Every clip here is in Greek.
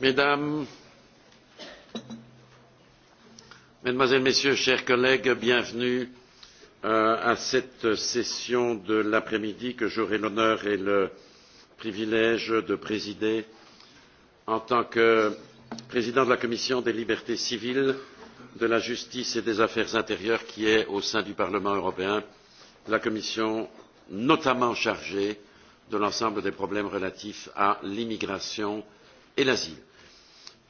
Mesdames, Mesdemoiselles, Messieurs, chers collègues, bienvenue à cette session de l'après-midi que j'aurai l'honneur et le privilège de présider en tant que président de la Commission des libertés civiles, de la justice et des affaires intérieures qui est, au sein du Parlement européen, la Commission notamment chargée de l'ensemble des problèmes relatifs à l'immigration et l'asile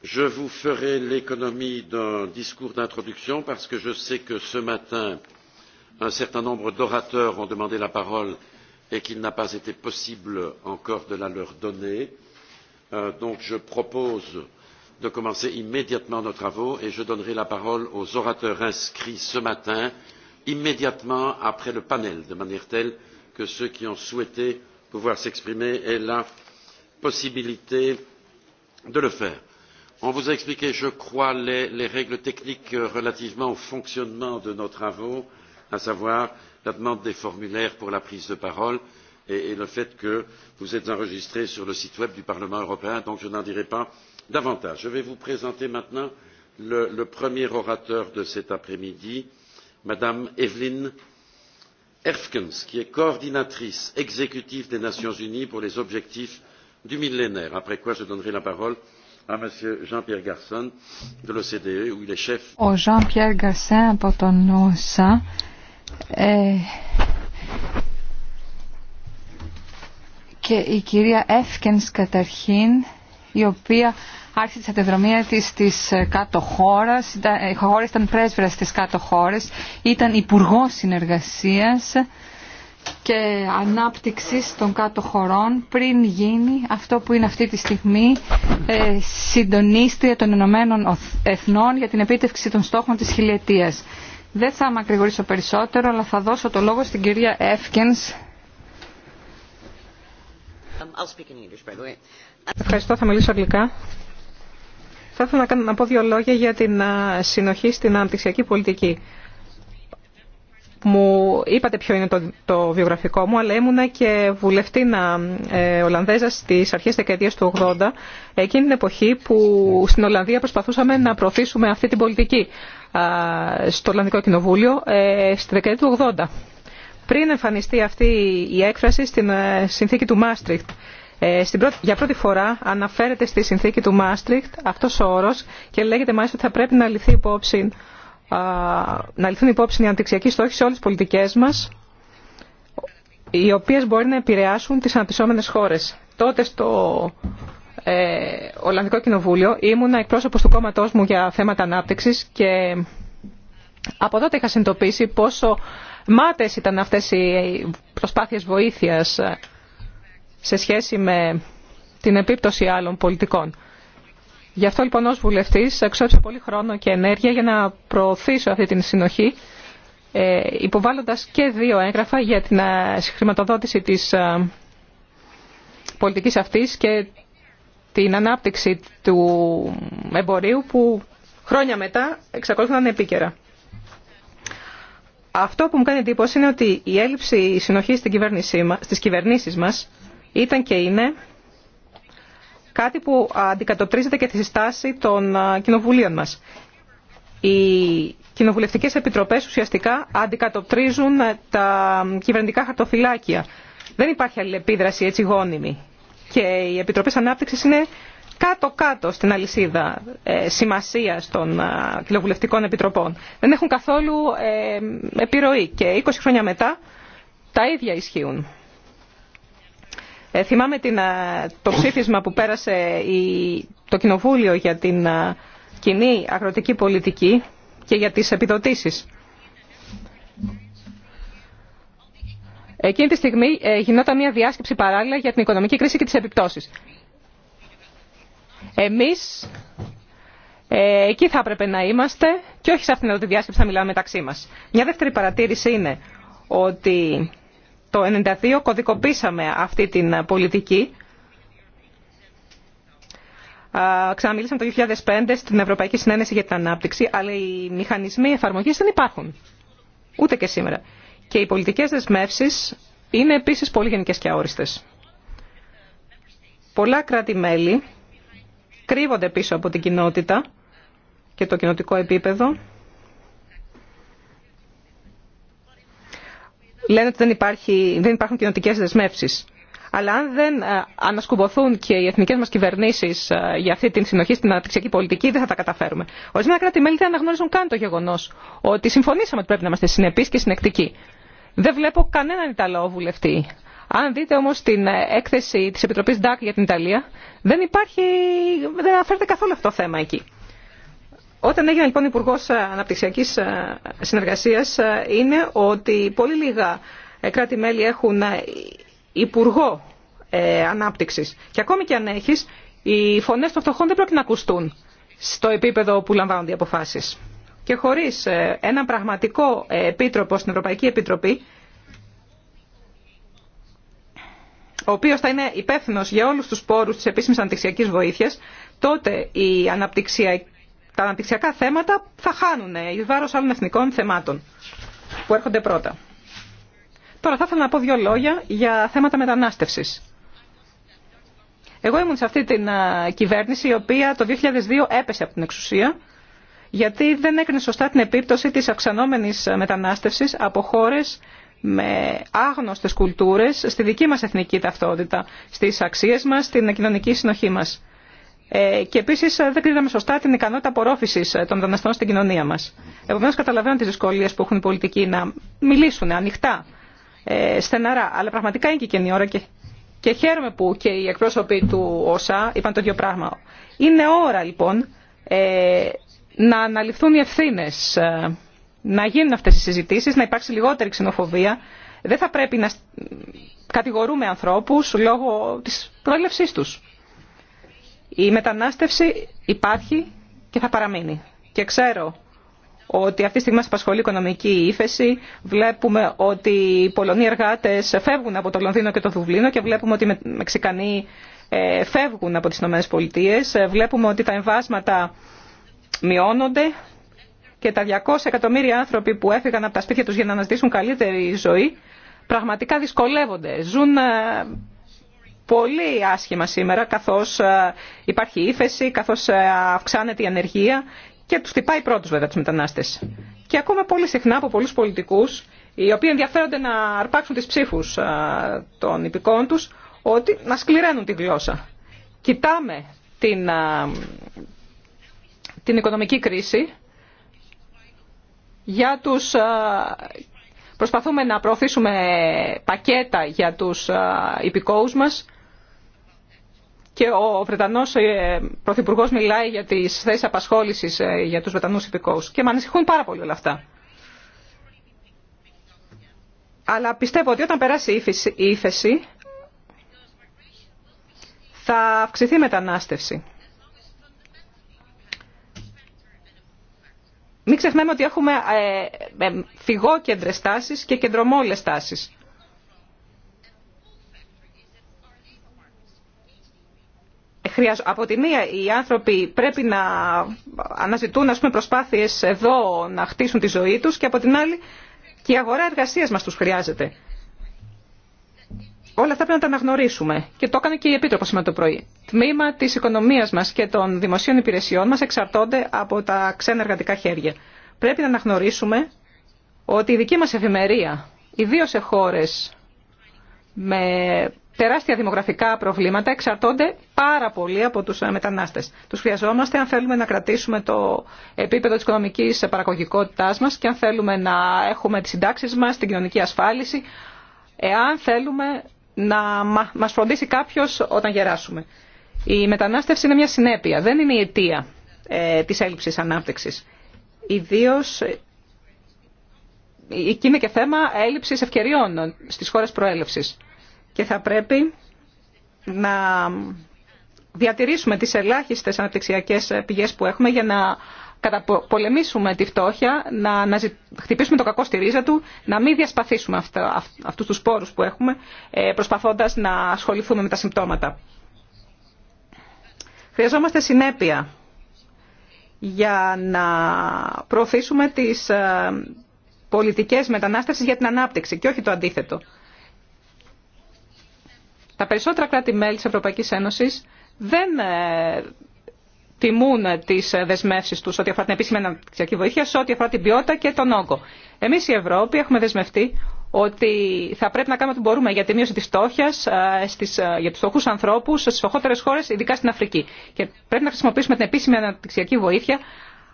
je vous ferai l'économie d'un discours d'introduction parce que je sais que ce matin un certain nombre d'orateurs ont demandé la parole et qu'il n'a pas été possible encore de la leur donner. donc je propose de commencer immédiatement nos travaux et je donnerai la parole aux orateurs inscrits ce matin immédiatement après le panel de manière telle que ceux qui ont souhaité pouvoir s'exprimer aient la possibilité de le faire. On vous a expliqué, je crois, les règles techniques relativement au fonctionnement de nos travaux, à savoir la demande des formulaires pour la prise de parole et le fait que vous êtes enregistré sur le site web du Parlement européen, donc je n'en dirai pas davantage. Je vais vous présenter maintenant le premier orateur de cet après midi, Madame Evelyn Erfkens, qui est coordinatrice exécutive des Nations unies pour les objectifs du millénaire, après quoi je donnerai la parole ο Ζαν Πιέρ Γκαρσέν από τον ΩΣΑ ε, και η κυρία Εύκενς καταρχήν, η οποία άρχισε τη σταδιοδρομία της στις ε, κάτω χώρες, ε, χώρες ήταν πρέσβερας στις κάτω χώρες, ήταν υπουργό συνεργασίας και ανάπτυξης των κάτω χωρών πριν γίνει αυτό που είναι αυτή τη στιγμή ε, συντονίστρια των Ηνωμένων Εθνών για την επίτευξη των στόχων της χιλιετίας. Δεν θα μακρηγορήσω περισσότερο, αλλά θα δώσω το λόγο στην κυρία Εύκενς. Um, Ευχαριστώ, θα μιλήσω αγγλικά. Θα ήθελα να πω δύο λόγια για την συνοχή στην αναπτυξιακή πολιτική. Μου είπατε ποιο είναι το, το βιογραφικό μου, αλλά ήμουνα και βουλευτήνα ε, Ολλανδέζα στις αρχές δεκαετία του 80, εκείνη την εποχή που στην Ολλανδία προσπαθούσαμε να προωθήσουμε αυτή την πολιτική στο Ολλανδικό Κοινοβούλιο ε, στη δεκαετία του 80. Πριν εμφανιστεί αυτή η έκφραση στην ε, συνθήκη του Μάστριχτ, ε, για πρώτη φορά αναφέρεται στη συνθήκη του Μάστριχτ αυτός ο όρος και λέγεται μάλιστα ότι θα πρέπει να ληφθεί υπόψη να ληφθούν υπόψη οι αναπτυξιακοί στόχοι σε όλες τι πολιτικές μας, οι οποίες μπορεί να επηρεάσουν τις αναπτυσσόμενες χώρες. Τότε στο ε, Ολλανδικό Κοινοβούλιο ήμουνα εκπρόσωπο του κόμματός μου για θέματα ανάπτυξης και από τότε είχα συνειδητοποιήσει πόσο μάταιες ήταν αυτές οι προσπάθειες βοήθειας σε σχέση με την επίπτωση άλλων πολιτικών. Γι' αυτό λοιπόν ως βουλευτής εξόψα πολύ χρόνο και ενέργεια για να προωθήσω αυτή την συνοχή ε, υποβάλλοντας και δύο έγγραφα για την ε, χρηματοδότηση της ε, πολιτικής αυτής και την ανάπτυξη του εμπορίου που χρόνια μετά εξακολουθούν να είναι επίκαιρα. Αυτό που μου κάνει εντύπωση είναι ότι η έλλειψη συνοχής στην στις κυβερνήσεις μας ήταν και είναι κάτι που αντικατοπτρίζεται και τη συστάση των κοινοβουλίων μας. Οι κοινοβουλευτικές επιτροπές ουσιαστικά αντικατοπτρίζουν ε, τα κυβερνητικά χαρτοφυλάκια. Δεν υπάρχει αλληλεπίδραση έτσι γόνιμη. Και οι επιτροπές ανάπτυξης είναι κάτω-κάτω στην αλυσίδα ε, σημασία των κοινοβουλευτικών επιτροπών. Δεν έχουν καθόλου ε, επιρροή και 20 χρόνια μετά τα ίδια ισχύουν. Ε, θυμάμαι ε, το ψήφισμα που πέρασε το Κοινοβούλιο για την ε, κοινή αγροτική πολιτική και για τις επιδοτήσεις. Εκείνη τη στιγμή γινόταν μια διάσκεψη παράλληλα για την οικονομική κρίση και τις επιπτώσεις. Εμείς ε, εκεί θα έπρεπε να είμαστε και όχι σε αυτήν εδώ τη διάσκεψη θα μιλάμε μεταξύ μας. Μια δεύτερη παρατήρηση είναι ότι το 1992 κωδικοποίησαμε αυτή την πολιτική. Ξαναμιλήσαμε το 2005 στην Ευρωπαϊκή Συνένεση για την Ανάπτυξη, αλλά οι μηχανισμοί εφαρμογής δεν υπάρχουν. Ούτε και σήμερα. Και οι πολιτικές δεσμεύσεις είναι επίσης πολύ γενικές και αόριστες. Πολλά κράτη-μέλη κρύβονται πίσω από την κοινότητα και το κοινοτικό επίπεδο λένε ότι δεν, υπάρχει, δεν υπάρχουν κοινοτικέ δεσμεύσει. Αλλά αν δεν ε, ανασκουμποθούν και οι εθνικέ μα κυβερνήσει ε, για αυτή την συνοχή στην αναπτυξιακή πολιτική, δεν θα τα καταφέρουμε. Ορισμένα κράτη-μέλη δεν αναγνωρίζουν καν το γεγονό ότι συμφωνήσαμε ότι πρέπει να είμαστε συνεπεί και συνεκτικοί. Δεν βλέπω κανέναν Ιταλό βουλευτή. Αν δείτε όμω την ε, έκθεση τη Επιτροπή ΝΤΑΚ για την Ιταλία, δεν, υπάρχει, δεν αναφέρεται καθόλου αυτό το θέμα εκεί. Όταν έγινε λοιπόν υπουργό Αναπτυξιακή ε, Συνεργασία, ε, είναι ότι πολύ λίγα ε, κράτη-μέλη έχουν υπουργό ανάπτυξη. Και ακόμη και αν έχει, οι φωνέ των φτωχών δεν πρέπει να ακουστούν στο επίπεδο που λαμβάνονται οι αποφάσει. Και χωρί έναν πραγματικό επίτροπο στην Ευρωπαϊκή Επιτροπή, ο οποίο θα είναι υπεύθυνο για όλου του πόρου τη επίσημη αναπτυξιακή βοήθεια, τότε η αναπτυξιακή τα αναπτυξιακά θέματα θα χάνουν ε, εις βάρος άλλων εθνικών θεμάτων που έρχονται πρώτα. Τώρα θα ήθελα να πω δύο λόγια για θέματα μετανάστευσης. Εγώ ήμουν σε αυτή την ε, κυβέρνηση η οποία το 2002 έπεσε από την εξουσία γιατί δεν έκρινε σωστά την επίπτωση της αυξανόμενης ε, μετανάστευσης από χώρες με άγνωστες κουλτούρες στη δική μας εθνική ταυτότητα, στις αξίες μας, στην κοινωνική συνοχή μας. Ε, και επίση ε, δεν κρίναμε σωστά την ικανότητα απορρόφηση ε, των μεταναστών στην κοινωνία μα. Επομένω, καταλαβαίνω τι δυσκολίε που έχουν οι πολιτικοί να μιλήσουν ανοιχτά, στεναρά. Αλλά πραγματικά είναι και καινή ώρα και, και χαίρομαι που και οι εκπρόσωποι του ΩΣΑ είπαν το ίδιο πράγμα. Είναι ώρα λοιπόν να αναλυφθούν οι ευθύνε, να γίνουν αυτέ οι συζητήσει, να υπάρξει λιγότερη ξενοφοβία. Δεν θα πρέπει να κατηγορούμε ανθρώπου λόγω τη προέλευσή του. Η μετανάστευση υπάρχει και θα παραμείνει. Και ξέρω ότι αυτή τη στιγμή μας απασχολεί οικονομική ύφεση. Βλέπουμε ότι οι Πολωνοί εργάτες φεύγουν από το Λονδίνο και το Δουβλίνο και βλέπουμε ότι οι Μεξικανοί ε, φεύγουν από τις Ηνωμένες Πολιτείες. Ε, βλέπουμε ότι τα εμβάσματα μειώνονται και τα 200 εκατομμύρια άνθρωποι που έφυγαν από τα σπίτια τους για να αναζητήσουν καλύτερη ζωή πραγματικά δυσκολεύονται. Ζουν ε, πολύ άσχημα σήμερα καθώς ε, υπάρχει ύφεση, καθώς ε, αυξάνεται η ανεργία και τους χτυπάει πρώτους βέβαια τους μετανάστες. Και ακόμα πολύ συχνά από πολλούς πολιτικούς οι οποίοι ενδιαφέρονται να αρπάξουν τις ψήφους ε, των υπηκών τους ότι να σκληραίνουν τη γλώσσα. Κοιτάμε την, την οικονομική κρίση για τους προσπαθούμε να προωθήσουμε πακέτα για τους υπηκόους μας και ο Βρετανός ε, Πρωθυπουργό μιλάει για τις θέσεις απασχόλησης ε, για τους βρετανού υπηκόου. και με ανησυχούν πάρα πολύ όλα αυτά. Αλλά πιστεύω ότι όταν περάσει η ύφεση θα αυξηθεί η μετανάστευση. Μην ξεχνάμε ότι έχουμε ε, φυγόκεντρες τάσεις και κεντρομόλες τάσεις. από τη μία οι άνθρωποι πρέπει να αναζητούν ας πούμε, προσπάθειες εδώ να χτίσουν τη ζωή τους και από την άλλη και η αγορά εργασίας μας τους χρειάζεται. Όλα αυτά πρέπει να τα αναγνωρίσουμε και το έκανε και η Επίτροπο σήμερα το πρωί. Τμήμα τη οικονομία μα και των δημοσίων υπηρεσιών μα εξαρτώνται από τα ξένα εργατικά χέρια. Πρέπει να αναγνωρίσουμε ότι η δική μα εφημερία, ιδίω σε χώρε με τεράστια δημογραφικά προβλήματα εξαρτώνται πάρα πολύ από τους ε, μετανάστες. Τους χρειαζόμαστε αν θέλουμε να κρατήσουμε το επίπεδο της οικονομικής παραγωγικότητάς μας και αν θέλουμε να έχουμε τις συντάξεις μας, την κοινωνική ασφάλιση, εάν θέλουμε να μας φροντίσει κάποιος όταν γεράσουμε. Η μετανάστευση είναι μια συνέπεια, δεν είναι η αιτία ε, της έλλειψης ανάπτυξης. Ιδίως ε, και είναι και θέμα έλλειψης ευκαιριών στις χώρες προέλευσης και θα πρέπει να διατηρήσουμε τις ελάχιστες αναπτυξιακές πηγές που έχουμε για να καταπολεμήσουμε τη φτώχεια, να, να χτυπήσουμε το κακό στη ρίζα του, να μην διασπαθήσουμε αυτά, αυτούς τους πόρους που έχουμε, ε, προσπαθώντας να ασχοληθούμε με τα συμπτώματα. Χρειαζόμαστε συνέπεια για να προωθήσουμε τις ε, πολιτικές μετανάστευσης για την ανάπτυξη και όχι το αντίθετο. Τα περισσότερα κράτη-μέλη της Ευρωπαϊκής Ένωσης δεν ε, τιμούν τι ε, δεσμεύσει του ό,τι αφορά την επίσημη αναπτυξιακή βοήθεια, σε ό,τι αφορά την ποιότητα και τον όγκο. Εμείς η Ευρώπη έχουμε δεσμευτεί ότι θα πρέπει να κάνουμε ό,τι μπορούμε για τη μείωση τη φτώχεια ε, για τους φτωχού ανθρώπου στι φτωχότερε χώρε, ειδικά στην Αφρική. Και πρέπει να χρησιμοποιήσουμε την επίσημη αναπτυξιακή βοήθεια.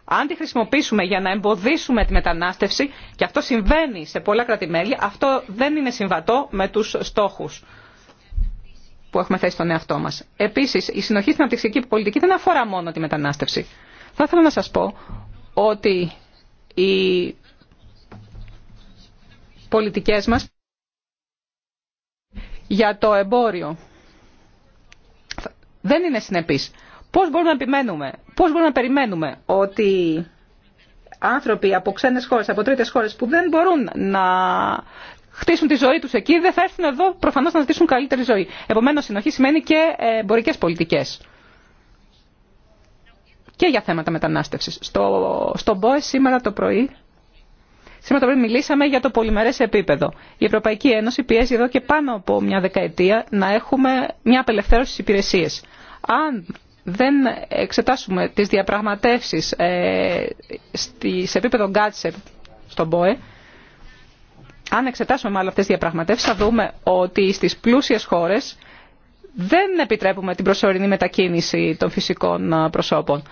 Αν τη χρησιμοποιήσουμε για να εμποδίσουμε τη μετανάστευση, και αυτό συμβαίνει σε πολλά κράτη-μέλη, αυτό δεν είναι συμβατό με που έχουμε θέσει στον εαυτό μα. Επίση, η συνοχή στην αναπτυξιακή πολιτική δεν αφορά μόνο τη μετανάστευση. Θα ήθελα να σα πω ότι οι πολιτικέ μα για το εμπόριο δεν είναι συνεπεί. Πώς μπορούμε να επιμένουμε, πώς μπορούμε να περιμένουμε ότι άνθρωποι από ξένες χώρες, από τρίτες χώρες που δεν μπορούν να χτίσουν τη ζωή του εκεί, δεν θα έρθουν εδώ προφανώ να ζητήσουν καλύτερη ζωή. Επομένω, συνοχή σημαίνει και ε, εμπορικέ πολιτικέ. Και για θέματα μετανάστευση. Στο, στο ΜΠΟΕ σήμερα το πρωί... Σήμερα το πρωί μιλήσαμε για το πολυμερέ επίπεδο. Η Ευρωπαϊκή Ένωση πιέζει εδώ και πάνω από μια δεκαετία να έχουμε μια απελευθέρωση στι υπηρεσίε. Αν δεν εξετάσουμε τι διαπραγματεύσει ε, σε επίπεδο Γκάτσεπ στον ΠΟΕ, αν εξετάσουμε μάλλον αυτές τις διαπραγματεύσεις θα δούμε ότι στις πλούσιες χώρες δεν επιτρέπουμε την προσωρινή μετακίνηση των φυσικών προσώπων.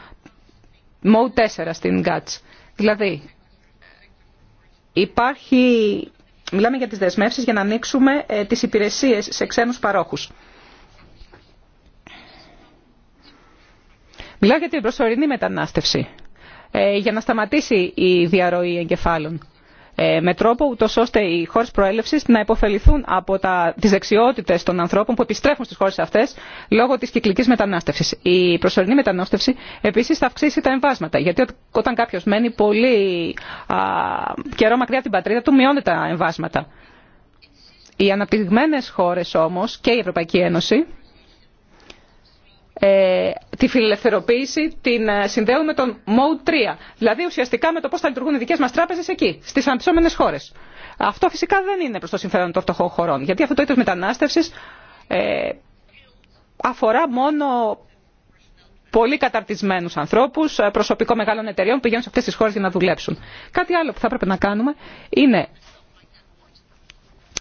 Μόου 4 στην ΓΚΑΤΣ. Δηλαδή, υπάρχει... Μιλάμε για τις δεσμεύσεις για να ανοίξουμε ε, τις υπηρεσίες σε ξένους παρόχους. Μιλάμε για την προσωρινή μετανάστευση, ε, για να σταματήσει η διαρροή εγκεφάλων. Ε, με τρόπο ούτω ώστε οι χώρε προέλευση να υποφεληθούν από τι δεξιότητε των ανθρώπων που επιστρέφουν στι χώρε αυτέ λόγω τη κυκλική μετανάστευση. Η προσωρινή μετανάστευση επίση θα αυξήσει τα εμβάσματα. Γιατί όταν κάποιο μένει πολύ α, καιρό μακριά από την πατρίδα του, μειώνεται τα εμβάσματα. Οι αναπτυγμένε χώρε όμω και η Ευρωπαϊκή Ένωση ε, τη φιλελευθερωποίηση την ε, συνδέουμε με τον Mode 3. Δηλαδή ουσιαστικά με το πώ θα λειτουργούν οι δικέ μα τράπεζε εκεί, στι αναπτυσσόμενε χώρε. Αυτό φυσικά δεν είναι προ το συμφέρον των φτωχών χωρών, γιατί αυτό το είδο μετανάστευση ε, αφορά μόνο πολύ καταρτισμένου ανθρώπου, ε, προσωπικό μεγάλων εταιριών που πηγαίνουν σε αυτέ τι χώρε για να δουλέψουν. Κάτι άλλο που θα έπρεπε να κάνουμε είναι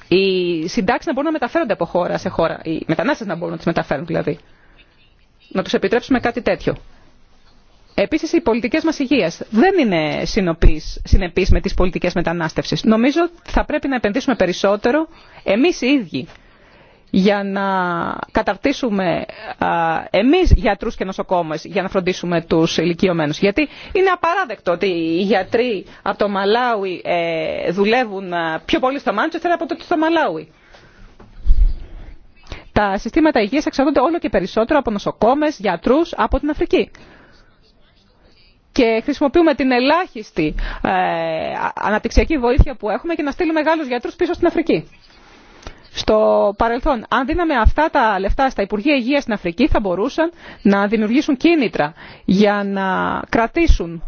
οι συντάξει να μπορούν να μεταφέρονται από χώρα σε χώρα, οι μετανάστε να μπορούν να τι μεταφέρουν δηλαδή να τους επιτρέψουμε κάτι τέτοιο. Επίσης, οι πολιτικές μας υγείας δεν είναι συνεπείς με τις πολιτικές μετανάστευσης. Νομίζω θα πρέπει να επενδύσουμε περισσότερο εμείς οι ίδιοι για να καταρτήσουμε εμείς γιατρούς και νοσοκόμες για να φροντίσουμε τους ηλικιωμένους. Γιατί είναι απαράδεκτο ότι οι γιατροί από το Μαλάουι ε, δουλεύουν ε, πιο πολύ στο Μάντσεστερ από το στο Μαλάουι τα συστήματα υγείας εξαρτώνται όλο και περισσότερο από νοσοκόμες, γιατρούς, από την Αφρική. Και χρησιμοποιούμε την ελάχιστη ε, αναπτυξιακή βοήθεια που έχουμε και να στείλουμε μεγάλους γιατρούς πίσω στην Αφρική. Στο παρελθόν, αν δίναμε αυτά τα λεφτά στα Υπουργεία Υγείας στην Αφρική, θα μπορούσαν να δημιουργήσουν κίνητρα για να κρατήσουν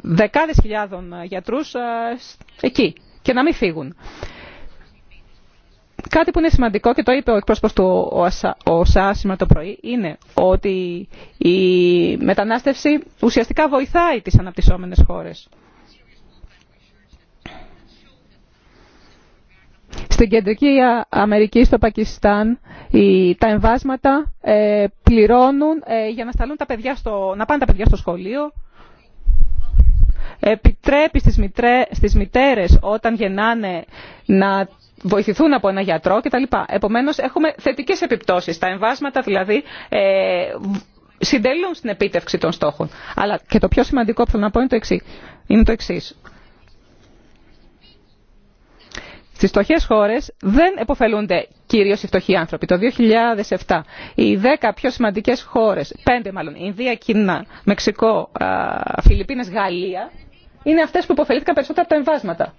δεκάδες χιλιάδων ε, γιατρούς ε, εκεί και να μην φύγουν. Κάτι που είναι σημαντικό και το είπε ο εκπρόσωπος του ΟΣΑ σήμερα το πρωί είναι ότι η μετανάστευση ουσιαστικά βοηθάει τις αναπτυσσόμενες χώρες. Στην Κεντρική Αμερική, στο Πακιστάν, τα εμβάσματα ε, πληρώνουν ε, για να, σταλούν τα παιδιά στο, να πάνε τα παιδιά στο σχολείο. Επιτρέπει στις, μητρέ, στις μητέρες όταν γεννάνε να βοηθηθούν από ένα γιατρό κτλ. Επομένως έχουμε θετικές επιπτώσεις. Τα εμβάσματα δηλαδή ε, συντελούν στην επίτευξη των στόχων. Αλλά και το πιο σημαντικό που θέλω να πω είναι το εξή. Είναι το εξής. Στι φτωχέ χώρε δεν επωφελούνται κυρίω οι φτωχοί άνθρωποι. Το 2007 οι 10 πιο σημαντικέ χώρε, 5 μάλλον, Ινδία, Κίνα, Μεξικό, Φιλιππίνες, Γαλλία, είναι αυτέ που υποφελήθηκαν περισσότερο από τα εμβάσματα.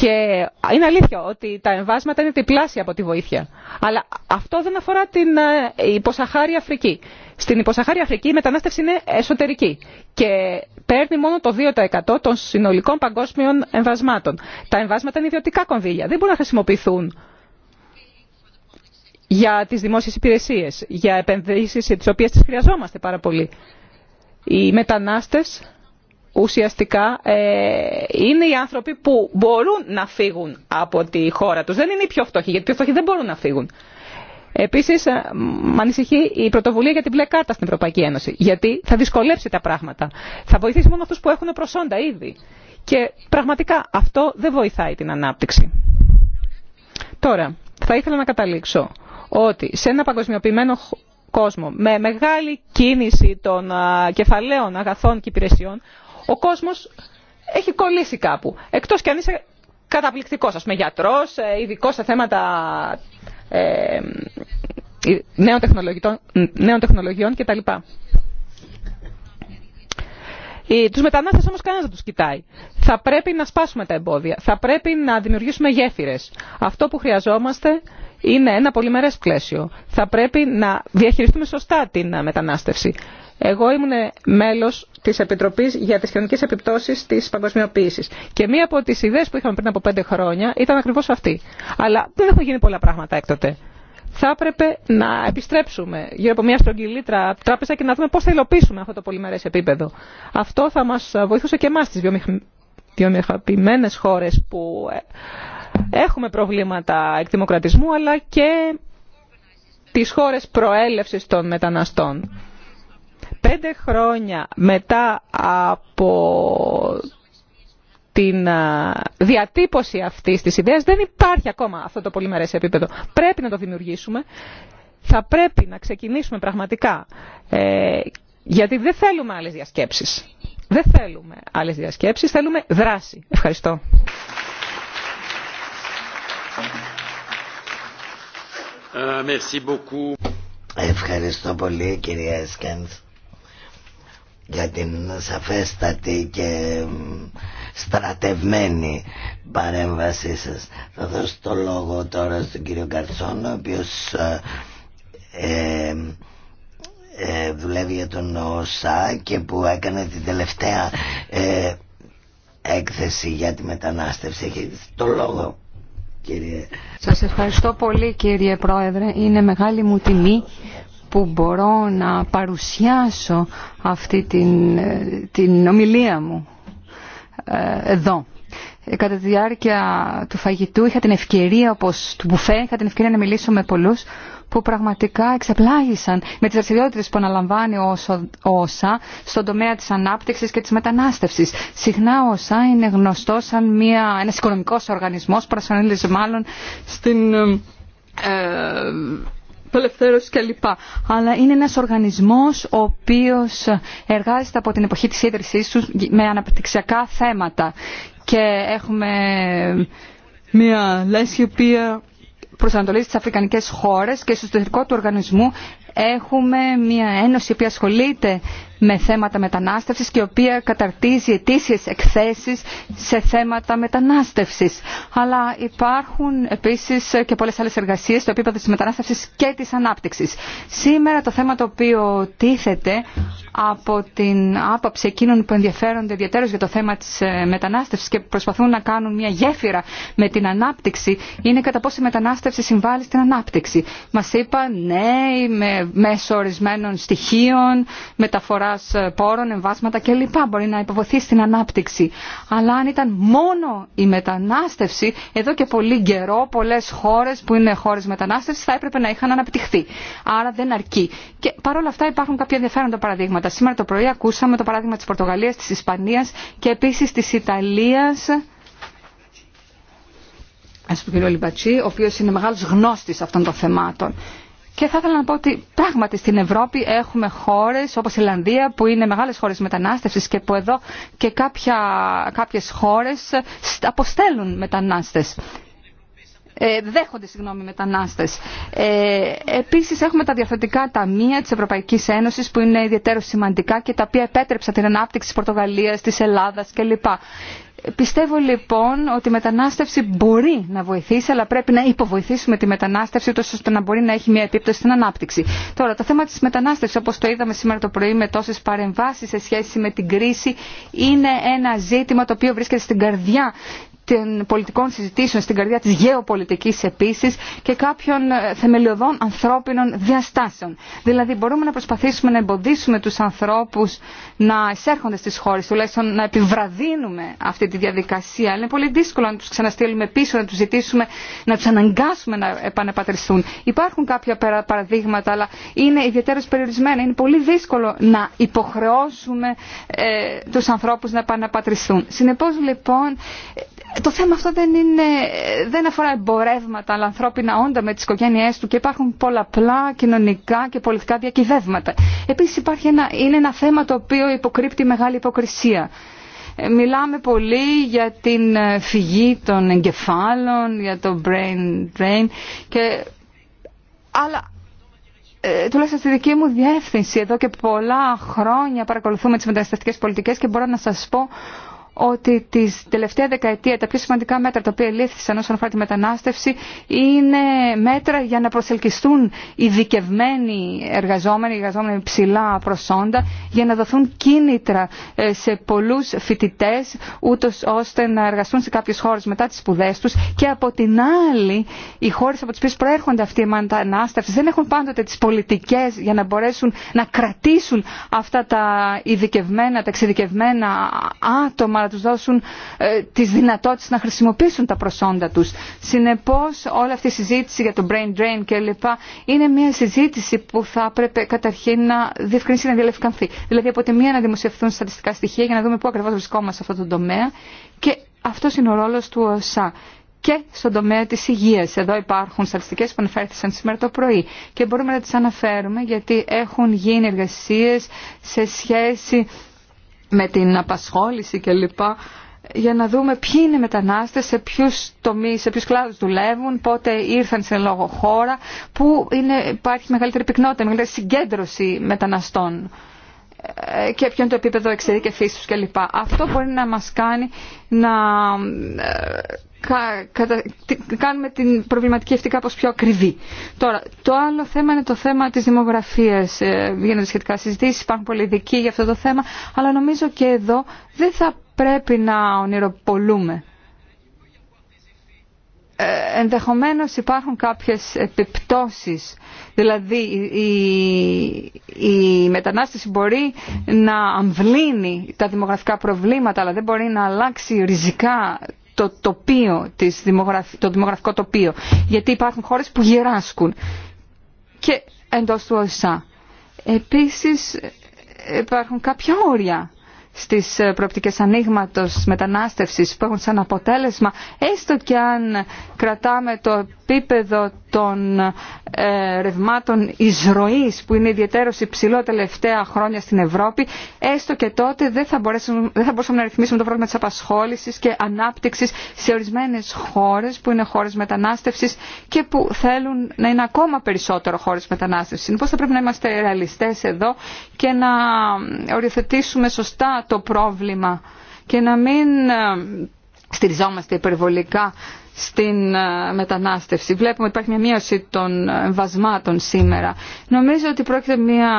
Και είναι αλήθεια ότι τα εμβάσματα είναι τριπλάσια από τη βοήθεια. Αλλά αυτό δεν αφορά την ε, υποσαχάρη Αφρική. Στην υποσαχάρη Αφρική η μετανάστευση είναι εσωτερική και παίρνει μόνο το 2% των συνολικών παγκόσμιων εμβασμάτων. Τα εμβάσματα είναι ιδιωτικά κονδύλια. Δεν μπορούν να χρησιμοποιηθούν για τις δημόσιες υπηρεσίες, για επενδύσεις τις οποίες τις χρειαζόμαστε πάρα πολύ. Οι μετανάστες ουσιαστικά ε, είναι οι άνθρωποι που μπορούν να φύγουν από τη χώρα τους. Δεν είναι οι πιο φτωχοί, γιατί οι πιο φτωχοί δεν μπορούν να φύγουν. Επίσης, με ανησυχεί η πρωτοβουλία για την μπλε κάρτα στην Ευρωπαϊκή Ένωση, γιατί θα δυσκολέψει τα πράγματα. Θα βοηθήσει μόνο αυτούς που έχουν προσόντα ήδη. Και πραγματικά αυτό δεν βοηθάει την ανάπτυξη. Τώρα, θα ήθελα να καταλήξω ότι σε ένα παγκοσμιοποιημένο κόσμο με μεγάλη κίνηση των κεφαλαίων αγαθών και υπηρεσιών ο κόσμος έχει κολλήσει κάπου. Εκτός κι αν είσαι καταπληκτικός, α πούμε γιατρό, ε, ειδικό σε θέματα ε, ε, νέων, τεχνολογιών, νέων τεχνολογιών κτλ. Τους μετανάστες όμως κανένας δεν τους κοιτάει. Θα πρέπει να σπάσουμε τα εμπόδια, θα πρέπει να δημιουργήσουμε γέφυρες. Αυτό που χρειαζόμαστε είναι ένα πολυμερές πλαίσιο. Θα πρέπει να διαχειριστούμε σωστά την μετανάστευση. Εγώ ήμουν μέλο τη επιτροπή για τι κοινωνικέ επιπτώσει τη παγκοσμιοποίηση. Και μία από τις ιδέες που είχαμε πριν από πέντε χρόνια ήταν ακριβώς αυτή. Αλλά δεν έχουν γίνει πολλά πράγματα έκτοτε. Θα έπρεπε να επιστρέψουμε γύρω από μια απο τι ιδέε που ειχαμε πριν απο πεντε χρονια ηταν ακριβώ αυτη αλλα δεν τράπεζα και να δούμε πώ θα υλοποιήσουμε αυτό το πολυμερέ επίπεδο. Αυτό θα μα βοηθούσε και εμά τι βιομηχανικές χώρε που ε, έχουμε προβλήματα εκδημοκρατισμού αλλά και τι χώρε προέλευση των μεταναστών Πέντε χρόνια μετά από την διατύπωση αυτής της ιδέας δεν υπάρχει ακόμα αυτό το πολυμερές επίπεδο. Πρέπει να το δημιουργήσουμε. Θα πρέπει να ξεκινήσουμε πραγματικά. Ε, γιατί δεν θέλουμε άλλες διασκέψεις. Δεν θέλουμε άλλες διασκέψεις, θέλουμε δράση. Ευχαριστώ. Ε, Ευχαριστώ πολύ κυρία Σκέντς για την σαφέστατη και στρατευμένη παρέμβασή σας. Θα δώσω το λόγο τώρα στον κύριο Καρτσόν, ο οποίος ε, ε, ε, δουλεύει για τον ΟΣΑ και που έκανε την τελευταία ε, έκθεση για τη μετανάστευση. Έχει το λόγο. Κύριε. Σας ευχαριστώ πολύ κύριε Πρόεδρε. Είναι μεγάλη μου τιμή που μπορώ να παρουσιάσω αυτή την, ε, την ομιλία μου ε, εδώ. Ε, κατά τη διάρκεια του φαγητού είχα την ευκαιρία, όπως του μπουφέ, είχα την ευκαιρία να μιλήσω με πολλούς που πραγματικά εξεπλάγησαν με τις δραστηριότητες που αναλαμβάνει ο ΩΣΑ στον τομέα της ανάπτυξης και της μετανάστευσης. Συχνά όσα είναι γνωστό σαν μια, ένας οικονομικός οργανισμός, μάλλον στην απελευθέρωση κλπ. Αλλά είναι ένας οργανισμός ο οποίος εργάζεται από την εποχή της ίδρυσής του με αναπτυξιακά θέματα και έχουμε μια λέσχη η οποία προσανατολίζει τις αφρικανικές χώρες και στο εσωτερικό του οργανισμού έχουμε μια ένωση που ασχολείται με θέματα μετανάστευση και η οποία καταρτίζει ετήσιες εκθέσει σε θέματα μετανάστευση. Αλλά υπάρχουν επίση και πολλέ άλλε εργασίε, στο επίπεδο τη μετανάστευση και τη ανάπτυξη. Σήμερα το θέμα το οποίο τίθεται από την άποψη εκείνων που ενδιαφέρονται ιδιαίτερω για το θέμα τη ε, μετανάστευση και προσπαθούν να κάνουν μια γέφυρα με την ανάπτυξη είναι κατά πόσο η μετανάστευση συμβάλλει στην ανάπτυξη. Μα είπαν ναι, με, μέσω ορισμένων στοιχείων, μεταφορά ε, πόρων, εμβάσματα κλπ. Μπορεί να υποβοθεί στην ανάπτυξη. Αλλά αν ήταν μόνο η μετανάστευση, εδώ και πολύ καιρό πολλές χώρες που είναι χώρες μετανάστευσης θα έπρεπε να είχαν αναπτυχθεί. Άρα δεν αρκεί. Και παρόλα αυτά υπάρχουν κάποια ενδιαφέροντα παραδείγματα. Σήμερα το πρωί ακούσαμε το παράδειγμα της Πορτογαλίας, της Ισπανίας και επίσης της Ιταλίας Α πούμε, ο Λιμπατσί, ο οποίος είναι μεγάλος γνώστης αυτών των θεμάτων. Και θα ήθελα να πω ότι πράγματι στην Ευρώπη έχουμε χώρες όπως η Ιλλανδία που είναι μεγάλε χώρε μετανάστευση και που εδώ και κάποιε κάποιες χώρες αποστέλουν μετανάστες. Ε, δέχονται συγγνώμη μετανάστες. Ε, επίσης έχουμε τα διαφορετικά ταμεία τη Ευρωπαϊκής Ένωση, που είναι ιδιαίτερο σημαντικά και τα οποία επέτρεψαν την ανάπτυξη της Πορτογαλίας, τη Ελλάδα κλπ. Πιστεύω λοιπόν ότι η μετανάστευση μπορεί να βοηθήσει, αλλά πρέπει να υποβοηθήσουμε τη μετανάστευση, ώστε να μπορεί να έχει μια επίπτωση στην ανάπτυξη. Τώρα, το θέμα τη μετανάστευση, όπω το είδαμε σήμερα το πρωί με τόσε παρεμβάσει σε σχέση με την κρίση, είναι ένα ζήτημα το οποίο βρίσκεται στην καρδιά των πολιτικών συζητήσεων, στην καρδιά της γεωπολιτικής επίσης και κάποιων ε, θεμελιωδών ανθρώπινων διαστάσεων. Δηλαδή μπορούμε να προσπαθήσουμε να εμποδίσουμε τους ανθρώπους να εισέρχονται στις χώρες, τουλάχιστον να επιβραδύνουμε αυτή τη διαδικασία. Είναι πολύ δύσκολο να τους ξαναστείλουμε πίσω, να τους ζητήσουμε, να τους αναγκάσουμε να επανεπατριστούν. Υπάρχουν κάποια παραδείγματα, αλλά είναι ιδιαίτερως περιορισμένα. Είναι πολύ δύσκολο να υποχρεώσουμε ε, τους ανθρώπους να επαναπατριστούν. Συνεπώς λοιπόν το θέμα αυτό δεν, είναι, δεν αφορά εμπορεύματα, αλλά ανθρώπινα όντα με τις οικογένειές του και υπάρχουν πολλαπλά κοινωνικά και πολιτικά διακυβεύματα. Επίσης υπάρχει ένα, είναι ένα θέμα το οποίο υποκρύπτει μεγάλη υποκρισία. Ε, μιλάμε πολύ για την ε, φυγή των εγκεφάλων, για το brain drain, και... αλλά ε, τουλάχιστον στη δική μου διεύθυνση εδώ και πολλά χρόνια παρακολουθούμε τις μεταναστευτικές πολιτικές και μπορώ να σας πω ότι τη τελευταία δεκαετία τα πιο σημαντικά μέτρα τα οποία λήφθησαν όσον αφορά τη μετανάστευση είναι μέτρα για να προσελκυστούν ειδικευμένοι εργαζόμενοι, εργαζόμενοι με ψηλά προσόντα, για να δοθούν κίνητρα ε, σε πολλού φοιτητέ, ούτω ώστε να εργαστούν σε κάποιε χώρε μετά τι σπουδέ του. Και από την άλλη, οι χώρε από τι οποίε προέρχονται αυτή η μετανάστευση δεν έχουν πάντοτε τι πολιτικέ για να μπορέσουν να κρατήσουν αυτά τα ειδικευμένα, τα εξειδικευμένα άτομα, τους δώσουν ε, τις δυνατότητες να χρησιμοποιήσουν τα προσόντα τους. Συνεπώς όλη αυτή η συζήτηση για το brain drain κλπ. είναι μια συζήτηση που θα έπρεπε καταρχήν να διευκρινίσει να διαλευκανθεί. Δηλαδή από τη μία να δημοσιευθούν στατιστικά στοιχεία για να δούμε πού ακριβώς βρισκόμαστε σε αυτό το τομέα και αυτό είναι ο ρόλος του ΟΣΑ και στον τομέα της υγείας. Εδώ υπάρχουν στατιστικές που αναφέρθησαν σήμερα το πρωί και μπορούμε να τις αναφέρουμε γιατί έχουν γίνει εργασίε σε σχέση με την απασχόληση κλπ. Για να δούμε ποιοι είναι οι μετανάστες, σε ποιους τομείς, σε ποιους κλάδους δουλεύουν, πότε ήρθαν σε λόγο χώρα, πού είναι, υπάρχει μεγαλύτερη πυκνότητα, μεγαλύτερη συγκέντρωση μεταναστών ε, και ποιο είναι το επίπεδο εξειδικευσής του κλπ. Αυτό μπορεί να μας κάνει να ε, κάνουμε την προβληματική αυτή κάπως πιο ακριβή. Τώρα, το άλλο θέμα είναι το θέμα της δημογραφίας. Βγαίνονται ε, σχετικά συζητήσεις, υπάρχουν πολλοί ειδικοί για αυτό το θέμα, αλλά νομίζω και εδώ δεν θα πρέπει να ονειροπολούμε. Ε, ενδεχομένως υπάρχουν κάποιες επιπτώσεις. Δηλαδή η, η μετανάστευση μπορεί να αμβλύνει τα δημογραφικά προβλήματα αλλά δεν μπορεί να αλλάξει ριζικά το, τοπίο, της το δημογραφικό τοπίο. Γιατί υπάρχουν χώρες που γυράσκουν και εντός του ΩΣΑ. Επίσης υπάρχουν κάποια όρια στις ε, προοπτικές ανοίγματο μετανάστευσης που έχουν σαν αποτέλεσμα έστω και αν κρατάμε το επίπεδο των ε, ρευμάτων εισρωής που είναι ιδιαίτερως υψηλό τελευταία χρόνια στην Ευρώπη, έστω και τότε δεν θα, δεν θα μπορούσαμε να ρυθμίσουμε το πρόβλημα της απασχόλησης και ανάπτυξης σε ορισμένες χώρες που είναι χώρες μετανάστευσης και που θέλουν να είναι ακόμα περισσότερο χώρες μετανάστευσης. Λοιπόν, θα πρέπει να είμαστε ρεαλιστές εδώ και να οριοθετήσουμε σωστά το πρόβλημα και να μην ε, στηριζόμαστε υπερβολικά στην ε, μετανάστευση. Βλέπουμε ότι υπάρχει μια μείωση των εμβασμάτων σήμερα. Νομίζω ότι πρόκειται μια,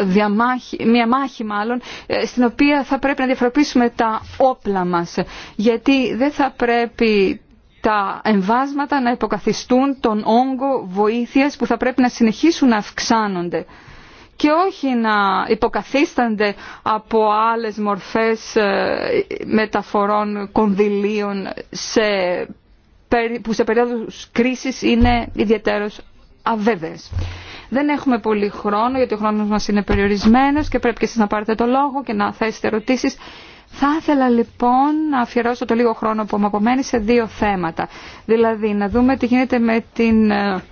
ε, διαμάχη, μια μάχη μάλλον ε, στην οποία θα πρέπει να διαφοροποιήσουμε τα όπλα μας γιατί δεν θα πρέπει τα εμβάσματα να υποκαθιστούν τον όγκο βοήθειας που θα πρέπει να συνεχίσουν να αυξάνονται και όχι να υποκαθίστανται από άλλες μορφές ε, μεταφορών κονδυλίων που σε περίοδους κρίσης είναι ιδιαίτερως αβέβαιες. Δεν έχουμε πολύ χρόνο γιατί ο χρόνος μας είναι περιορισμένος και πρέπει και εσείς να πάρετε το λόγο και να θέσετε ερωτήσεις. Θα ήθελα λοιπόν να αφιερώσω το λίγο χρόνο που μου απομένει σε δύο θέματα. Δηλαδή να δούμε τι γίνεται με την ε,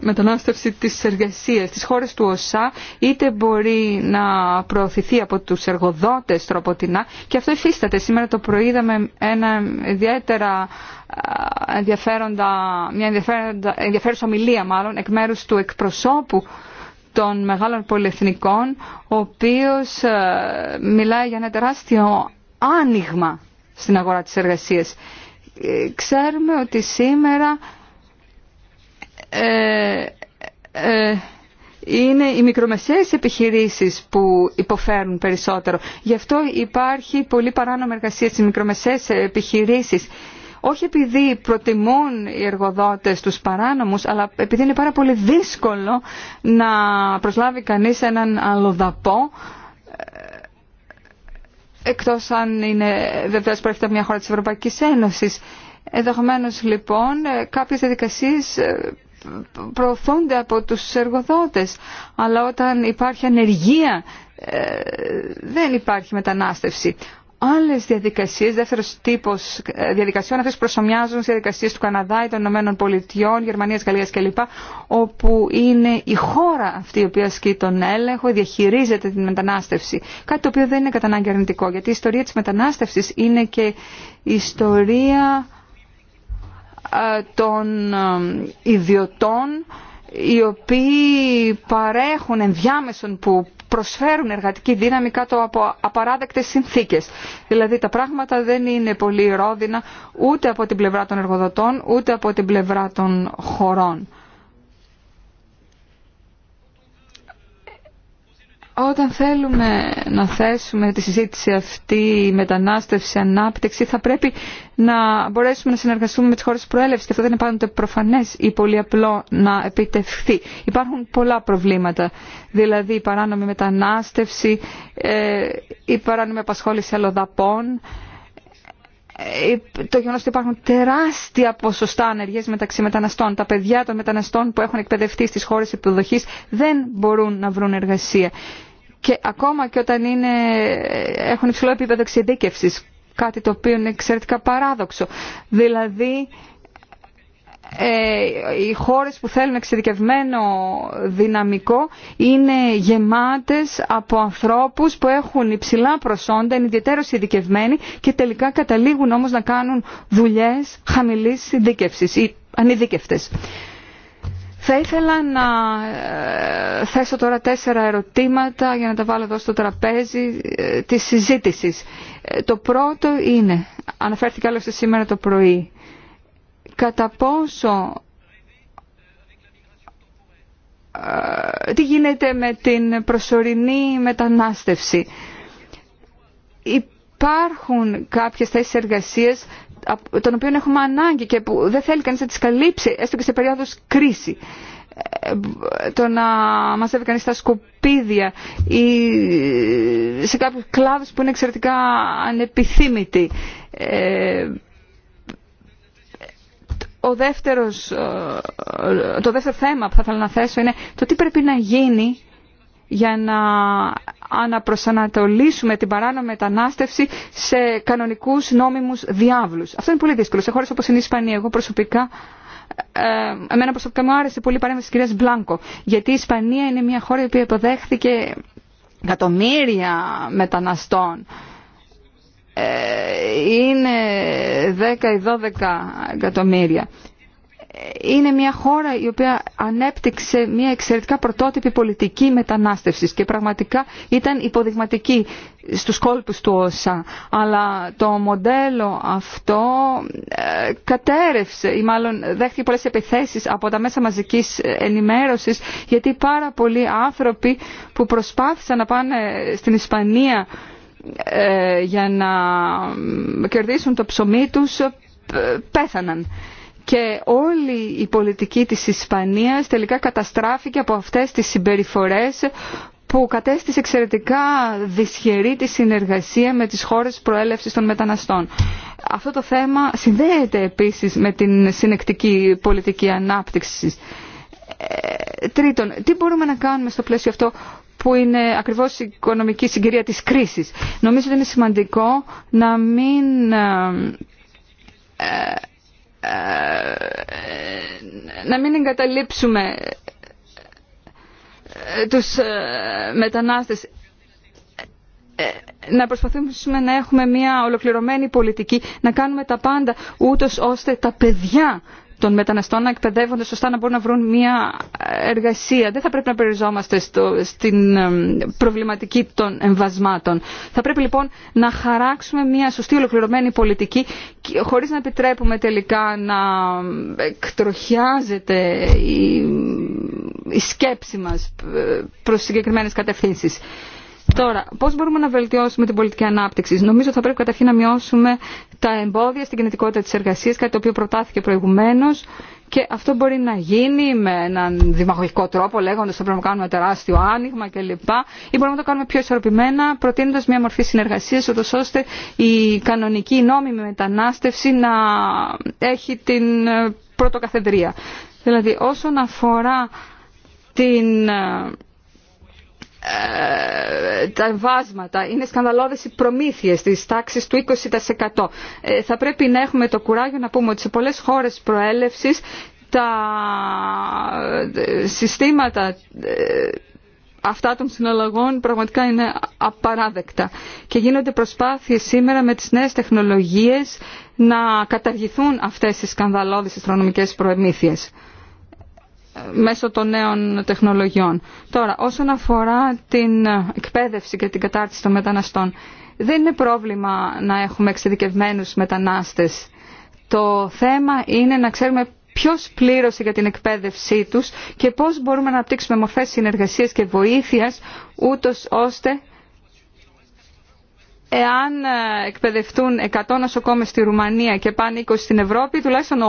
μετανάστευση της εργασίας στις χώρες του ΩΣΑ είτε μπορεί να προωθηθεί από τους εργοδότες τροποτινά και αυτό υφίσταται. Σήμερα το πρωί ένα ιδιαίτερα ενδιαφέροντα, μια ενδιαφέροντα, ενδιαφέρουσα ομιλία μάλλον εκ μέρους του εκπροσώπου των μεγάλων πολυεθνικών ο οποίος μιλάει για ένα τεράστιο άνοιγμα στην αγορά της εργασίας. Ε, ξέρουμε ότι σήμερα ε, ε, είναι οι μικρομεσαίες επιχειρήσεις που υποφέρουν περισσότερο. Γι' αυτό υπάρχει πολύ παράνομη εργασία στις μικρομεσαίες επιχειρήσεις. Όχι επειδή προτιμούν οι εργοδότες τους παράνομους, αλλά επειδή είναι πάρα πολύ δύσκολο να προσλάβει κανείς έναν αλλοδαπό, ε, εκτός αν είναι βεβαίως προέρχεται μια χώρα της Ευρωπαϊκής Ένωσης. Ενδεχομένω λοιπόν κάποιες διαδικασίες προωθούνται από τους εργοδότες. Αλλά όταν υπάρχει ανεργία ε, δεν υπάρχει μετανάστευση. Άλλες διαδικασίες, δεύτερος τύπος ε, διαδικασιών, αυτές προσωμιάζουν στις διαδικασίες του Καναδά ή των Ηνωμένων Πολιτειών, Γερμανίας, Γαλλίας κλπ. όπου είναι η χώρα αυτή η οποία ασκεί τον έλεγχο, διαχειρίζεται την μετανάστευση. Κάτι το οποίο δεν είναι κατά ανάγκη αρνητικό, γιατί η οποια ασκει τον ελεγχο διαχειριζεται την μεταναστευση κατι το οποιο δεν ειναι κατα αρνητικο γιατι η ιστορια της μετανάστευσης είναι και ιστορία ε, των ε, ιδιωτών οι οποίοι παρέχουν ενδιάμεσον που προσφέρουν εργατική δύναμη κάτω από απαράδεκτες συνθήκες. Δηλαδή τα πράγματα δεν είναι πολύ ρόδινα ούτε από την πλευρά των εργοδοτών ούτε από την πλευρά των χωρών. Όταν θέλουμε να θέσουμε τη συζήτηση αυτή, η μετανάστευση, η ανάπτυξη, θα πρέπει να μπορέσουμε να συνεργαστούμε με τι χώρε προέλευση και αυτό δεν είναι πάντοτε προφανές ή πολύ απλό να επιτευχθεί. Υπάρχουν πολλά προβλήματα, δηλαδή η παράνομη μετανάστευση, ε, η παράνομη απασχόληση αλλοδαπών, ε, το γεγονό ότι υπάρχουν τεράστια ποσοστά ανεργία μεταξύ μεταναστών. Τα παιδιά των μεταναστών που έχουν εκπαιδευτεί στι χώρε υποδοχή δεν μπορούν να βρουν εργασία και ακόμα και όταν είναι, έχουν υψηλό επίπεδο εξειδίκευση, κάτι το οποίο είναι εξαιρετικά παράδοξο. Δηλαδή, ε, οι χώρες που θέλουν εξειδικευμένο δυναμικό είναι γεμάτες από ανθρώπους που έχουν υψηλά προσόντα, είναι ιδιαίτερως ειδικευμένοι και τελικά καταλήγουν όμως να κάνουν δουλειές χαμηλής ειδίκευσης ή ανειδίκευτες. Θα ήθελα να ε, θέσω τώρα τέσσερα ερωτήματα για να τα βάλω εδώ στο τραπέζι ε, της συζήτησης. Ε, το πρώτο είναι, αναφέρθηκε άλλωστε σήμερα το πρωί, κατά πόσο τι γίνεται με την προσωρινή μετανάστευση. Υπάρχουν κάποιες θέσεις εργασίας των οποίο έχουμε ανάγκη και που δεν θέλει κανείς να τις καλύψει, έστω και σε περίοδος κρίση. Ε, το να μαζεύει κανείς τα σκουπίδια ή σε κάποιους κλάδους που είναι εξαιρετικά ανεπιθύμητοι. Ε, ο δεύτερος, ε, το δεύτερο θέμα που θα ήθελα να θέσω είναι το τι πρέπει να γίνει για να αναπροσανατολίσουμε την παράνομη μετανάστευση σε κανονικού νόμιμους διάβλους. Αυτό είναι πολύ δύσκολο. Σε χώρε όπω είναι η Ισπανία, εγώ προσωπικά ε, εμένα προσωπικά μου άρεσε πολύ η παρέμβαση τη κυρίας Μπλάνκο, γιατί η Ισπανία είναι μια χώρα η οποία υποδέχθηκε εκατομμύρια μεταναστών. Ε, είναι 10 ή 12 εκατομμύρια είναι μια χώρα η οποία ανέπτυξε μια εξαιρετικά πρωτότυπη πολιτική μετανάστευσης και πραγματικά ήταν υποδειγματική στους κόλπους του ΩΣΑ. Αλλά το μοντέλο αυτό ε, κατέρευσε ή μάλλον δέχτηκε πολλές επιθέσεις από τα μέσα μαζικής ε, ενημέρωσης γιατί πάρα πολλοί άνθρωποι που προσπάθησαν να πάνε στην Ισπανία ε, για να κερδίσουν το ψωμί τους πέθαναν και όλη η πολιτική της Ισπανίας τελικά καταστράφηκε από αυτές τις συμπεριφορές που κατέστησε εξαιρετικά δυσχερή τη συνεργασία με τις χώρες προέλευσης των μεταναστών. Αυτό το θέμα συνδέεται επίσης με την συνεκτική πολιτική ανάπτυξη. Ε, τρίτον, τι μπορούμε να κάνουμε στο πλαίσιο αυτό που είναι ακριβώς η οικονομική συγκυρία της κρίσης. Νομίζω ότι είναι σημαντικό να μην... Ε, ε, ε, ε, να μην εγκαταλείψουμε ε, τους μετανάστες να προσπαθήσουμε να έχουμε μια ολοκληρωμένη πολιτική, να κάνουμε τα πάντα ούτως ώστε τα παιδιά των μεταναστών να εκπαιδεύονται σωστά να μπορούν να βρουν μια εργασία. Δεν θα πρέπει να περιζόμαστε στο, στην προβληματική των εμβασμάτων. Θα πρέπει λοιπόν να χαράξουμε μια σωστή ολοκληρωμένη πολιτική χωρίς να επιτρέπουμε τελικά να εκτροχιάζεται η, η σκέψη μας ε, προς συγκεκριμένες κατευθύνσεις. Τώρα, πώ μπορούμε να βελτιώσουμε την πολιτική ανάπτυξη. Νομίζω θα πρέπει καταρχήν να μειώσουμε τα εμπόδια στην κινητικότητα τη εργασία, κάτι το οποίο προτάθηκε προηγουμένω και αυτό μπορεί να γίνει με έναν δημαγωγικό τρόπο, λέγοντα ότι πρέπει να κάνουμε τεράστιο άνοιγμα κλπ. ή μπορούμε να το κάνουμε πιο ισορροπημένα, προτείνοντα μια μορφή συνεργασία, ώστε η κανονική νόμιμη μετανάστευση να έχει την ε, πρωτοκαθεδρία. Δηλαδή, όσον αφορά την ε, ε, τα εμβάσματα, είναι σκανδαλώδες οι προμήθειες της τάξης του 20%. Ε, θα πρέπει να έχουμε το κουράγιο να πούμε ότι σε πολλές χώρες προέλευσης τα ε, συστήματα αυτά των συναλλαγών πραγματικά είναι απαράδεκτα και γίνονται προσπάθειες σήμερα με τις νέες τεχνολογίες να καταργηθούν αυτές οι σκανδαλώδεις αστρονομικές προμήθειες μέσω των νέων τεχνολογιών. Τώρα, όσον αφορά την εκπαίδευση και την κατάρτιση των μεταναστών, δεν είναι πρόβλημα να έχουμε εξειδικευμένους μετανάστες. Το θέμα είναι να ξέρουμε ποιος πλήρωσε για την εκπαίδευσή τους και πώς μπορούμε να αναπτύξουμε μορφές συνεργασίας και βοήθειας, ούτως ώστε εάν ε, εκπαιδευτούν 100 νοσοκόμε στη Ρουμανία και πάνε 20 στην Ευρώπη, τουλάχιστον 80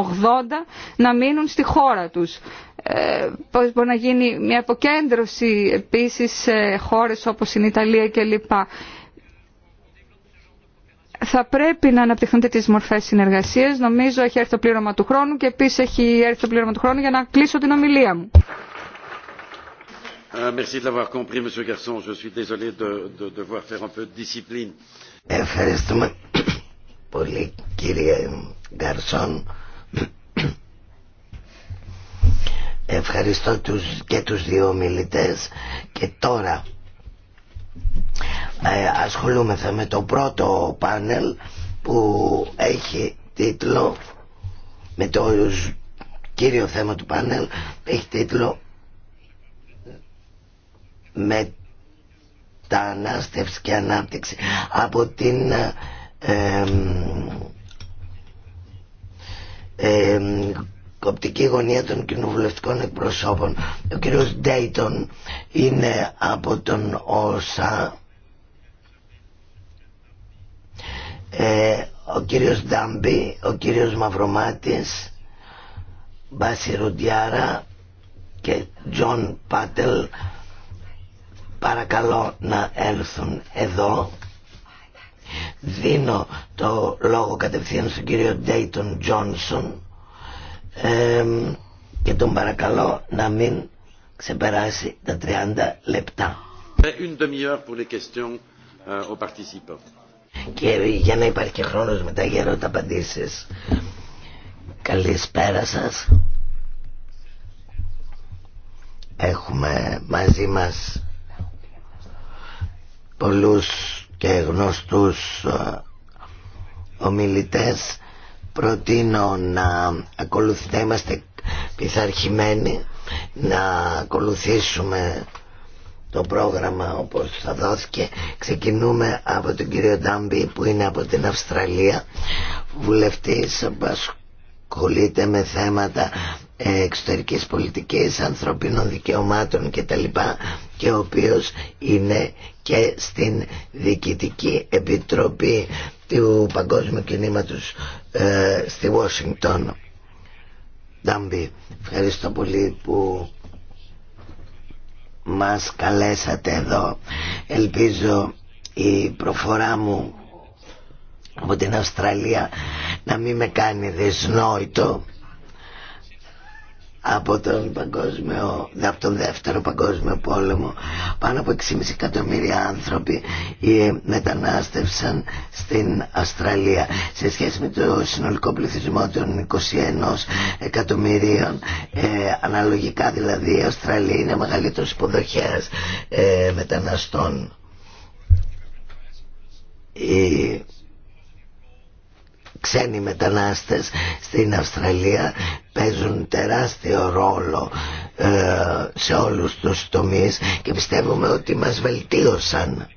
να μείνουν στη χώρα του. Πώ ε, πώς μπορεί να γίνει μια αποκέντρωση επίση σε χώρε όπω η Ιταλία κλπ. Θα πρέπει να αναπτυχθούν τέτοιε μορφέ συνεργασία. Νομίζω έχει έρθει το πλήρωμα του χρόνου και επίση έχει έρθει το πλήρωμα του χρόνου για να κλείσω την ομιλία μου. Ευχαριστούμε πολύ, κύριε Γκαρσόν. Ευχαριστώ τους και τους δύο μιλητές και τώρα ε, ασχολούμεθα με το πρώτο πάνελ που έχει τίτλο με το κύριο θέμα του πάνελ έχει τίτλο μετανάστευση και ανάπτυξη από την ε, κοπτική γωνία των κοινοβουλευτικών εκπροσώπων. Ο κύριος Ντέιτον είναι από τον ΩΣΑ. Ε, ο κύριος Ντάμπη, ο κύριος Μαυρομάτης, Μπάση Ρουντιάρα και Τζον Πάτελ παρακαλώ να έρθουν εδώ. Δίνω το λόγο κατευθείαν στον κύριο Ντέιτον Τζόνσον και τον παρακαλώ να μην ξεπεράσει τα 30 λεπτά. Euh, και για να υπάρχει και χρόνος μετά για ερώτα απαντήσεις. Καλησπέρα σας. Έχουμε μαζί μας πολλούς και γνωστούς ε, ομιλητές προτείνω να ακολουθήσουμε, είμαστε πειθαρχημένοι να ακολουθήσουμε το πρόγραμμα όπως θα δόθηκε ξεκινούμε από τον κύριο Ντάμπι που είναι από την Αυστραλία βουλευτής ασχολείται με θέματα ε, εξωτερικής πολιτικής, ανθρωπίνων δικαιωμάτων κτλ. και ο οποίος είναι και στην Διοικητική Επιτροπή του Παγκόσμιου Κινήματος ε, στη Washington. Ντάμπι, ευχαριστώ πολύ που μας καλέσατε εδώ. Ελπίζω η προφορά μου από την Αυστραλία να μην με κάνει δυσνόητο από τον, παγκόσμιο, από τον δεύτερο παγκόσμιο πόλεμο πάνω από 6,5 εκατομμύρια άνθρωποι ε, μετανάστευσαν στην Αυστραλία σε σχέση με το συνολικό πληθυσμό των 21 εκατομμυρίων ε, αναλογικά δηλαδή η Αυστραλία είναι μεγαλύτερος υποδοχέας ε, μεταναστών η ξένοι μετανάστες στην Αυστραλία παίζουν τεράστιο ρόλο ε, σε όλους τους τομείς και πιστεύουμε ότι μας βελτίωσαν.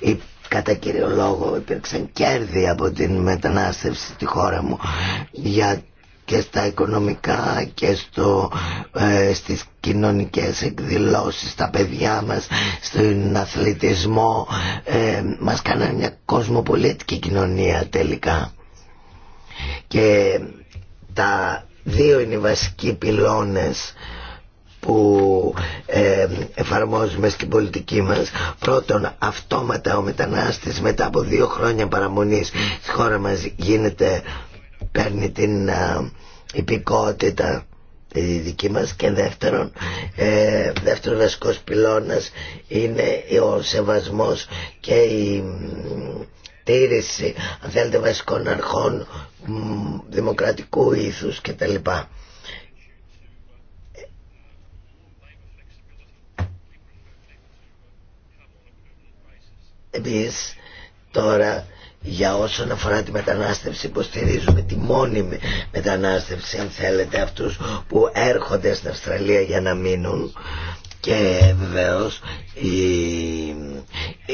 Η, κατά κύριο λόγο υπήρξαν κέρδη από την μετανάστευση στη χώρα μου για και στα οικονομικά και στο, ε, στις κοινωνικές εκδηλώσεις, στα παιδιά μας, στον αθλητισμό. Ε, μας κάνανε μια κοσμοπολίτικη κοινωνία τελικά. Και τα δύο είναι οι βασικοί πυλώνες που ε, εφαρμόζουμε στην πολιτική μας πρώτον αυτόματα ο μετανάστης μετά από δύο χρόνια παραμονής στη χώρα μας γίνεται παίρνει την α, ε, υπηκότητα τη δική μας και δεύτερον ε, δεύτερο βασικός πυλώνας είναι ο σεβασμός και η τήρηση αν θέλετε βασικών αρχών δημοκρατικού ήθους κτλ. Επίσης τώρα για όσον αφορά τη μετανάστευση υποστηρίζουμε τη μόνιμη μετανάστευση αν θέλετε αυτούς που έρχονται στην Αυστραλία για να μείνουν και βεβαίω οι,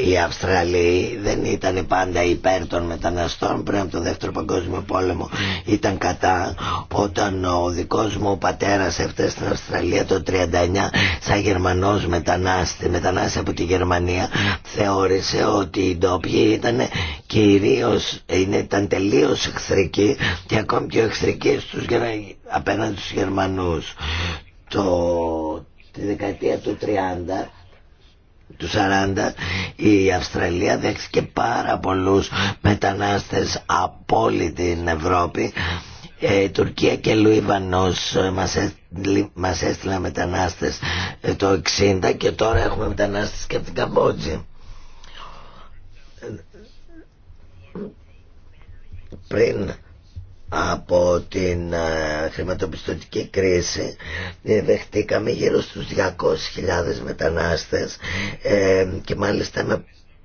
οι Αυστραλοί δεν ήταν πάντα υπέρ των μεταναστών πριν από τον Δεύτερο Παγκόσμιο Πόλεμο ήταν κατά όταν ο δικός μου πατέρας έφτασε στην Αυστραλία το 1939 σαν Γερμανός μετανάστη μετανάστη από τη Γερμανία θεώρησε ότι οι ντόπιοι ήταν κυρίως ήταν τελείως εχθρικοί και ακόμη πιο εχθρικοί απέναντι στους Γερμανούς το Τη δεκαετία του 30 του 40 η Αυστραλία δέχτηκε πάρα πολλούς μετανάστες από όλη την Ευρώπη ε, Τουρκία και Λουιβανός ε, μας, μας έστειλαν μετανάστες ε, το 60 και τώρα έχουμε μετανάστες και από την Καμπότζη ε, πριν από την ε, χρηματοπιστωτική κρίση ε, δεχτήκαμε γύρω στους 200.000 μετανάστες ε, και μάλιστα με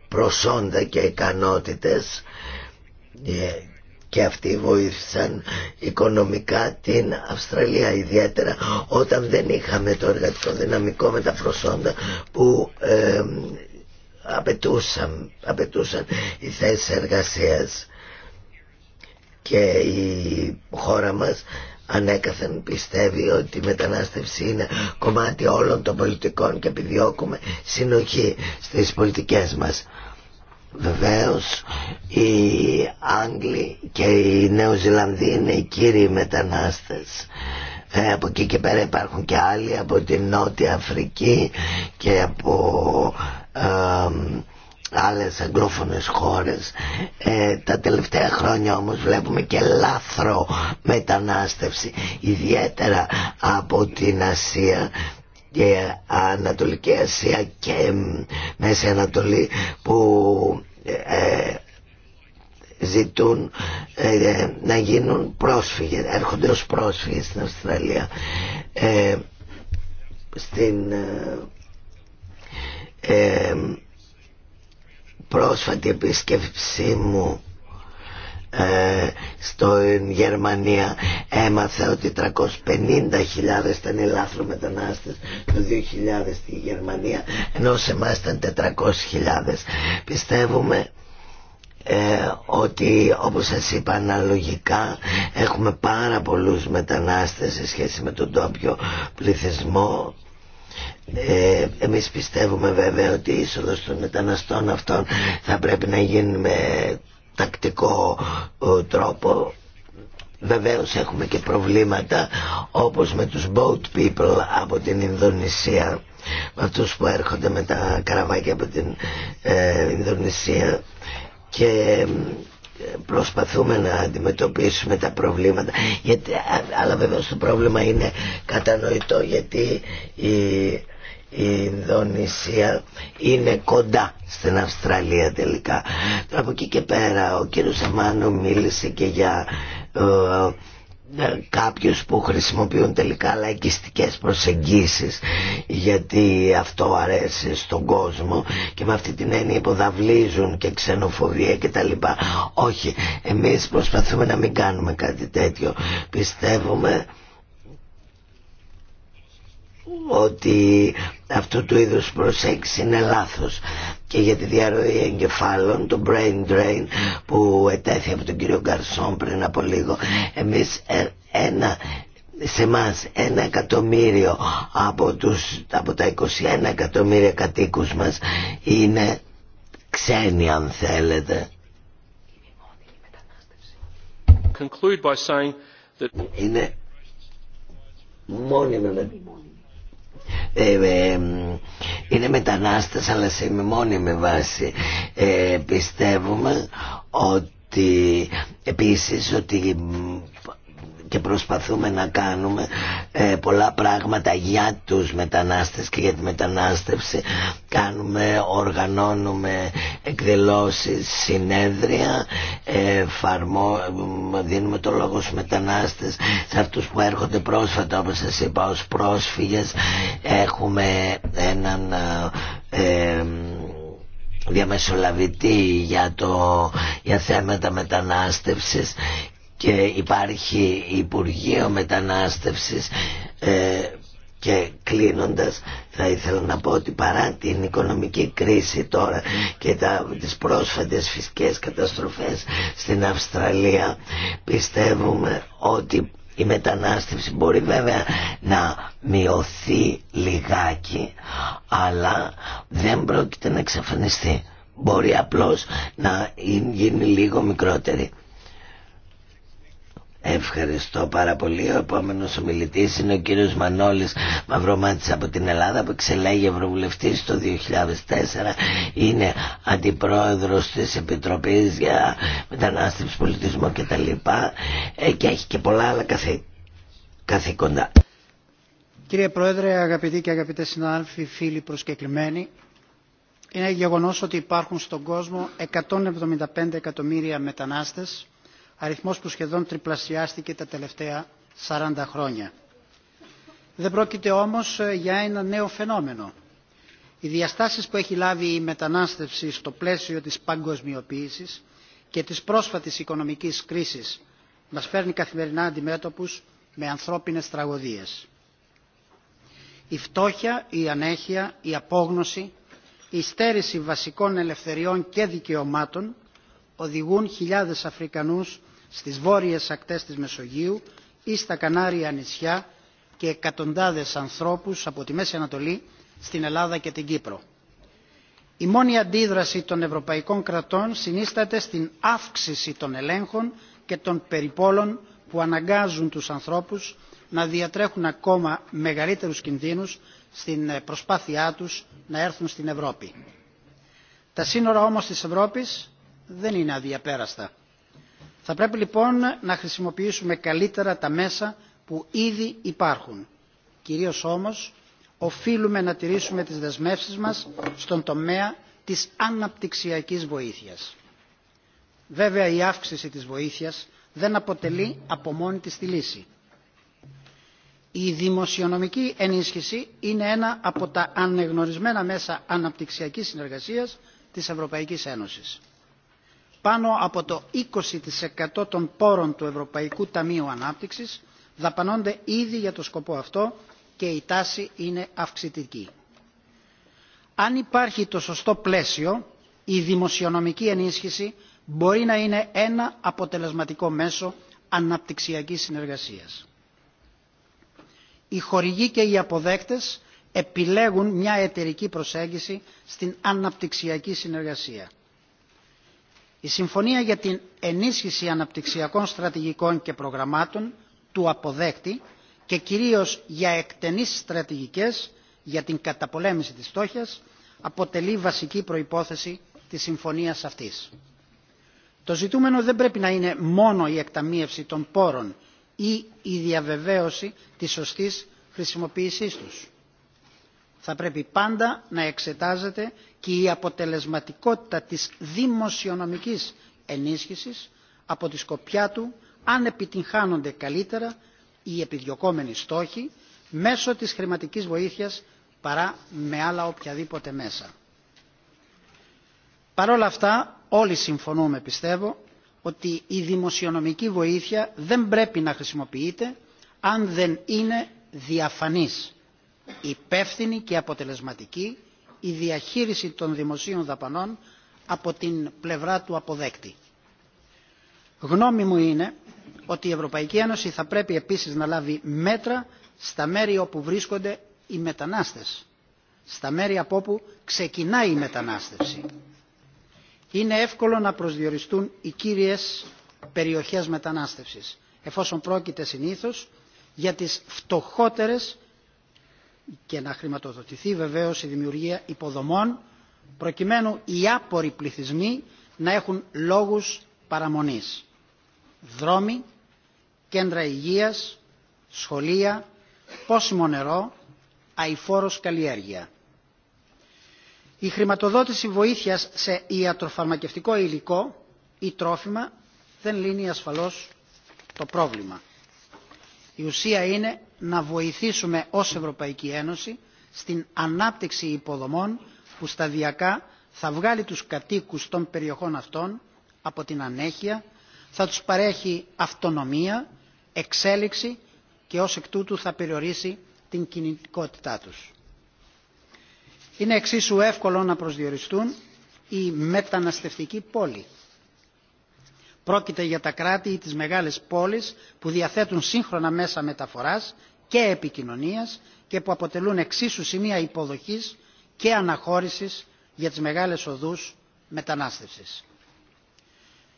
προσόντα και ικανότητες και αυτοί βοήθησαν οικονομικά την Αυστραλία ιδιαίτερα όταν δεν είχαμε το εργατικό δυναμικό με τα προσόντα που ε, απαιτούσαν, απαιτούσαν οι θέσεις εργασίας και η χώρα μας ανέκαθεν πιστεύει ότι η μετανάστευση είναι κομμάτι όλων των πολιτικών και επιδιώκουμε συνοχή στις πολιτικές μας. Βεβαίως οι Άγγλοι και οι Ζηλανδοί είναι οι κύριοι μετανάστες. Ε, από εκεί και πέρα υπάρχουν και άλλοι από την Νότια Αφρική και από... Ε, άλλες αγγλόφωνες χώρες ε, τα τελευταία χρόνια όμως βλέπουμε και λάθρο μετανάστευση ιδιαίτερα από την Ασία και Ανατολική Ασία και Μέση Ανατολή που ε, ζητούν ε, ε, να γίνουν πρόσφυγες έρχονται ως πρόσφυγες στην Αυστραλία στην πρόσφατη επίσκεψή μου ε, στο Γερμανία έμαθα ότι 350.000 ήταν οι μετανάστες το 2000 στη Γερμανία ενώ σε εμάς ήταν 400.000 πιστεύουμε ε, ότι όπως σας είπα αναλογικά έχουμε πάρα πολλούς μετανάστες σε σχέση με τον τόπιο πληθυσμό ε, εμείς πιστεύουμε βέβαια ότι η είσοδος των μεταναστών αυτών θα πρέπει να γίνει με τακτικό τρόπο βεβαίως έχουμε και προβλήματα όπως με τους boat people από την Ινδονησία με αυτούς που έρχονται με τα καραβάκια από την ε, Ινδονησία και προσπαθούμε να αντιμετωπίσουμε τα προβλήματα γιατί, αλλά βέβαια το πρόβλημα είναι κατανοητό γιατί η Ινδονησία είναι κοντά στην Αυστραλία τελικά. Τώρα από εκεί και πέρα ο κύριος Αμάνου μίλησε και για ε, ε, κάποιους που χρησιμοποιούν τελικά λαϊκιστικές προσεγγίσεις γιατί αυτό αρέσει στον κόσμο και με αυτή την έννοια υποδαβλίζουν και ξενοφοβία και τα Όχι, εμείς προσπαθούμε να μην κάνουμε κάτι τέτοιο. Πιστεύουμε ότι αυτού του είδους προσέγγιση είναι λάθος και για τη διαρροή εγκεφάλων το brain drain που ετέθη από τον κύριο Γκαρσόν πριν από λίγο εμείς ε, ένα σε εμά ένα εκατομμύριο από, τους, από τα 21 εκατομμύρια κατοίκους μας είναι ξένοι αν θέλετε είναι μετανάστευση ε, ε, είναι μετανάστες αλλά σε μόνιμη βάση ε, πιστεύουμε ότι επίσης ότι και προσπαθούμε να κάνουμε ε, πολλά πράγματα για τους μετανάστες και για τη μετανάστευση κάνουμε, οργανώνουμε εκδηλώσεις, συνέδρια ε, φαρμό, ε, δίνουμε το λόγο στους μετανάστες σε αυτούς που έρχονται πρόσφατα όπως σας είπα ως πρόσφυγες έχουμε έναν διαμεσολαβητή για, το, για θέματα μετανάστευσης και υπάρχει Υπουργείο Μετανάστευσης ε, και κλείνοντας θα ήθελα να πω ότι παρά την οικονομική κρίση τώρα και τα, τις πρόσφατες φυσικές καταστροφές στην Αυστραλία πιστεύουμε ότι η μετανάστευση μπορεί βέβαια να μειωθεί λιγάκι αλλά δεν πρόκειται να εξαφανιστεί. Μπορεί απλώς να γίνει λίγο μικρότερη. Ευχαριστώ πάρα πολύ. Ο επόμενος ομιλητής είναι ο κύριος Μανώλης Μαυρομάτης από την Ελλάδα που εξελέγει Ευρωβουλευτής το 2004. Είναι αντιπρόεδρος της Επιτροπής για Μετανάστευση Πολιτισμό κτλ. Και, ε, και έχει και πολλά άλλα καθή... καθήκοντα. Κύριε Πρόεδρε, αγαπητοί και αγαπητέ συνάδελφοι, φίλοι προσκεκλημένοι, είναι γεγονός ότι υπάρχουν στον κόσμο 175 εκατομμύρια μετανάστες αριθμός που σχεδόν τριπλασιάστηκε τα τελευταία 40 χρόνια. Δεν πρόκειται όμως ε, για ένα νέο φαινόμενο. Οι διαστάσεις που έχει λάβει η μετανάστευση στο πλαίσιο της παγκοσμιοποίησης και της πρόσφατης οικονομικής κρίσης μας φέρνει καθημερινά αντιμέτωπους με ανθρώπινες τραγωδίες. Η φτώχεια, η ανέχεια, η απόγνωση, η στέρηση βασικών ελευθεριών και δικαιωμάτων οδηγούν χιλιάδες Αφρικανούς στις βόρειες ακτές της Μεσογείου ή στα Κανάρια νησιά και εκατοντάδες ανθρώπους από τη Μέση Ανατολή στην Ελλάδα και την Κύπρο. Η μόνη αντίδραση των ευρωπαϊκών κρατών συνίσταται στην αύξηση των ελέγχων και των περιπόλων που αναγκάζουν τους ανθρώπους να διατρέχουν ακόμα μεγαλύτερους κινδύνους στην ε, προσπάθειά τους να έρθουν στην Ευρώπη. Τα σύνορα όμως της Ευρώπης δεν είναι αδιαπέραστα. Θα πρέπει λοιπόν να χρησιμοποιήσουμε καλύτερα τα μέσα που ήδη υπάρχουν. Κυρίως όμως οφείλουμε να τηρήσουμε τις δεσμεύσεις μας στον τομέα της αναπτυξιακής βοήθειας. Βέβαια η αύξηση της βοήθειας δεν αποτελεί από μόνη της τη λύση. Η δημοσιονομική ενίσχυση είναι ένα από τα ανεγνωρισμένα μέσα αναπτυξιακής συνεργασίας της Ευρωπαϊκής Ένωσης πάνω από το 20% των πόρων του Ευρωπαϊκού Ταμείου Ανάπτυξης δαπανώνται ήδη για το σκοπό αυτό και η τάση είναι αυξητική. Αν υπάρχει το σωστό πλαίσιο, η δημοσιονομική ενίσχυση μπορεί να είναι ένα αποτελεσματικό μέσο αναπτυξιακής συνεργασίας. Οι χορηγοί και οι αποδέκτες επιλέγουν μια εταιρική προσέγγιση στην αναπτυξιακή συνεργασία η συμφωνία για την ενίσχυση αναπτυξιακών στρατηγικών και προγραμμάτων του αποδέκτη και κυρίως για εκτενείς στρατηγικές για την καταπολέμηση της στόχιας αποτελεί βασική προϋπόθεση της συμφωνίας αυτής. Το ζητούμενο δεν πρέπει να είναι μόνο η εκταμείευση των πόρων ή η διαβεβαίωση της σωστής χρησιμοποίησής τους. Θα πρέπει πάντα να εξετάζεται και η αποτελεσματικότητα της δημοσιονομικής ενίσχυσης από τη σκοπιά του αν επιτυγχάνονται καλύτερα οι επιδιωκόμενοι στόχοι μέσω της χρηματικής βοήθειας παρά με άλλα οποιαδήποτε μέσα. Παρ' όλα αυτά όλοι συμφωνούμε πιστεύω ότι η δημοσιονομική βοήθεια δεν πρέπει να χρησιμοποιείται αν δεν είναι διαφανής, υπεύθυνη και αποτελεσματική η διαχείριση των δημοσίων δαπανών από την πλευρά του αποδέκτη. Γνώμη μου είναι ότι η Ευρωπαϊκή Ένωση θα πρέπει επίσης να λάβει μέτρα στα μέρη όπου βρίσκονται οι μετανάστες, στα μέρη από όπου ξεκινάει η μετανάστευση. Είναι εύκολο να προσδιοριστούν οι κύριες περιοχές μετανάστευσης, εφόσον πρόκειται συνήθως για τις φτωχότερες και να χρηματοδοτηθεί βεβαίω η δημιουργία υποδομών προκειμένου οι άποροι πληθυσμοί να έχουν λόγους παραμονής. Δρόμοι, κέντρα υγείας, σχολεία, πόσιμο νερό, αηφόρος καλλιέργεια. Η χρηματοδότηση βοήθειας σε ιατροφαρμακευτικό υλικό ή τρόφιμα δεν λύνει ασφαλώς το πρόβλημα. Η ουσία είναι να βοηθήσουμε ως Ευρωπαϊκή Ένωση στην ανάπτυξη υποδομών που σταδιακά θα βγάλει τους κατοίκους των περιοχών αυτών από την ανέχεια, θα τους παρέχει αυτονομία, εξέλιξη και ως εκ τούτου θα περιορίσει την κινητικότητά τους. Είναι εξίσου εύκολο να προσδιοριστούν οι μεταναστευτικοί πόλοι Πρόκειται για τα κράτη ή τις μεγάλες πόλεις που διαθέτουν σύγχρονα μέσα μεταφοράς και επικοινωνίας και που αποτελούν εξίσου σημεία υποδοχής και αναχώρησης για τις μεγάλες οδούς μετανάστευσης.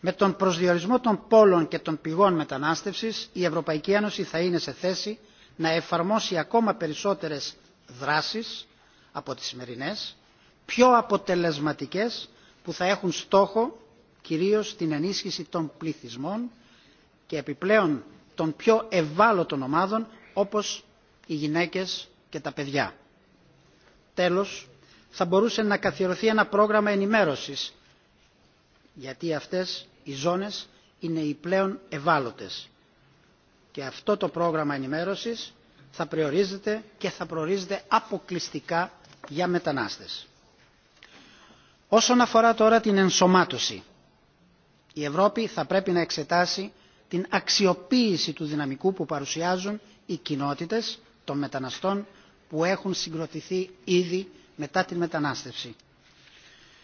Με τον προσδιορισμό των πόλων και των πηγών μετανάστευσης η Ευρωπαϊκή Ένωση θα είναι σε θέση να εφαρμόσει ακόμα περισσότερες δράσεις από τις σημερινές, πιο αποτελεσματικές που θα έχουν στόχο κυρίως την ενίσχυση των πληθυσμών και επιπλέον των πιο ευάλωτων ομάδων όπως οι γυναίκες και τα παιδιά. Τέλος, θα μπορούσε να καθιερωθεί ένα πρόγραμμα ενημέρωσης γιατί αυτές οι ζώνες είναι οι πλέον ευάλωτες. Και αυτό το πρόγραμμα ενημέρωσης θα προορίζεται και θα προορίζεται αποκλειστικά για μετανάστες. Όσον αφορά τώρα την ενσωμάτωση, η Ευρώπη θα πρέπει να εξετάσει την αξιοποίηση του δυναμικού που παρουσιάζουν οι κοινότητες των μεταναστών που έχουν συγκροτηθεί ήδη μετά την μετανάστευση.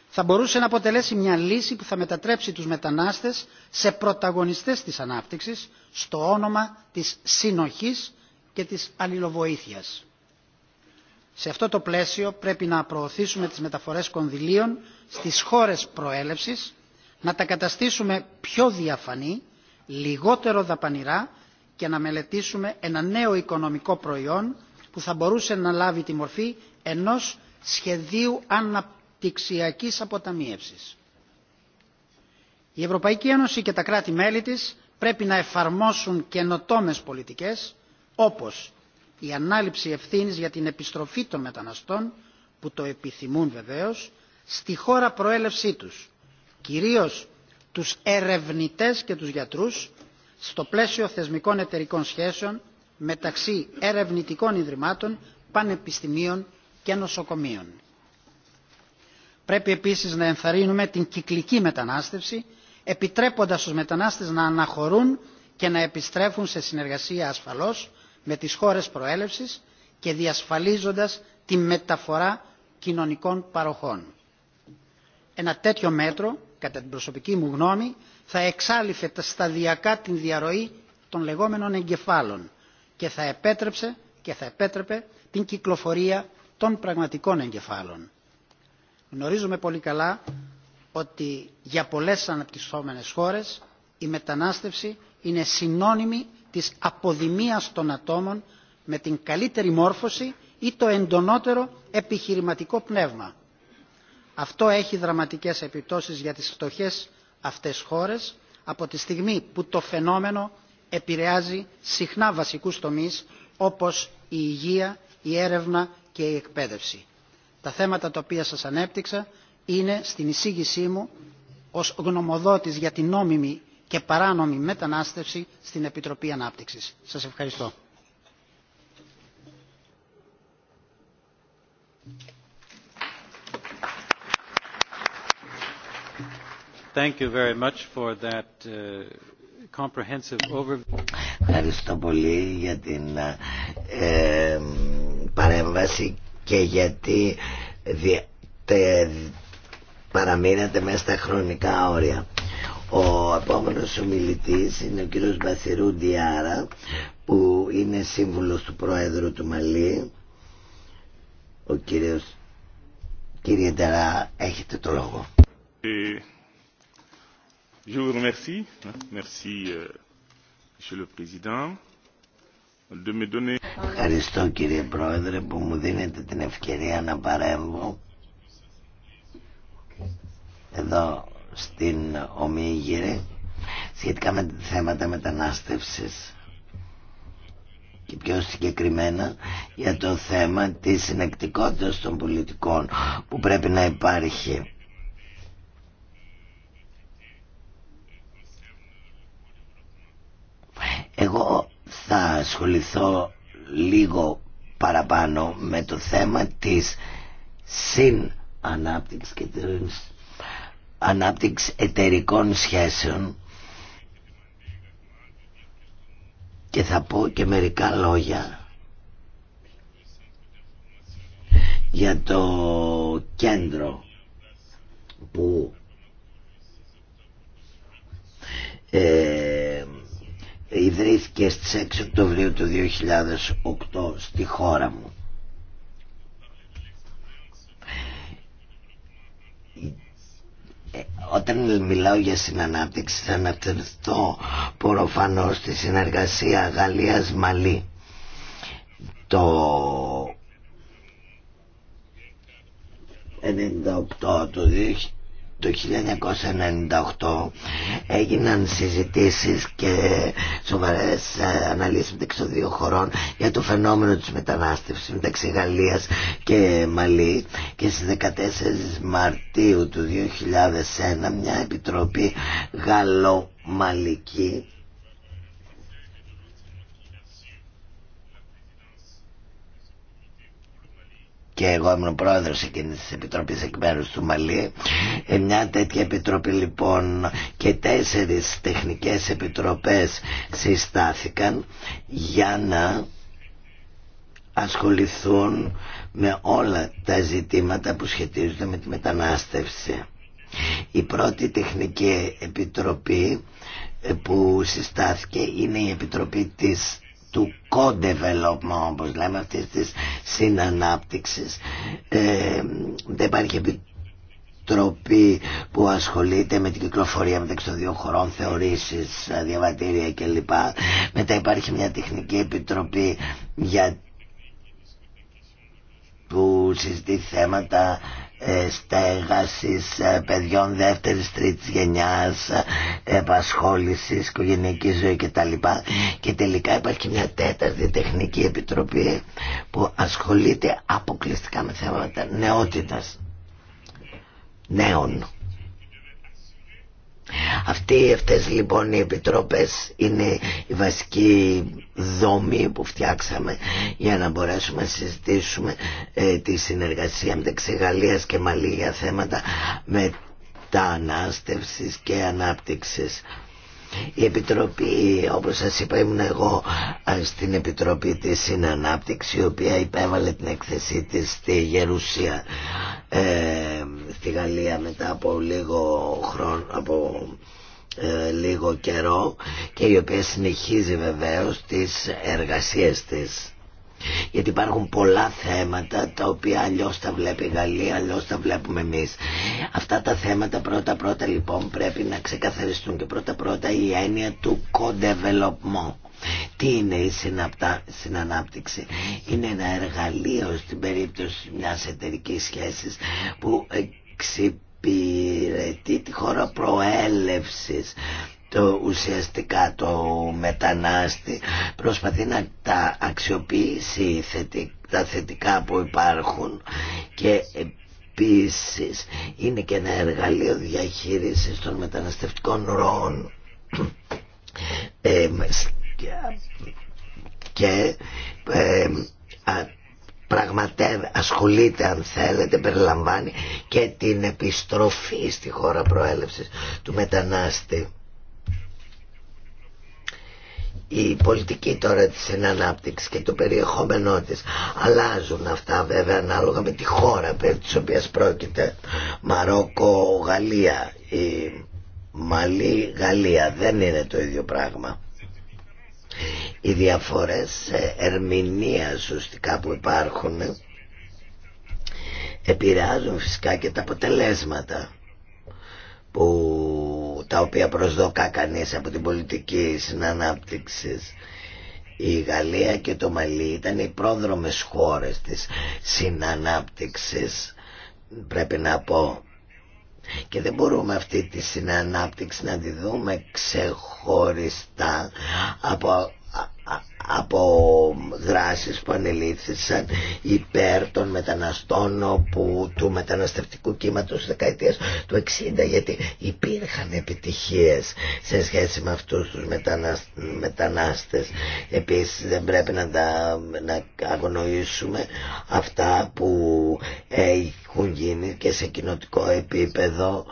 Θα μπορούσε να αποτελέσει μια λύση που θα μετατρέψει τους μετανάστες σε πρωταγωνιστές της ανάπτυξης στο όνομα της συνοχής και της αλληλοβοήθειας. Σε αυτό το πλαίσιο πρέπει να προωθήσουμε τις μεταφορές κονδυλίων στις χώρες προέλευσης να τα καταστήσουμε πιο διαφανή, λιγότερο δαπανηρά και να μελετήσουμε ένα νέο οικονομικό προϊόν που θα μπορούσε να λάβει τη μορφή ενός σχεδίου αναπτυξιακής αποταμίευσης. Η Ευρωπαϊκή Ένωση και τα κράτη-μέλη της πρέπει να εφαρμόσουν καινοτόμες πολιτικές όπως η ανάληψη ευθύνης για την επιστροφή των μεταναστών που το επιθυμούν βεβαίως στη χώρα προέλευσή τους κυρίως τους ερευνητές και τους γιατρούς στο πλαίσιο θεσμικών εταιρικών σχέσεων μεταξύ ερευνητικών ιδρυμάτων, πανεπιστημίων και νοσοκομείων. Πρέπει επίσης να ενθαρρύνουμε την κυκλική μετανάστευση, επιτρέποντας στους μετανάστες να αναχωρούν και να επιστρέφουν σε συνεργασία ασφαλώς με τις χώρες προέλευσης και διασφαλίζοντας τη μεταφορά κοινωνικών παροχών. Ένα τέτοιο μέτρο κατά την προσωπική μου γνώμη θα εξάλληφε σταδιακά την διαρροή των λεγόμενων εγκεφάλων και θα επέτρεψε και θα επέτρεπε την κυκλοφορία των πραγματικών εγκεφάλων. Γνωρίζουμε πολύ καλά ότι για πολλές αναπτυσσόμενες χώρες η μετανάστευση είναι συνώνυμη της αποδημίας των ατόμων με την καλύτερη μόρφωση ή το εντονότερο επιχειρηματικό πνεύμα αυτό έχει δραματικές επιπτώσεις για τις φτωχές αυτές χώρες από τη στιγμή που το φαινόμενο επηρεάζει συχνά βασικούς τομείς όπως η υγεία, η έρευνα και η εκπαίδευση. Τα θέματα τα οποία σας ανέπτυξα είναι στην εισήγησή μου ως γνωμοδότης για την νόμιμη και παράνομη μετανάστευση στην Επιτροπή Ανάπτυξης. Σας ευχαριστώ. Uh, Ευχαριστώ πολύ για την ε, παρέμβαση και γιατί τε, παραμείνατε μέσα στα χρονικά όρια. Ο επόμενος ομιλητή είναι ο κύριος Μπασιρού Ντιάρα που είναι σύμβουλος του Πρόεδρου του Μαλή. Ο κύριος, κύριε Ντερά, έχετε το λόγο. Je vous euh, Ευχαριστώ κύριε Πρόεδρε που μου δίνετε την ευκαιρία να παρέμβω εδώ στην Ομίγυρη σχετικά με θέματα μετανάστευσης και πιο συγκεκριμένα για το θέμα της συνεκτικότητας των πολιτικών που πρέπει να υπάρχει Εγώ θα ασχοληθώ λίγο παραπάνω με το θέμα της συνανάπτυξης και της ανάπτυξης εταιρικών σχέσεων και θα πω και μερικά λόγια για το κέντρο που ε, ιδρύθηκε στις 6 Οκτωβρίου του 2008 στη χώρα μου. Ε, όταν μιλάω για συνανάπτυξη θα αναφερθώ προφανώ στη συνεργασία Γαλλίας-Μαλή. Το 98 το το 1998 έγιναν συζητήσεις και σοβαρές ε, αναλύσεις μεταξύ δύο χωρών για το φαινόμενο της μετανάστευσης μεταξύ Γαλλίας και Μαλή και στις 14 Μαρτίου του 2001 μια επιτροπή γαλλο-μαλική και εγώ ήμουν πρόεδρος εκείνης της Επιτροπής εκ μέρους του Μαλή ε, μια τέτοια επιτροπή λοιπόν και τέσσερις τεχνικές επιτροπές συστάθηκαν για να ασχοληθούν με όλα τα ζητήματα που σχετίζονται με τη μετανάστευση. Η πρώτη τεχνική επιτροπή ε, που συστάθηκε είναι η Επιτροπή της του co-development όπως λέμε αυτής της συνανάπτυξης ε, δεν υπάρχει επιτροπή που ασχολείται με την κυκλοφορία μεταξύ των δύο χωρών θεωρήσεις, διαβατήρια κλπ μετά υπάρχει μια τεχνική επιτροπή για που συζητεί θέματα ε, στέγασης ε, παιδιών δεύτερης τρίτης γενιάς ε, επασχόλησης, οικογενειακή ζωή κτλ. Και τελικά υπάρχει μια τέταρτη τεχνική επιτροπή που ασχολείται αποκλειστικά με θέματα νεότητας νέων αυτοί, αυτές λοιπόν οι επιτροπές είναι η βασική δόμη που φτιάξαμε για να μπορέσουμε να συζητήσουμε ε, τη συνεργασία μεταξύ Γαλλίας και Μαλή για θέματα μετανάστευσης και ανάπτυξης. Η Επιτροπή, όπως σας είπα ήμουν εγώ ε, στην Επιτροπή της Συνανάπτυξη η οποία υπέβαλε την έκθεσή της στη Γερουσία ε, στη Γαλλία μετά από λίγο χρόνο, από ε, λίγο καιρό και η οποία συνεχίζει βεβαίως τις εργασίες της γιατί υπάρχουν πολλά θέματα τα οποία αλλιώς τα βλέπει η Γαλλία, αλλιώς τα βλέπουμε εμείς. Αυτά τα θέματα πρώτα-πρώτα λοιπόν πρέπει να ξεκαθαριστούν και πρώτα-πρώτα η έννοια του co-development. Τι είναι η συναπτά, συνανάπτυξη. Είναι ένα εργαλείο στην περίπτωση μιας εταιρικής σχέσης που εξυπηρετεί τη χώρα προέλευσης το ουσιαστικά το μετανάστη προσπαθεί να τα αξιοποιήσει τα θετικά που υπάρχουν και επίσης είναι και ένα εργαλείο διαχείρισης των μεταναστευτικών ροών και ασχολείται αν θέλετε, περιλαμβάνει και την επιστροφή στη χώρα προέλευσης του μετανάστη η πολιτική τώρα της ενανάπτυξης και το περιεχόμενό της αλλάζουν αυτά βέβαια ανάλογα με τη χώρα περί της οποίας πρόκειται Μαρόκο, Γαλλία η Μαλή, Γαλλία δεν είναι το ίδιο πράγμα οι διαφορές ε, ερμηνείας ουσιαστικά που υπάρχουν ε, επηρεάζουν φυσικά και τα αποτελέσματα που τα οποία προσδοκά κανείς από την πολιτική συνανάπτυξη. Η Γαλλία και το Μαλί ήταν οι πρόδρομες χώρες της συνανάπτυξης πρέπει να πω και δεν μπορούμε αυτή τη συνανάπτυξη να τη δούμε ξεχωριστά από από δράσεις που ανελήφθησαν υπέρ των μεταναστών που, του μεταναστευτικού κύματος της δεκαετίας του 60 γιατί υπήρχαν επιτυχίες σε σχέση με αυτούς τους μετανάστε. μετανάστες επίσης δεν πρέπει να, τα, αγνοήσουμε αυτά που έχουν γίνει και σε κοινοτικό επίπεδο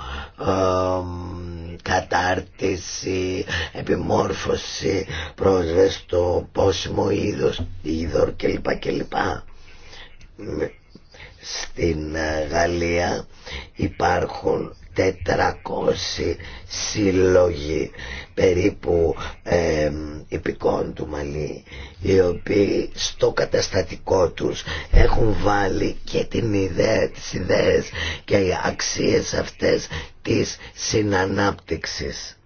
κατάρτιση, επιμόρφωση, πρόσβες στο πόσιμο είδος, είδωρ κλπ. Στην ε, Γαλλία υπάρχουν 400 σύλλογοι περίπου ε, υπηκών του Μαλή οι οποίοι στο καταστατικό τους έχουν βάλει και την ιδέα, τις ιδέες και οι αξίες αυτές της συνανάπτυξης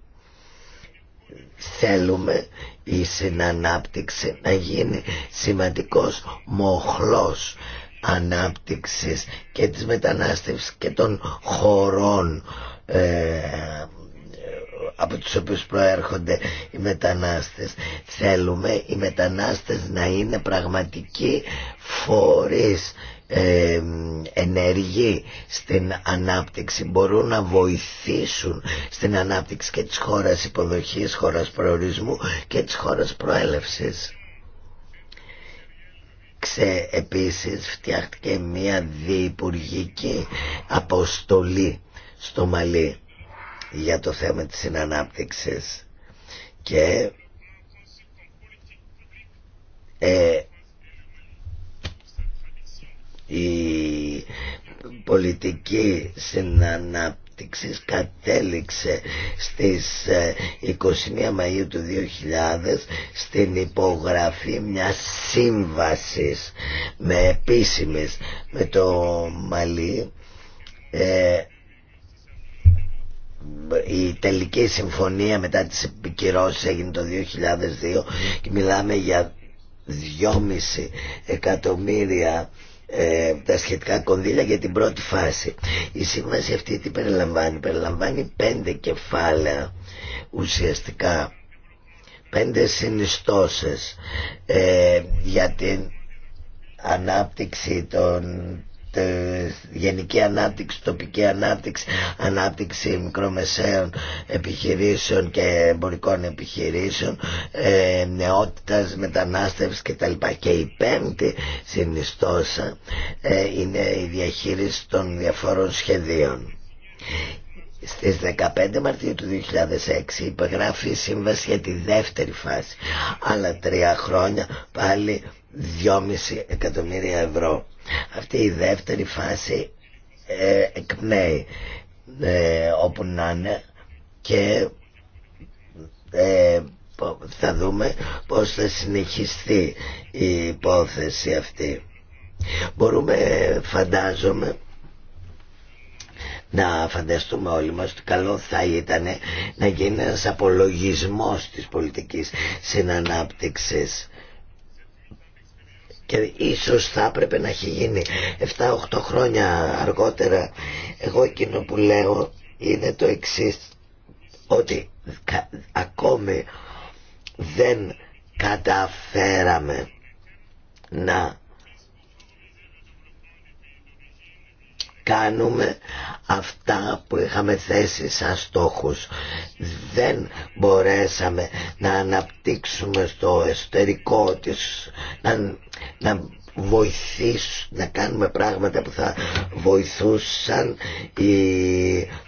θέλουμε η συνανάπτυξη να γίνει σημαντικός μοχλός ανάπτυξης και της μετανάστευσης και των χωρών ε, από τους οποίους προέρχονται οι μετανάστες. Θέλουμε οι μετανάστες να είναι πραγματικοί φορείς ε, ενεργοί στην ανάπτυξη μπορούν να βοηθήσουν στην ανάπτυξη και της χώρας υποδοχής, χώρας προορισμού και της χώρας προέλευσης. Ξε, επίσης φτιάχτηκε μια διυπουργική αποστολή στο Μαλί για το θέμα της συνανάπτυξης και ε, η πολιτική συναναπτυξη κατέληξε στις 21 ε, Μαΐου του 2000 στην υπογραφή μιας σύμβασης με επίσημες με το Μαλή ε, η τελική συμφωνία μετά τις επικυρώσεις έγινε το 2002 και μιλάμε για 2,5 εκατομμύρια ε, τα σχετικά κονδύλια για την πρώτη φάση. Η σύμβαση αυτή τι περιλαμβάνει. Περιλαμβάνει πέντε κεφάλαια ουσιαστικά. Πέντε συνιστώσεις ε, για την ανάπτυξη των ε, γενική ανάπτυξη, τοπική ανάπτυξη, ανάπτυξη μικρομεσαίων επιχειρήσεων και εμπορικών επιχειρήσεων, ε, νεότητας, μετανάστευση κτλ. Και η πέμπτη συνιστόσα ε, είναι η διαχείριση των διαφόρων σχεδίων. Στις 15 Μαρτίου του 2006 υπεγράφει η σύμβαση για τη δεύτερη φάση. Άλλα τρία χρόνια πάλι 2,5 εκατομμύρια ευρώ. Αυτή η δεύτερη φάση ε, εκπνέει ε, όπου να είναι και ε, θα δούμε πώς θα συνεχιστεί η υπόθεση αυτή. Μπορούμε, φαντάζομαι, να φανταστούμε όλοι μας ότι καλό θα ήταν να γίνει ένας απολογισμός της πολιτικής συνανάπτυξης και ίσως θα έπρεπε να έχει γίνει 7-8 χρόνια αργότερα εγώ εκείνο που λέω είναι το εξής ότι ακόμη δεν καταφέραμε να κάνουμε αυτά που είχαμε θέσει σαν στόχους. Δεν μπορέσαμε να αναπτύξουμε στο εσωτερικό της, να, να να κάνουμε πράγματα που θα βοηθούσαν η,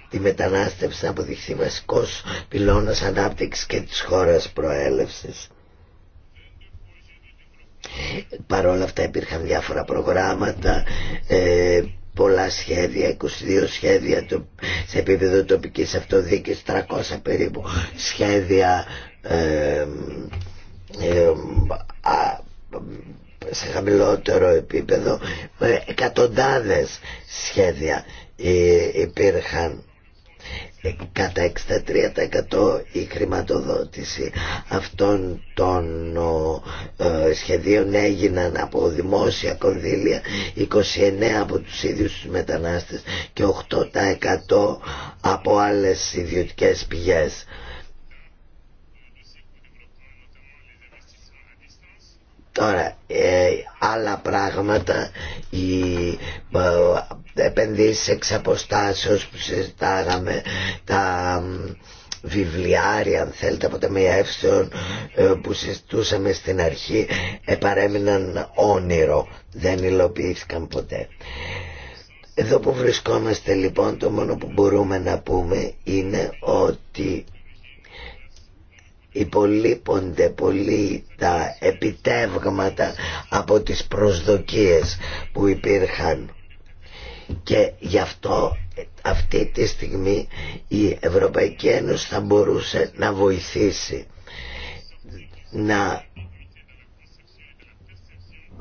τη μετανάστευση να αποδειχθεί βασικός πυλώνας ανάπτυξης και της χώρας προέλευσης. παρόλα όλα αυτά υπήρχαν διάφορα προγράμματα ε, πολλά σχέδια, 22 σχέδια σε επίπεδο τοπικής αυτοδίκης, 300 περίπου σχέδια ε, ε, α, σε χαμηλότερο επίπεδο εκατοντάδες σχέδια ε, υπήρχαν κατά 63% η χρηματοδότηση αυτών των ε, σχεδίων έγιναν από δημόσια κονδύλια 29 από τους ίδιους τους μετανάστες και 8% από άλλες ιδιωτικές πηγές Τώρα, ε, άλλα πράγματα, οι ε, επενδύσεις εξ αποστάσεως που συζητάγαμε, τα βιβλιάρια αν θέλετε από τα ε, που συζητούσαμε στην αρχή παρέμειναν όνειρο δεν υλοποιήθηκαν ποτέ εδώ που βρισκόμαστε λοιπόν το μόνο που μπορούμε να πούμε είναι ότι υπολείπονται πολύ τα επιτεύγματα από τις προσδοκίες που υπήρχαν και γι' αυτό αυτή τη στιγμή η Ευρωπαϊκή Ένωση θα μπορούσε να βοηθήσει να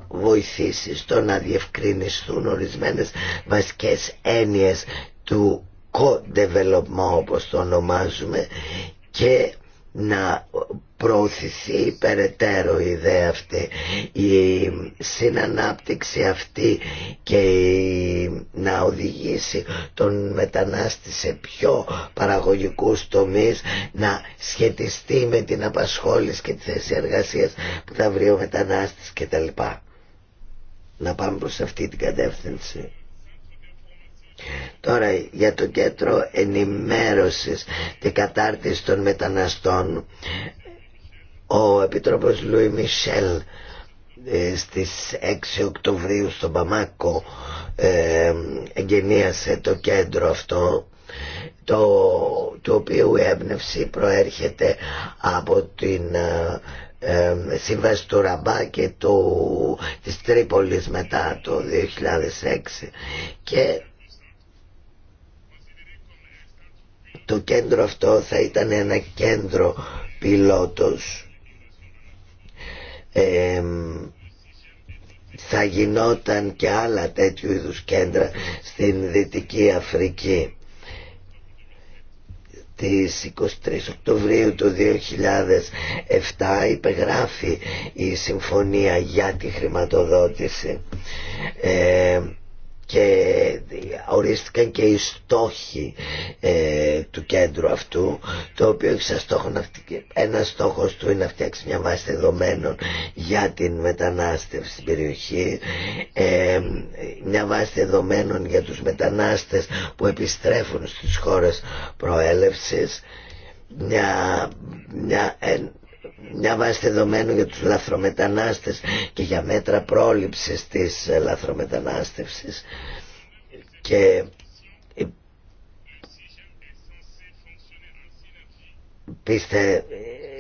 βοηθήσει στο να διευκρινιστούν ορισμένες βασικές έννοιες του co-development όπως το ονομάζουμε και να προωθηθεί περαιτέρω η ιδέα αυτή η συνανάπτυξη αυτή και να οδηγήσει τον μετανάστη σε πιο παραγωγικούς τομείς να σχετιστεί με την απασχόληση και τη θέση εργασίας που θα βρει ο μετανάστης κτλ. Να πάμε προς αυτή την κατεύθυνση. Τώρα για το κέντρο ενημέρωσης και κατάρτιση των μεταναστών ο Επιτρόπος Λουί Μισελ ε, στις 6 Οκτωβρίου στον Παμάκο ε, το κέντρο αυτό το, το οποίο η έμπνευση προέρχεται από την ε, ε σύμβαση του Ραμπά και της Τρίπολης μετά το 2006 και το κέντρο αυτό θα ήταν ένα κέντρο πιλότος θα γινόταν και άλλα τέτοιου είδους κέντρα στην Δυτική Αφρική της 23 Οκτωβρίου του 2007 υπεγράφει η Συμφωνία για τη Χρηματοδότηση και ε, ορίστηκαν και οι στόχοι ε, του κέντρου αυτού το οποίο έχει σαν στόχο να φτιάξει, ένα στόχος του είναι να φτιάξει μια βάση δεδομένων για την μετανάστευση στην περιοχή ε, μια βάση δεδομένων για τους μετανάστες που επιστρέφουν στις χώρες προέλευσης μια, μια βάση δεδομένου για τους λαθρομετανάστες και για μέτρα πρόληψης της λαθρομετανάστευσης και πείστε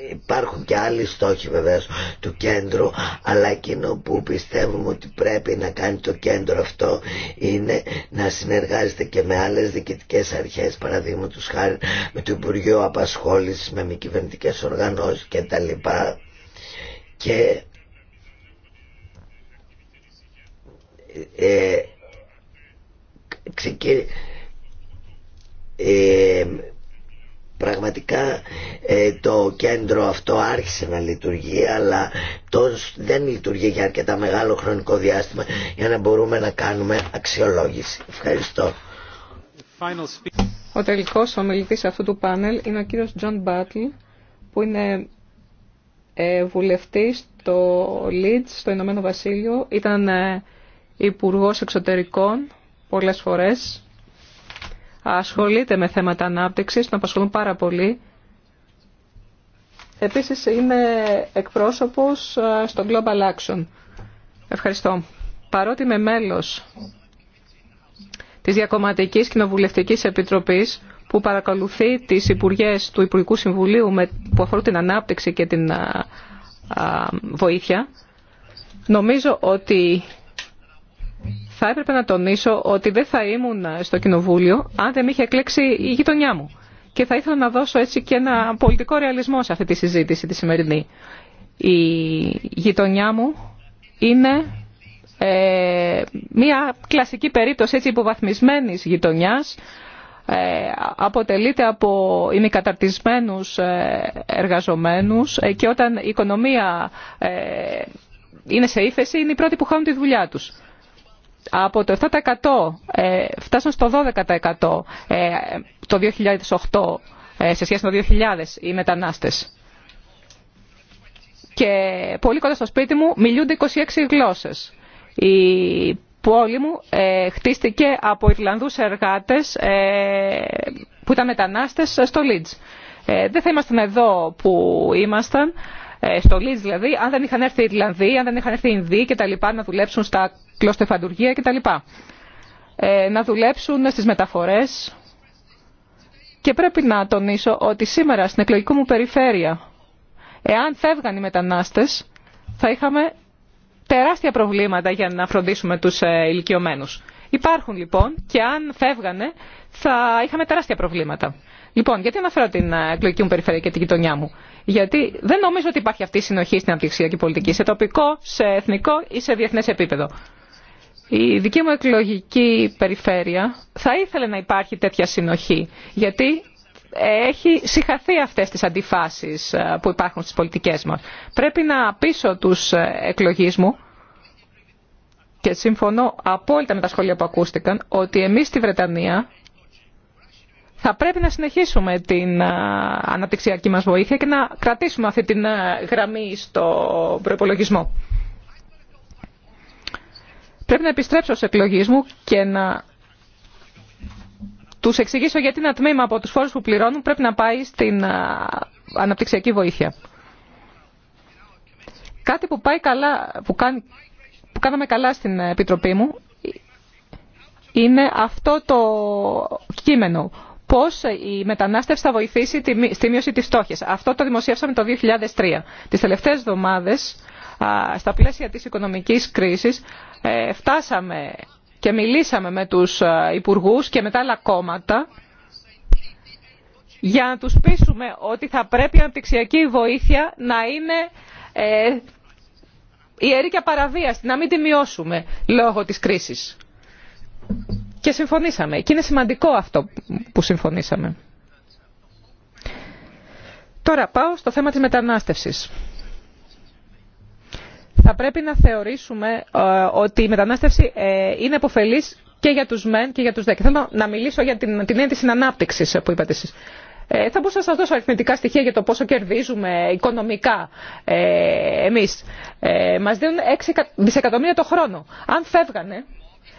υπάρχουν και άλλοι στόχοι βεβαίως του κέντρου αλλά εκείνο που πιστεύουμε ότι πρέπει να κάνει το κέντρο αυτό είναι να συνεργάζεται και με άλλες διοικητικές αρχές παραδείγματο χάρη με το Υπουργείο Απασχόλησης με μη κυβερνητικέ οργανώσεις κτλ. Και ε, ε, ε Πραγματικά ε, το κέντρο αυτό άρχισε να λειτουργεί αλλά το, δεν λειτουργεί για αρκετά μεγάλο χρονικό διάστημα για να μπορούμε να κάνουμε αξιολόγηση. Ευχαριστώ. Ο τελικός ομιλητής αυτού του πάνελ είναι ο κύριος Τζον Μπάτλ που είναι ε, βουλευτής στο Λίτς, στο Ηνωμένο Βασίλειο. Ήταν ε, υπουργός εξωτερικών πολλές φορές ασχολείται με θέματα ανάπτυξης, τον απασχολούν πάρα πολύ. Επίσης είμαι εκπρόσωπος ε, στο Global Action. Ευχαριστώ. Παρότι είμαι μέλος της Διακομματικής Κοινοβουλευτικής Επιτροπής που παρακολουθεί τις Υπουργές του Υπουργικού Συμβουλίου που αφορούν την ανάπτυξη και την ε, ε, βοήθεια, νομίζω ότι θα έπρεπε να τονίσω ότι δεν θα ήμουν στο Κοινοβούλιο αν δεν με είχε εκλέξει η γειτονιά μου. Και θα ήθελα να δώσω έτσι και ένα πολιτικό ρεαλισμό σε αυτή τη συζήτηση τη σημερινή. Η γειτονιά μου είναι ε, μια κλασική περίπτωση έτσι υποβαθμισμένης γειτονιάς. Ε, αποτελείται από ημικαταρτισμένους ε, εργαζομένους ε, και όταν η οικονομία ε, είναι σε ύφεση είναι οι πρώτοι που χάνουν τη δουλειά τους από το 7% ε, φτάσαν στο 12% ε, το 2008 ε, σε σχέση με το 2000 οι μετανάστες. Και πολύ κοντά στο σπίτι μου μιλούνται 26 γλώσσες. Η πόλη μου χτίστηκε από Ιρλανδούς εργάτες που ήταν μετανάστες στο Λίτζ. Δεν θα ήμασταν εδώ που ήμασταν στο Λίτζ δηλαδή, αν δεν είχαν έρθει οι Ιρλανδοί, αν δεν είχαν έρθει οι Ινδοί και τα λοιπά να δουλέψουν στα κλωστεφαντουργία κτλ. Ε, να δουλέψουν στις μεταφορές και πρέπει να τονίσω ότι σήμερα στην εκλογική μου περιφέρεια εάν φεύγαν οι μετανάστες θα είχαμε τεράστια προβλήματα για να φροντίσουμε τους ε, ηλικιωμένους. Υπάρχουν λοιπόν και αν φεύγανε θα είχαμε τεράστια προβλήματα. Λοιπόν, γιατί αναφέρω την ε, εκλογική μου περιφέρεια και την γειτονιά μου. Γιατί δεν νομίζω ότι υπάρχει αυτή η συνοχή στην αναπτυξιακή πολιτική, σε τοπικό, σε εθνικό ή σε διεθνέ επίπεδο. Η δική μου εκλογική περιφέρεια θα ήθελε να υπάρχει τέτοια συνοχή, γιατί έχει συχαθεί αυτές τις αντιφάσεις ε, που υπάρχουν στις πολιτικές μας. Πρέπει να πείσω τους ε, εκλογείς μου, και συμφωνώ απόλυτα με τα σχόλια που ακούστηκαν, ότι εμείς στη Βρετανία θα πρέπει να συνεχίσουμε την ε, αναπτυξιακή μας βοήθεια και να κρατήσουμε αυτή την γραμμή στο προπολογισμό. Πρέπει να επιστρέψω στους εκλογείς μου και να τους εξηγήσω γιατί ένα τμήμα από τους φόρους που πληρώνουν πρέπει να πάει στην αναπτυξιακή βοήθεια. Κάτι που, πάει καλά, που, κάν, που κάναμε καλά στην Επιτροπή μου είναι αυτό το κείμενο πώς η μετανάστευση θα βοηθήσει στη μείωση της στόχης. Αυτό το δημοσίευσαμε το 2003. Τις τελευταίες εβδομάδες, στα πλαίσια της οικονομικής κρίσης, ε, φτάσαμε και μιλήσαμε με τους ε, υπουργούς και με τα άλλα κόμματα για να τους πείσουμε ότι θα πρέπει η αναπτυξιακή βοήθεια να είναι η ε, ιερή και απαραβίαστη, να μην τη μειώσουμε λόγω της κρίσης. Και συμφωνήσαμε. Και είναι σημαντικό αυτό που συμφωνήσαμε. Τώρα πάω στο θέμα της μετανάστευσης θα πρέπει να θεωρήσουμε ε, ότι η μετανάστευση ε, είναι επωφελής και για τους μεν και για τους δε. Και θέλω να μιλήσω για την, την έννοια της συνανάπτυξης ε, που είπατε εσείς. θα μπορούσα να σας δώσω αριθμητικά στοιχεία για το πόσο κερδίζουμε οικονομικά ε, εμείς. μας δίνουν 6 δισεκατομμύρια το χρόνο. Αν φεύγανε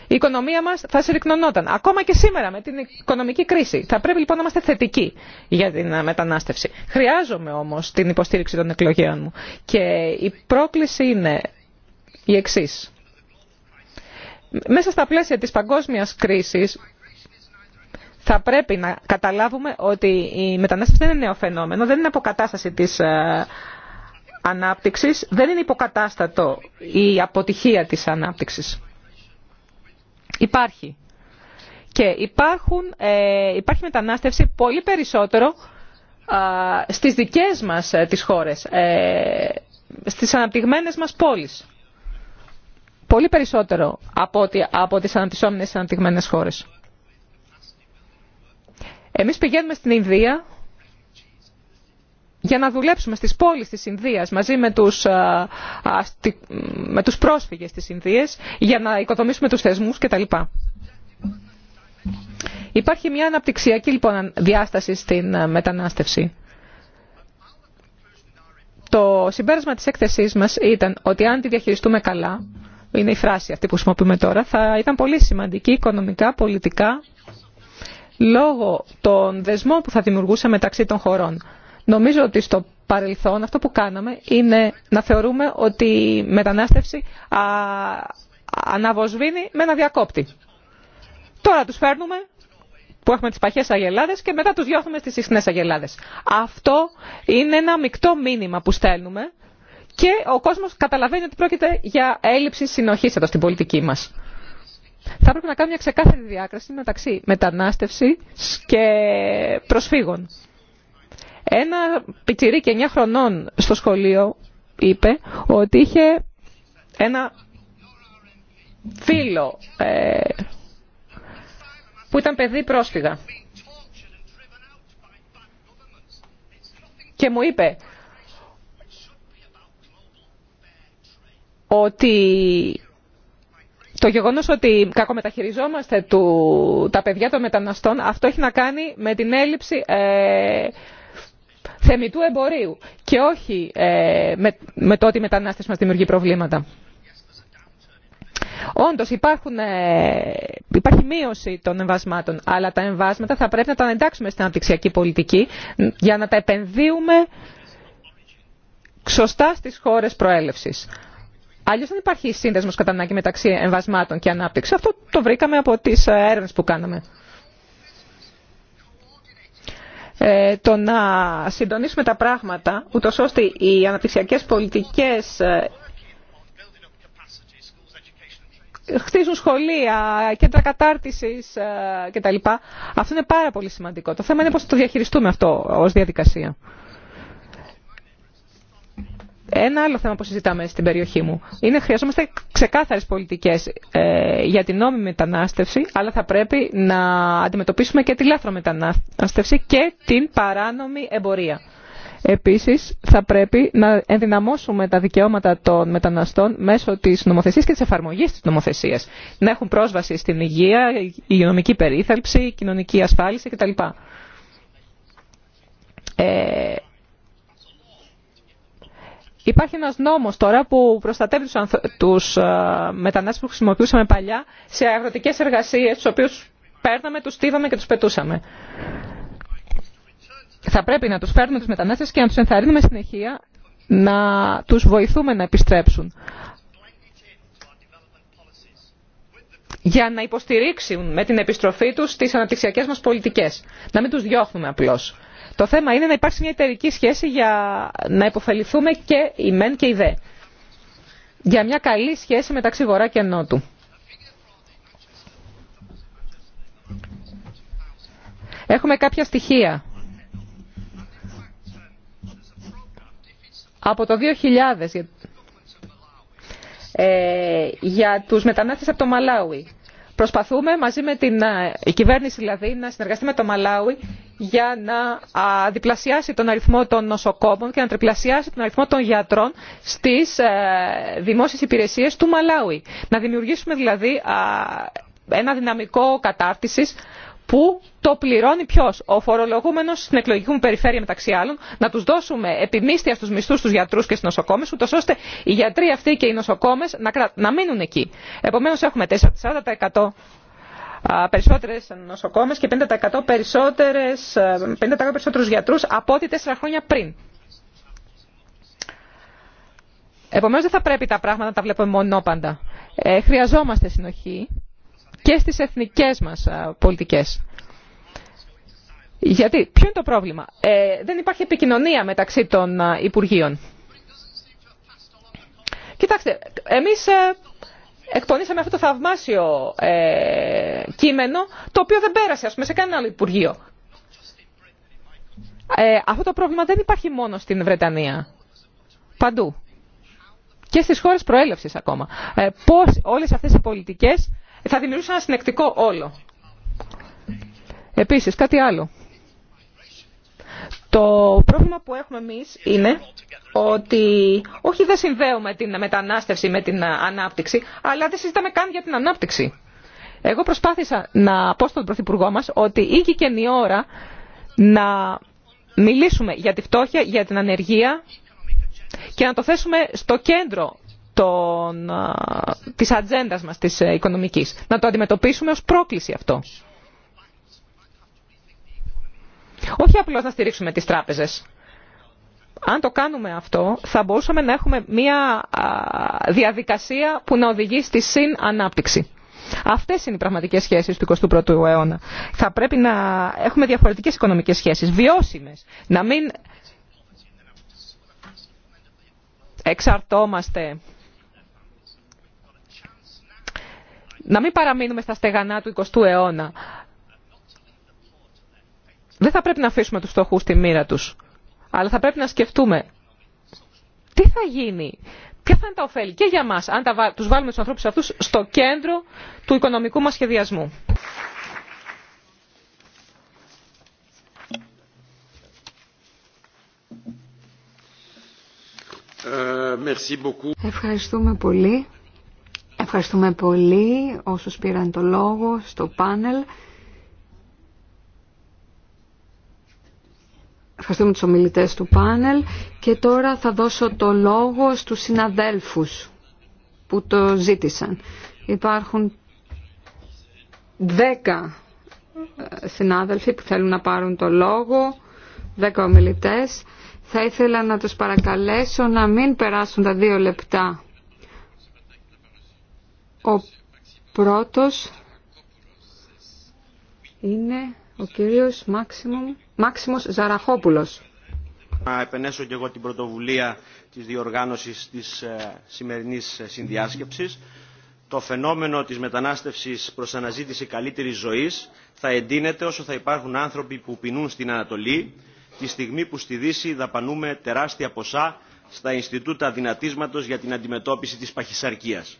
η οικονομία μας θα συρρυκνωνόταν. Ακόμα και σήμερα με την οικονομική κρίση. Θα πρέπει λοιπόν να είμαστε θετικοί για την ε, μετανάστευση. Χρειάζομαι όμως την υποστήριξη των εκλογέων μου. Και η πρόκληση είναι η εξή. Μέσα στα πλαίσια της παγκόσμιας κρίσης θα πρέπει να καταλάβουμε ότι η μετανάστευση δεν είναι νέο φαινόμενο, δεν είναι αποκατάσταση της ε, ανάπτυξης, δεν είναι υποκατάστατο η αποτυχία της ανάπτυξης. Υπάρχει. Και υπάρχουν, ε, υπάρχει μετανάστευση πολύ περισσότερο α, στις δικές μας ε, τις χώρες, ε, στις αναπτυγμένες μας πόλεις. Πολύ περισσότερο από, ότι, από τις αναπτυσσόμενες αναπτυγμένες χώρες. Εμείς πηγαίνουμε στην Ινδία για να δουλέψουμε στις πόλεις της Ινδίας μαζί με τους, ε, με τους πρόσφυγες της Ινδίας για να οικοδομήσουμε τους θεσμούς κτλ. Υπάρχει μια αναπτυξιακή λοιπόν διάσταση στην ε, μετανάστευση. Το συμπέρασμα της έκθεσής μας ήταν ότι αν τη διαχειριστούμε καλά, είναι η φράση αυτή που χρησιμοποιούμε τώρα, θα ήταν πολύ σημαντική οικονομικά, πολιτικά, λόγω των δεσμών που θα δημιουργούσε μεταξύ των χωρών. Νομίζω ότι στο παρελθόν αυτό που κάναμε είναι να θεωρούμε ότι η μετανάστευση α, αναβοσβήνει με ένα διακόπτη. Τώρα τους φέρνουμε που έχουμε τις παχές αγελάδες και μετά τους διώχνουμε στις συχνές αγελάδες. Αυτό είναι ένα μεικτό μήνυμα που στέλνουμε και ο κόσμος καταλαβαίνει ότι πρόκειται για έλλειψη συνοχής εδώ στην πολιτική μας. Θα έπρεπε να κάνουμε μια ξεκάθαρη διάκριση μεταξύ μετανάστευσης και προσφύγων. Ένα πιτσιρίκι 9 χρονών στο σχολείο είπε ότι είχε ένα φίλο ε, που ήταν παιδί πρόσφυγα. Και μου είπε ότι το γεγονός ότι κακομεταχειριζόμαστε του, τα παιδιά των μεταναστών, αυτό έχει να κάνει με την έλλειψη ε, θεμητού εμπορίου και όχι ε, με, το ότι η μετανάστευση μας δημιουργεί προβλήματα. Όντω ε, υπάρχει μείωση των εμβασμάτων, αλλά τα εμβάσματα θα πρέπει να τα εντάξουμε στην αναπτυξιακή πολιτική για να τα επενδύουμε σωστά στις χώρες προέλευσης. Αλλιώ δεν υπάρχει σύνδεσμο κατά ανάγκη μεταξύ εμβασμάτων και ανάπτυξη. Αυτό το βρήκαμε από τι ε, έρευνε που κάναμε. Ε, το να συντονίσουμε τα πράγματα, ούτως ώστε οι αναπτυξιακές πολιτικές ε, χτίζουν σχολεία, κέντρα κατάρτισης ε, κτλ. Αυτό είναι πάρα πολύ σημαντικό. Το θέμα είναι πώς το διαχειριστούμε αυτό ως διαδικασία. Ένα άλλο θέμα που συζητάμε στην περιοχή μου είναι χρειαζόμαστε ξεκάθαρες πολιτικές ε, για την νόμιμη μετανάστευση, αλλά θα πρέπει να αντιμετωπίσουμε και τη λάθρο μετανάστευση και την παράνομη εμπορία. Επίσης, θα πρέπει να ενδυναμώσουμε τα δικαιώματα των μεταναστών μέσω της νομοθεσίας και της εφαρμογής της νομοθεσίας. Να έχουν πρόσβαση στην υγεία, υγειονομική περίθαλψη, κοινωνική ασφάλιση κτλ. Ε, Υπάρχει ένας νόμος τώρα που προστατεύει τους, ε, μετανάστες που χρησιμοποιούσαμε παλιά σε αγροτικές εργασίες, τους οποίους παίρναμε, τους στείδαμε και τους πετούσαμε. Θα πρέπει να τους φέρνουμε τους μετανάστες και να τους ενθαρρύνουμε συνεχεία να τους βοηθούμε να επιστρέψουν. για να υποστηρίξουν με την επιστροφή τους τις αναπτυξιακές μας πολιτικές. Να μην τους διώχνουμε απλώς. Το θέμα είναι να υπάρξει μια εταιρική σχέση για να υποφεληθούμε και η μεν και η δε. Για μια καλή σχέση μεταξύ βορρά και νότου. Έχουμε κάποια στοιχεία. Από το 2000 ε, για τους μετανάστες από το Μαλάουι. Προσπαθούμε μαζί με την ε, κυβέρνηση δηλαδή να συνεργαστεί με το Μαλάουι για να διπλασιάσει τον αριθμό των νοσοκόμων και να τριπλασιάσει τον αριθμό των γιατρών στις ε, δημόσιες υπηρεσίες του Μαλάουι. Να δημιουργήσουμε δηλαδή ένα δυναμικό κατάρτισης Πού το πληρώνει ποιο, ο φορολογούμενο στην εκλογική μου περιφέρεια μεταξύ άλλων, να του δώσουμε επιμίστια στου μισθού στου γιατρού και στι νοσοκόμε, ούτω ώστε οι γιατροί αυτοί και οι νοσοκόμε να, να μείνουν εκεί. Επομένω έχουμε 40% περισσότερε νοσοκόμε και 50%, περισσότερες, περισσότερου γιατρού από ό,τι 4 χρόνια πριν. Επομένω δεν θα πρέπει τα πράγματα να τα βλέπουμε μονόπαντα. Ε, χρειαζόμαστε συνοχή και στις εθνικές μας πολιτικές. Γιατί, ποιο είναι το πρόβλημα. Ε, δεν υπάρχει επικοινωνία μεταξύ των Υπουργείων. Κοιτάξτε, εμείς ε, εκπονήσαμε αυτό το θαυμάσιο ε, κείμενο, το οποίο δεν πέρασε, ας πούμε, σε κανένα άλλο Υπουργείο. Ε, αυτό το πρόβλημα δεν υπάρχει μόνο στην Βρετανία. Παντού. Και στις χώρες προέλευσης ακόμα. Ε, πώς όλες αυτές οι πολιτικές θα δημιουργούσε ένα συνεκτικό όλο. Επίσης, κάτι άλλο. Το πρόβλημα που έχουμε εμείς είναι ότι όχι δεν συνδέουμε την μετανάστευση με την ανάπτυξη, αλλά δεν συζητάμε καν για την ανάπτυξη. Εγώ προσπάθησα να πω στον Πρωθυπουργό μας ότι και η ώρα να μιλήσουμε για τη φτώχεια, για την ανεργία και να το θέσουμε στο κέντρο των, της ατζέντα μας της ε, οικονομικής. Να το αντιμετωπίσουμε ως πρόκληση αυτό. Όχι απλώς να στηρίξουμε τις τράπεζες. Αν το κάνουμε αυτό, θα μπορούσαμε να έχουμε μια διαδικασία που να οδηγεί στη συν-ανάπτυξη. Αυτέ είναι οι πραγματικέ σχέσει του 21ου αιώνα. Θα πρέπει να έχουμε διαφορετικέ οικονομικέ σχέσει, βιώσιμε. Να μην εξαρτώμαστε να μην παραμείνουμε στα στεγανά του 20ου αιώνα. Δεν θα πρέπει να αφήσουμε τους φτωχούς στη μοίρα τους. Αλλά θα πρέπει να σκεφτούμε τι θα γίνει, ποια θα είναι τα ωφέλη και για μας αν τα, τους βάλουμε τους ανθρώπους αυτούς στο κέντρο του οικονομικού μας σχεδιασμού. Ε, Ευχαριστούμε πολύ. Ευχαριστούμε πολύ όσους πήραν το λόγο στο πάνελ. Ευχαριστούμε τους ομιλητές του πάνελ και τώρα θα δώσω το λόγο στους συναδέλφους που το ζήτησαν. Υπάρχουν δέκα ε, συνάδελφοι που θέλουν να πάρουν το λόγο, δέκα ομιλητές. Θα ήθελα να τους παρακαλέσω να μην περάσουν τα δύο λεπτά ο πρώτος είναι ο κύριος Μάξιμου, Μάξιμος Ζαραχόπουλος. Να επενέσω και εγώ την πρωτοβουλία της διοργάνωσης της ε, σημερινής συνδιάσκεψης. Το φαινόμενο της μετανάστευσης προς αναζήτηση καλύτερης ζωής θα εντείνεται όσο θα υπάρχουν άνθρωποι που πεινούν στην Ανατολή, τη στιγμή που στη Δύση δαπανούμε τεράστια ποσά στα Ινστιτούτα Δυνατίσματος για την αντιμετώπιση της παχυσαρκίας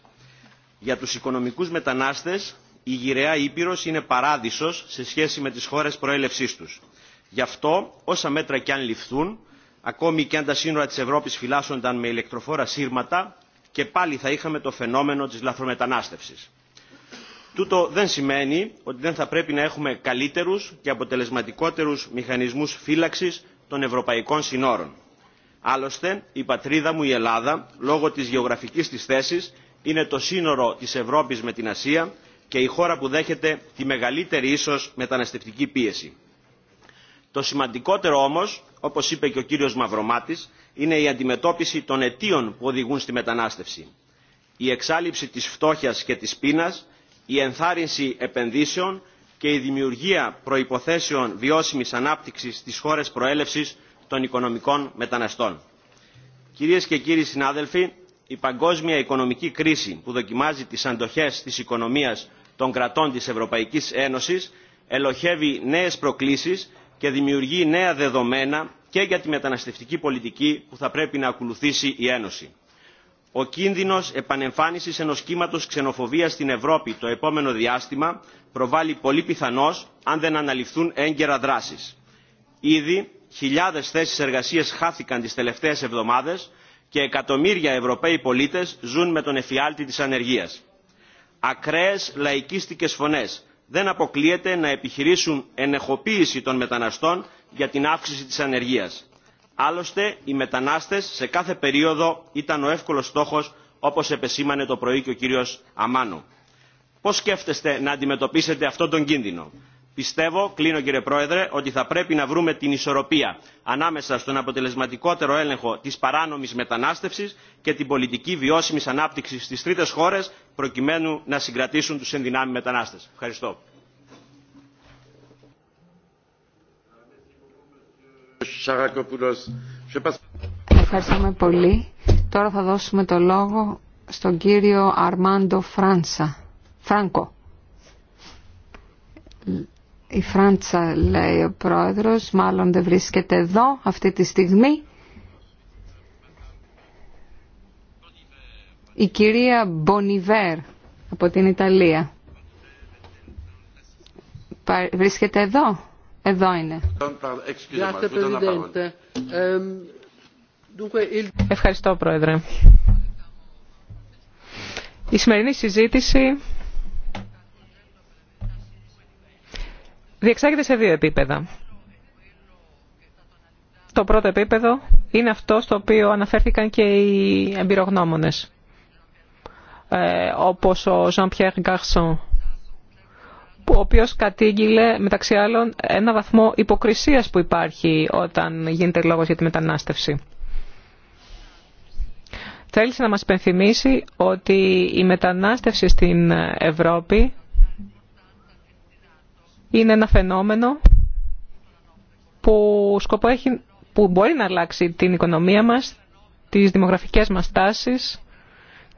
για τους οικονομικούς μετανάστες, η γυραιά Ήπειρος είναι παράδεισος σε σχέση με τις χώρες προέλευσής τους. Γι' αυτό, όσα μέτρα και αν ληφθούν, ακόμη και αν τα σύνορα της Ευρώπης φυλάσσονταν με ηλεκτροφόρα σύρματα, και πάλι θα είχαμε το φαινόμενο της λαθρομετανάστευσης. Τούτο δεν σημαίνει ότι δεν θα πρέπει να έχουμε καλύτερους και αποτελεσματικότερους μηχανισμούς φύλαξης των ευρωπαϊκών συνόρων. Άλλωστε, η πατρίδα μου η Ελλάδα, λόγω της γεωγραφικής της θέσης, είναι το σύνορο της Ευρώπης με την Ασία και η χώρα που δέχεται τη μεγαλύτερη ίσως μεταναστευτική πίεση. Το σημαντικότερο όμως, όπως είπε και ο κύριος Μαυρομάτης, είναι η αντιμετώπιση των αιτίων που οδηγούν στη μετανάστευση. Η εξάλληψη της φτώχειας και της πείνας, η ενθάρρυνση επενδύσεων και η δημιουργία προϋποθέσεων βιώσιμης ανάπτυξης στις χώρες προέλευσης των οικονομικών μεταναστών. Κυρίες και κύριοι συνάδελφοι, η παγκόσμια οικονομική κρίση που δοκιμάζει τις αντοχές της οικονομίας των κρατών της Ευρωπαϊκής Ένωσης ελοχεύει νέες προκλήσεις και δημιουργεί νέα δεδομένα και για τη μεταναστευτική πολιτική που θα πρέπει να ακολουθήσει η Ένωση. Ο κίνδυνος επανεμφάνισης ενός κύματος ξενοφοβίας στην Ευρώπη το επόμενο διάστημα προβάλλει πολύ πιθανώς αν δεν αναλυφθούν έγκαιρα δράσεις. Ήδη χιλιάδες θέσεις εργασίας χάθηκαν τις τελευταίες εβδομάδες και εκατομμύρια Ευρωπαίοι πολίτες ζουν με τον εφιάλτη της ανεργίας. Ακραίες λαϊκίστικες φωνές δεν αποκλείεται να επιχειρήσουν ενεχοποίηση των μεταναστών για την αύξηση της ανεργίας. Άλλωστε, οι μετανάστες σε κάθε περίοδο ήταν ο εύκολος στόχος, όπως επεσήμανε το πρωί και ο κύριος Αμάνου. Πώς σκέφτεστε να αντιμετωπίσετε αυτόν τον κίνδυνο πιστεύω κλείνω κύριε πρόεδρε ότι θα πρέπει να βρούμε την ισορροπία ανάμεσα στον αποτελεσματικότερο έλεγχο της παράνομης μετανάστευσης και την πολιτική βιώσιμης ανάπτυξης στις τρίτες χώρες προκειμένου να συγκρατήσουν τους ενδυνάμει μετανάστες. Ευχαριστώ. Ευχαριστούμε πολύ. Τώρα θα δώσουμε το λόγο στον κύριο Αρμάντο Φράνσα. Φράνκο. Η Φράντσα, λέει ο πρόεδρος, μάλλον δεν βρίσκεται εδώ αυτή τη στιγμή. Η κυρία Μπονιβέρ από την Ιταλία. Βρίσκεται εδώ. Εδώ είναι. Ευχαριστώ, Πρόεδρε. Η σημερινή συζήτηση διεξάγεται σε δύο επίπεδα. Το πρώτο επίπεδο είναι αυτό στο οποίο αναφέρθηκαν και οι εμπειρογνώμονες, ε, όπως ο Jean-Pierre Garçon, ο οποίος κατήγγειλε μεταξύ άλλων ένα βαθμό υποκρισίας που υπάρχει όταν γίνεται λόγος για τη μετανάστευση. Θέλησε να μας υπενθυμίσει ότι η μετανάστευση στην Ευρώπη είναι ένα φαινόμενο που, σκοπό που μπορεί να αλλάξει την οικονομία μας, τις δημογραφικές μας τάσεις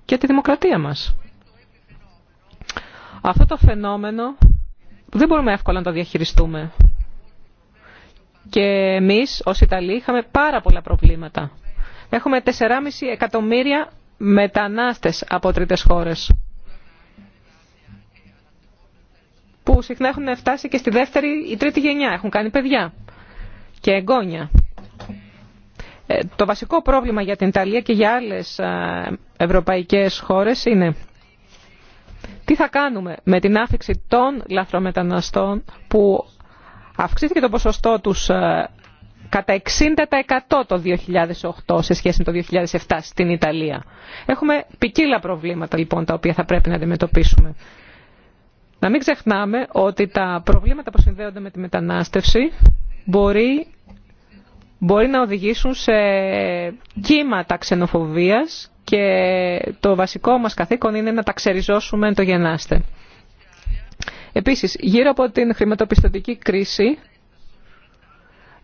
και τη δημοκρατία μας. Αυτό το φαινόμενο δεν μπορούμε εύκολα να το διαχειριστούμε. Και εμείς ως Ιταλοί είχαμε πάρα πολλά προβλήματα. Έχουμε 4,5 εκατομμύρια μετανάστες από τρίτες χώρες. που συχνά έχουν φτάσει και στη δεύτερη ή τρίτη γενιά, έχουν κάνει παιδιά και εγγόνια. Ε, το βασικό πρόβλημα για την Ιταλία και για άλλες ε, ευρωπαϊκές χώρες είναι τι θα κάνουμε με την άφηξη των λαθρομεταναστών που αυξήθηκε το ποσοστό τους ε, κατά 60% το 2008 σε σχέση με το 2007 στην Ιταλία. Έχουμε ποικίλα προβλήματα λοιπόν τα οποία θα πρέπει να αντιμετωπίσουμε. Να μην ξεχνάμε ότι τα προβλήματα που συνδέονται με τη μετανάστευση μπορεί, μπορεί να οδηγήσουν σε κύματα ξενοφοβίας και το βασικό μας καθήκον είναι να τα ξεριζώσουμε εν το γεννάστε. Επίσης, γύρω από την χρηματοπιστωτική κρίση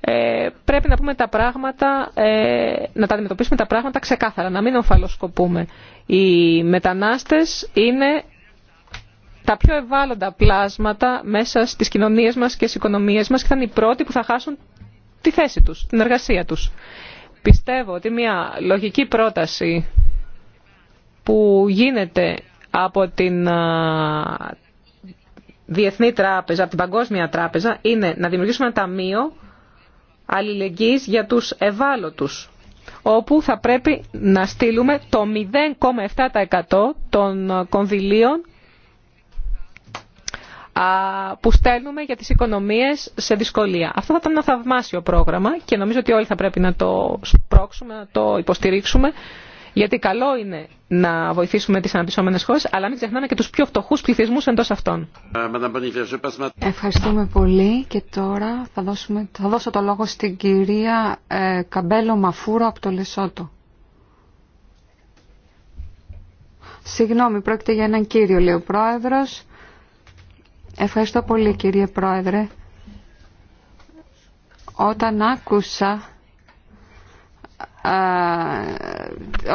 ε, πρέπει να πούμε τα πράγματα, ε, να τα αντιμετωπίσουμε τα πράγματα ξεκάθαρα, να μην ομφαλοσκοπούμε. Οι μετανάστες είναι τα πιο ευάλωτα πλάσματα μέσα στις κοινωνίες μας και στις οικονομίες μας και θα είναι οι πρώτοι που θα χάσουν τη θέση τους, την εργασία τους. Πιστεύω ότι μια λογική πρόταση που γίνεται από την Διεθνή Τράπεζα, από την Παγκόσμια Τράπεζα, είναι να δημιουργήσουμε ένα ταμείο αλληλεγγύης για τους ευάλωτους, όπου θα πρέπει να στείλουμε το 0,7% των κονδυλίων που στέλνουμε για τις οικονομίες σε δυσκολία. Αυτό θα ήταν ένα θαυμάσιο πρόγραμμα και νομίζω ότι όλοι θα πρέπει να το σπρώξουμε, να το υποστηρίξουμε. Γιατί καλό είναι να βοηθήσουμε τις αναπτυσσόμενες χώρες, αλλά μην ξεχνάμε και τους πιο φτωχούς πληθυσμού εντός αυτών. Ευχαριστούμε πολύ και τώρα θα, δώσουμε, θα δώσω το λόγο στην κυρία ε, Καμπέλο Μαφούρο από το Λεσότο. Συγγνώμη, πρόκειται για έναν κύριο, λέει ο Πρόεδρος. Ευχαριστώ πολύ κύριε Πρόεδρε. Όταν άκουσα, α,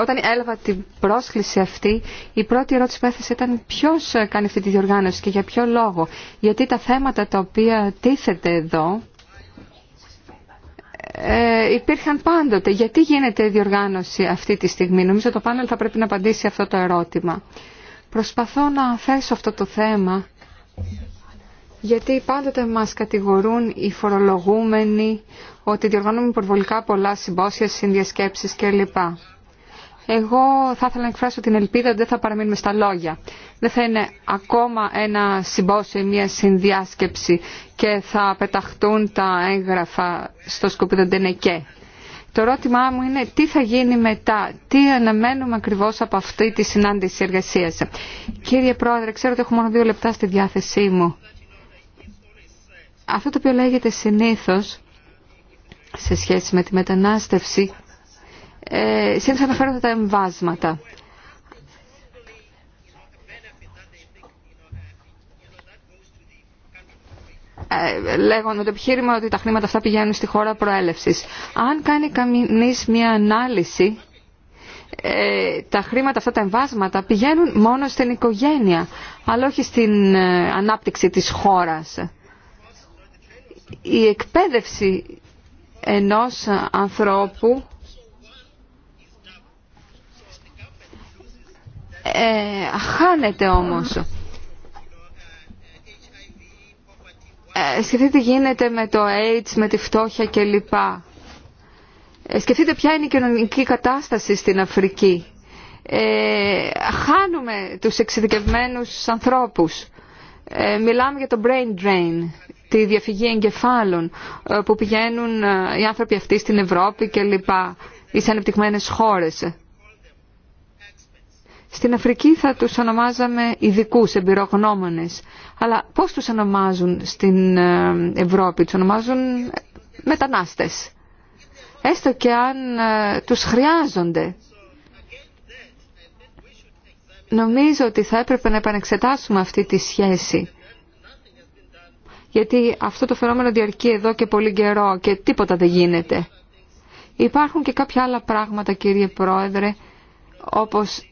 όταν έλαβα την πρόσκληση αυτή, η πρώτη ερώτηση που έθεσε ήταν ποιος κάνει αυτή τη διοργάνωση και για ποιο λόγο. Γιατί τα θέματα τα οποία τίθεται εδώ ε, υπήρχαν πάντοτε. Γιατί γίνεται η διοργάνωση αυτή τη στιγμή. Νομίζω το πάνελ θα πρέπει να απαντήσει αυτό το ερώτημα. Προσπαθώ να θέσω αυτό το θέμα γιατί πάντοτε μας κατηγορούν οι φορολογούμενοι ότι διοργανώνουμε υπερβολικά πολλά συμπόσια, συνδιασκέψεις κλπ. Εγώ θα ήθελα να εκφράσω την ελπίδα ότι δεν θα παραμείνουμε στα λόγια. Δεν θα είναι ακόμα ένα συμπόσιο ή μια συνδιάσκεψη και θα πεταχτούν τα έγγραφα στο σκουπίδο Ντενεκέ. Το ερώτημά μου είναι τι θα γίνει μετά, τι αναμένουμε ακριβώς από αυτή τη συνάντηση εργασίας. Κύριε Πρόεδρε, ξέρω ότι έχω μόνο δύο λεπτά στη διάθεσή μου. Αυτό το οποίο λέγεται συνήθως σε σχέση με τη μετανάστευση, ε, συνήθως αναφέρονται τα εμβάσματα. Ε, λέγον το επιχείρημα ότι τα χρήματα αυτά πηγαίνουν στη χώρα προέλευσης. Αν κάνει κανείς μια ανάλυση, ε, τα χρήματα αυτά, τα εμβάσματα πηγαίνουν μόνο στην οικογένεια, αλλά όχι στην ε, ανάπτυξη της χώρας η εκπαίδευση ενός ανθρώπου ε, χάνεται όμως. Ε, σκεφτείτε τι γίνεται με το AIDS, με τη φτώχεια κλπ. Ε, σκεφτείτε ποια είναι η κοινωνική κατάσταση στην Αφρική. Ε, χάνουμε τους εξειδικευμένους ανθρώπους. Ε, μιλάμε για το brain drain, τη διαφυγή εγκεφάλων ε, που πηγαίνουν ε, οι άνθρωποι αυτοί στην Ευρώπη και λοιπά, σε ανεπτυγμένες χώρες. Στην Αφρική θα τους ονομάζαμε ειδικού εμπειρογνώμονες. Αλλά πώς τους ονομάζουν στην ε, Ευρώπη, τους ονομάζουν μετανάστες. Έστω και αν τους χρειάζονται. Νομίζω ότι θα έπρεπε να επανεξετάσουμε αυτή τη σχέση γιατί αυτό το φαινόμενο διαρκεί εδώ και πολύ καιρό και τίποτα δεν γίνεται. Υπάρχουν και κάποια άλλα πράγματα, κύριε Πρόεδρε, όπως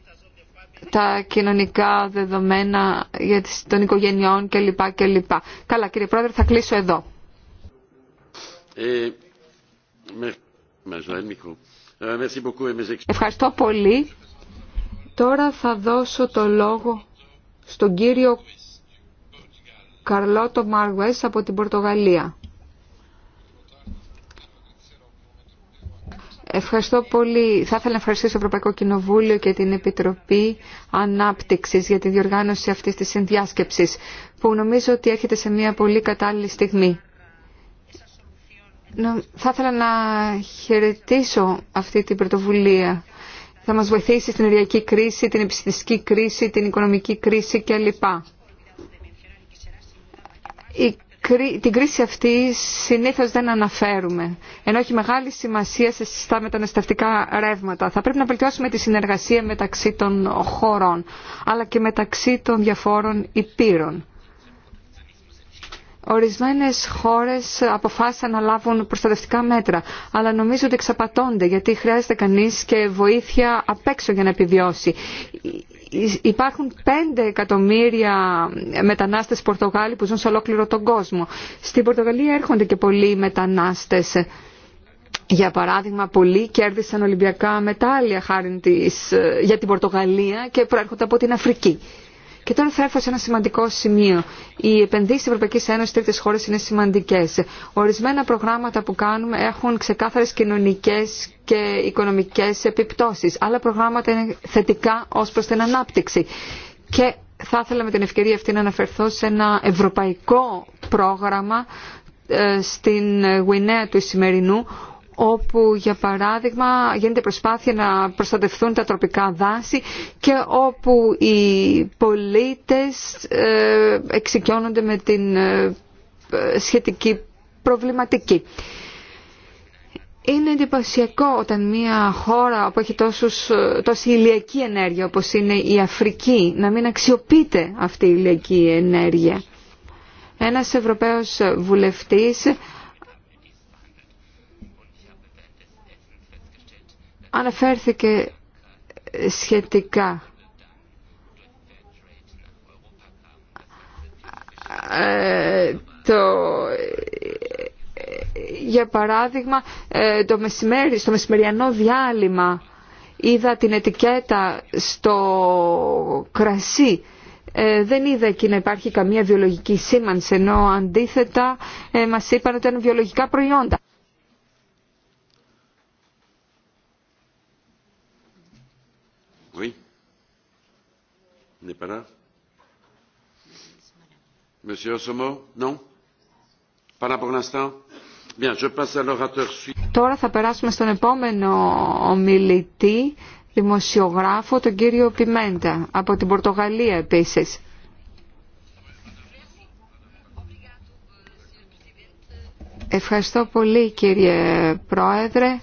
τα κοινωνικά δεδομένα για τις, των οικογενειών κλπ. κλπ. Καλά, κύριε Πρόεδρε, θα κλείσω εδώ. Ε, ε, ε, Ευχαριστώ πολύ. Τώρα θα δώσω το λόγο στον κύριο Καρλότο Μάργουες από την Πορτογαλία. Ευχαριστώ πολύ. Θα ήθελα να ευχαριστήσω το Ευρωπαϊκό Κοινοβούλιο και την Επιτροπή Ανάπτυξης για τη διοργάνωση αυτής της συνδιάσκεψης, που νομίζω ότι έρχεται σε μια πολύ κατάλληλη στιγμή. Θα ήθελα να χαιρετήσω αυτή την πρωτοβουλία. Θα μας βοηθήσει στην ενεργειακή κρίση, την επιστημιστική κρίση, την οικονομική κρίση κλπ την κρίση αυτή συνήθως δεν αναφέρουμε, ενώ έχει μεγάλη σημασία σε στα μεταναστευτικά ρεύματα. Θα πρέπει να βελτιώσουμε τη συνεργασία μεταξύ των χωρών, αλλά και μεταξύ των διαφόρων υπήρων. Ορισμένες χώρες αποφάσισαν να λάβουν προστατευτικά μέτρα, αλλά νομίζω ότι εξαπατώνται γιατί χρειάζεται κανείς και βοήθεια απ' έξω για να επιβιώσει. Υπάρχουν 5 εκατομμύρια μετανάστες Πορτογάλοι που ζουν σε ολόκληρο τον κόσμο. Στην Πορτογαλία έρχονται και πολλοί μετανάστες. Για παράδειγμα, πολλοί κέρδισαν Ολυμπιακά μετάλλια χάρη της, για την Πορτογαλία και προέρχονται από την Αφρική. Και τώρα θα έρθω σε ένα σημαντικό σημείο. Οι επενδύσει τη Ευρωπαϊκή Ένωση στι τρίτε χώρε είναι σημαντικέ. Ορισμένα προγράμματα που κάνουμε έχουν ξεκάθαρε κοινωνικέ και οικονομικέ επιπτώσει. Άλλα προγράμματα είναι θετικά ω προ την ανάπτυξη. Και θα ήθελα με την ευκαιρία αυτή να αναφερθώ σε ένα ευρωπαϊκό πρόγραμμα ε, στην Γουινέα του Ισημερινού όπου για παράδειγμα γίνεται προσπάθεια να προστατευτούν τα τροπικά δάση και όπου οι πολίτες ε, εξοικειώνονται με την ε, σχετική προβληματική. Είναι εντυπωσιακό όταν μια χώρα που έχει τόσους, τόση ηλιακή ενέργεια όπως είναι η Αφρική να μην αξιοποιείται αυτή η ηλιακή ενέργεια. Ένας Ευρωπαίος βουλευτής αναφέρθηκε σχετικά. Ε, το, για παράδειγμα, ε, το μεσημέρι, στο μεσημεριανό διάλειμμα είδα την ετικέτα στο κρασί. Ε, δεν είδα εκεί να υπάρχει καμία βιολογική σήμανση, ενώ αντίθετα ε, μας είπαν ότι ήταν βιολογικά προϊόντα. Τώρα θα περάσουμε στον επόμενο ομιλητή, δημοσιογράφο, τον κύριο Πιμέντα, από την Πορτογαλία επίσης. Ευχαριστώ πολύ κύριε Πρόεδρε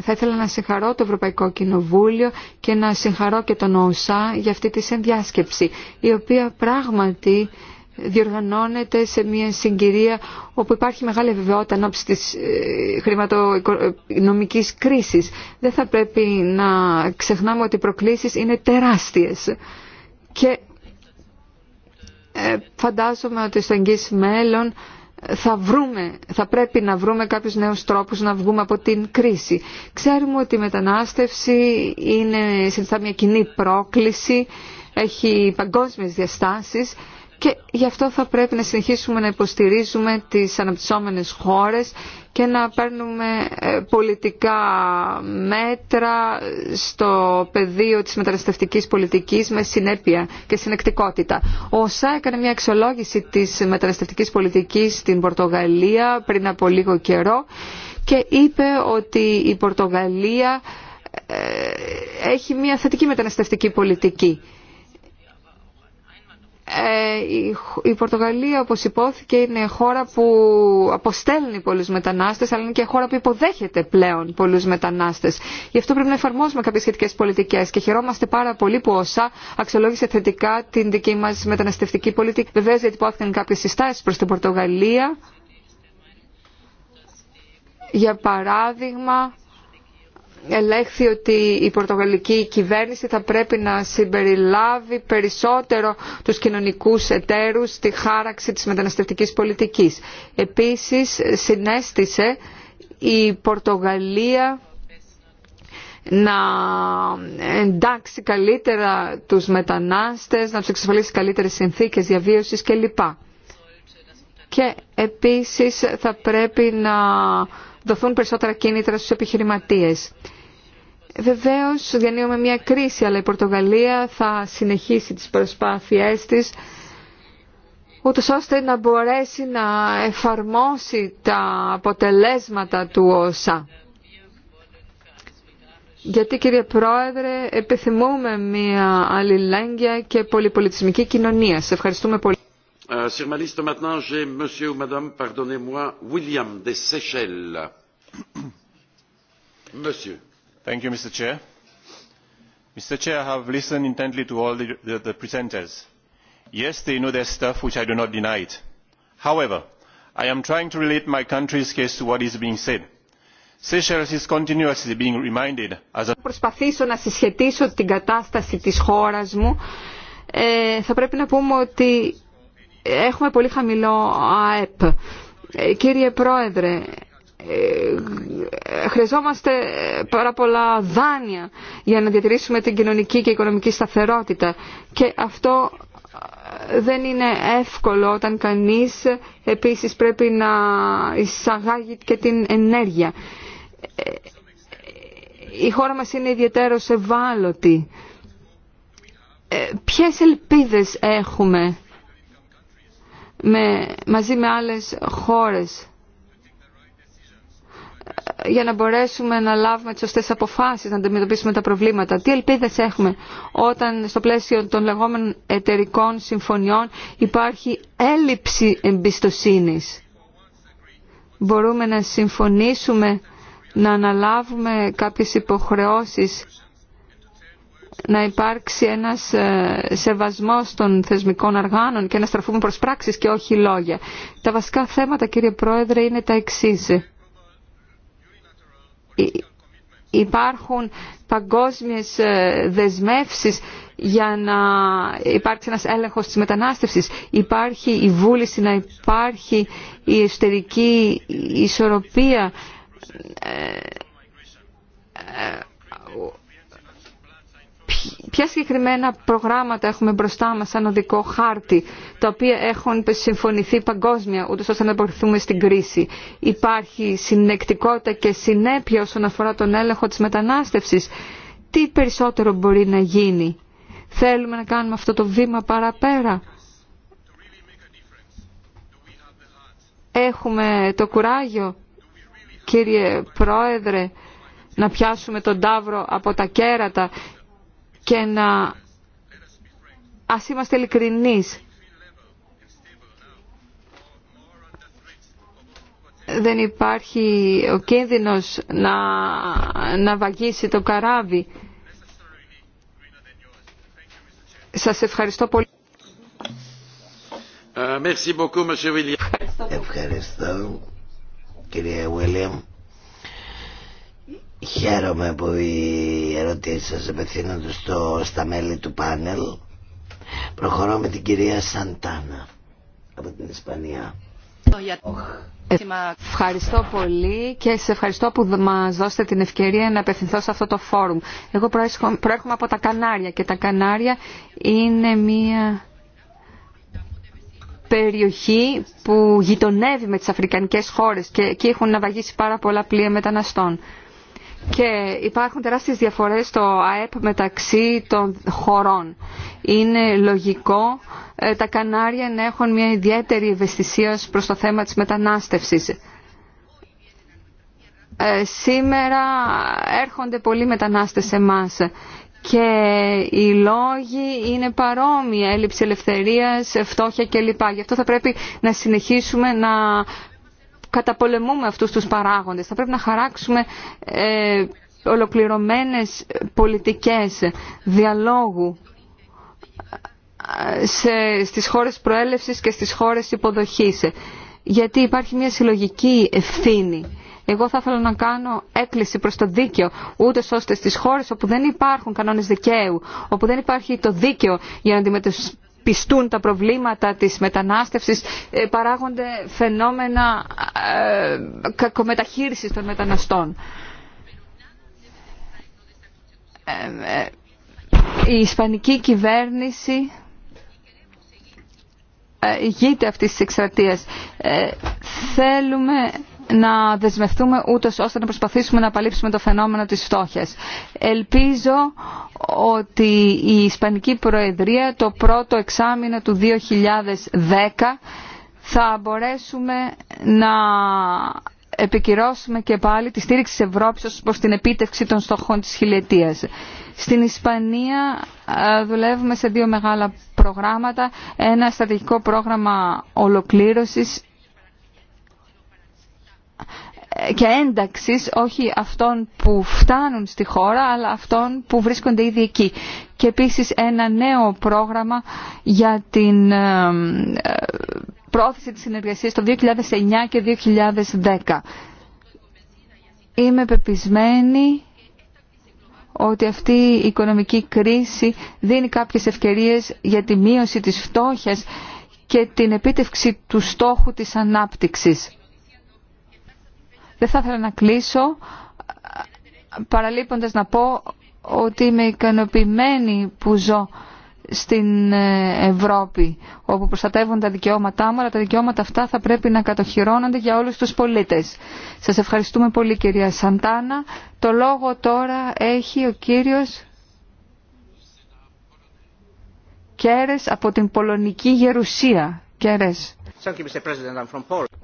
θα ήθελα να συγχαρώ το Ευρωπαϊκό Κοινοβούλιο και να συγχαρώ και τον ΟΣΑ για αυτή τη συνδιάσκεψη, η οποία πράγματι διοργανώνεται σε μια συγκυρία όπου υπάρχει μεγάλη βεβαιότητα ανάψη της ε, χρηματονομικής κρίσης. Δεν θα πρέπει να ξεχνάμε ότι οι προκλήσεις είναι τεράστιες. Και ε, φαντάζομαι ότι στο εγγύς μέλλον θα, βρούμε, θα πρέπει να βρούμε κάποιους νέους τρόπους να βγούμε από την κρίση. Ξέρουμε ότι η μετανάστευση είναι συνιστά μια κοινή πρόκληση, έχει παγκόσμιες διαστάσεις και γι' αυτό θα πρέπει να συνεχίσουμε να υποστηρίζουμε τις αναπτυσσόμενες χώρες και να παίρνουμε ε, πολιτικά μέτρα στο πεδίο της μεταναστευτικής πολιτικής με συνέπεια και συνεκτικότητα. Ο ΣΑ έκανε μια αξιολόγηση της μεταναστευτικής πολιτικής στην Πορτογαλία πριν από λίγο καιρό και είπε ότι η Πορτογαλία ε, έχει μια θετική μεταναστευτική πολιτική. Ε, η Πορτογαλία όπως υπόθηκε είναι χώρα που αποστέλνει πολλούς μετανάστες αλλά είναι και χώρα που υποδέχεται πλέον πολλούς μετανάστες. Γι' αυτό πρέπει να εφαρμόσουμε κάποιες σχετικές πολιτικές και χαιρόμαστε πάρα πολύ που όσα αξιολόγησε θετικά την δική μας μεταναστευτική πολιτική. Βεβαίως διατυπώθηκαν κάποιες συστάσεις προς την Πορτογαλία. Για παράδειγμα, ελέγχθη ότι η πορτογαλική κυβέρνηση θα πρέπει να συμπεριλάβει περισσότερο τους κοινωνικούς εταίρους στη χάραξη της μεταναστευτικής πολιτικής. Επίσης συνέστησε η Πορτογαλία να εντάξει καλύτερα τους μετανάστες, να τους εξασφαλίσει καλύτερες συνθήκες διαβίωσης κλπ. Και επίσης θα πρέπει να δοθούν περισσότερα κίνητρα στους επιχειρηματίες. Βεβαίως διανύουμε μια κρίση, αλλά η Πορτογαλία θα συνεχίσει τις προσπάθειές της ούτως ώστε να μπορέσει να εφαρμόσει τα αποτελέσματα του ΩΣΑ. Γιατί κύριε Πρόεδρε επιθυμούμε μια αλληλέγγυα και πολυπολιτισμική κοινωνία. Σε ευχαριστούμε πολύ. Sur ma liste maintenant, j'ai monsieur ou madame, pardonnez-moi, William des Seychelles. Monsieur. Thank you, Mr. Chair. Mr. Chair, I have listened intently to all the presenters. Yes, they know their stuff, which I do not deny it. However, I am trying to relate my country's case to what is being said. Seychelles is continuously being reminded as a... Προσπαθήσω να την κατάσταση της χώρας μου. θα πρέπει να πούμε ότι Έχουμε πολύ χαμηλό ΑΕΠ. Ε, κύριε Πρόεδρε, ε, χρειαζόμαστε πάρα πολλά δάνεια για να διατηρήσουμε την κοινωνική και οικονομική σταθερότητα και αυτό ε, δεν είναι εύκολο όταν κανείς επίσης πρέπει να εισαγάγει και την ενέργεια. Η χώρα μας είναι ιδιαίτερος ευάλωτη. Ποιες ελπίδες έχουμε με, μαζί με άλλες χώρες ε, για να μπορέσουμε να λάβουμε τις σωστές αποφάσεις, να αντιμετωπίσουμε τα προβλήματα. Τι ελπίδες έχουμε όταν στο πλαίσιο των λεγόμενων εταιρικών συμφωνιών υπάρχει έλλειψη εμπιστοσύνης. Μπορούμε να συμφωνήσουμε να αναλάβουμε κάποιες υποχρεώσεις να υπάρξει ένας ε, σεβασμός των θεσμικών αργάνων και να στραφούμε προς πράξεις και όχι λόγια. Τα βασικά θέματα, κύριε Πρόεδρε, είναι τα εξής. Ε, υπάρχουν παγκόσμιες ε, δεσμεύσεις για να υπάρξει ένας έλεγχος της μετανάστευσης. Υπάρχει η βούληση να υπάρχει η εσωτερική ισορροπία ποια συγκεκριμένα προγράμματα έχουμε μπροστά μας σαν οδικό χάρτη, τα οποία έχουν συμφωνηθεί παγκόσμια, ούτως ώστε να απορριφθούμε στην κρίση. Υπάρχει συνεκτικότητα και συνέπεια όσον αφορά τον έλεγχο της μετανάστευσης. Τι περισσότερο μπορεί να γίνει. Θέλουμε να κάνουμε αυτό το βήμα παραπέρα. Έχουμε το κουράγιο, κύριε Πρόεδρε, να πιάσουμε τον τάβρο από τα κέρατα και να ας είμαστε ειλικρινείς. Δεν υπάρχει ο κίνδυνος να, να βαγίσει το καράβι. Σας ευχαριστώ πολύ. Ευχαριστώ, Ευχαριστώ κύριε Βίλιαμ. Χαίρομαι που οι ερωτήσεις σας επευθύνονται στο, στα μέλη του πάνελ. Προχωρώ με την κυρία Σαντάνα από την Ισπανία. Ευχαριστώ πολύ και σε ευχαριστώ που μας δώσετε την ευκαιρία να απευθυνθώ σε αυτό το φόρουμ. Εγώ προέρχομαι από τα Κανάρια και τα Κανάρια είναι μια περιοχή που γειτονεύει με τις αφρικανικές χώρες και εκεί έχουν ναυαγήσει πάρα πολλά πλοία μεταναστών και υπάρχουν τεράστιες διαφορές στο ΑΕΠ μεταξύ των χωρών. Είναι λογικό ε, τα Κανάρια να έχουν μια ιδιαίτερη ευαισθησία προς το θέμα της μετανάστευσης. Ε, σήμερα έρχονται πολλοί μετανάστες σε εμάς και οι λόγοι είναι παρόμοια. έλλειψη ελευθερίας, φτώχεια κλπ. Γι' αυτό θα πρέπει να συνεχίσουμε να καταπολεμούμε αυτούς τους παράγοντες. Θα πρέπει να χαράξουμε ε, ολοκληρωμένες πολιτικές διαλόγου ε, σε, στις χώρες προέλευσης και στις χώρες υποδοχής. Γιατί υπάρχει μια συλλογική ευθύνη. Εγώ θα ήθελα να κάνω έκκληση προς το δίκαιο, ούτε ώστε στις χώρες όπου δεν υπάρχουν κανόνες δικαίου, όπου δεν υπάρχει το δίκαιο για να αντιμετωπίσουμε πιστούν τα προβλήματα της μετανάστευσης, ε, παράγονται φαινόμενα ε, κακομεταχείρισης των μεταναστών. Ε, η Ισπανική κυβέρνηση ηγείται αυτής της εκστρατείας. Θέλουμε να δεσμευτούμε ούτω ώστε να προσπαθήσουμε να απαλείψουμε το φαινόμενο της φτώχειας. Ελπίζω ότι η Ισπανική Προεδρία το πρώτο εξάμεινο του 2010 θα μπορέσουμε να επικυρώσουμε και πάλι τη στήριξη της Ευρώπης ως προς την επίτευξη των στοχών της χιλιετίας. Στην Ισπανία ε, δουλεύουμε σε δύο μεγάλα προγράμματα, ένα στρατηγικό πρόγραμμα ολοκλήρωσης και ένταξη όχι αυτών που φτάνουν στη χώρα αλλά αυτών που βρίσκονται ήδη εκεί και επίσης ένα νέο πρόγραμμα για την ε, πρόθεση της συνεργασίας το 2009 και 2010. Είμαι πεπισμένη ότι αυτή η οικονομική κρίση δίνει κάποιες ευκαιρίες για τη μείωση της φτώχειας και την επίτευξη του στόχου της ανάπτυξης δεν θα ήθελα να κλείσω παραλείποντας να πω ότι είμαι ικανοποιημένη που ζω στην ε, Ευρώπη όπου προστατεύουν τα δικαιώματά μου αλλά τα δικαιώματα αυτά θα πρέπει να κατοχυρώνονται για όλους τους πολίτες. Σας ευχαριστούμε πολύ κυρία Σαντάνα. Το λόγο τώρα έχει ο κύριος Κέρες από την Πολωνική Γερουσία. Κέρες.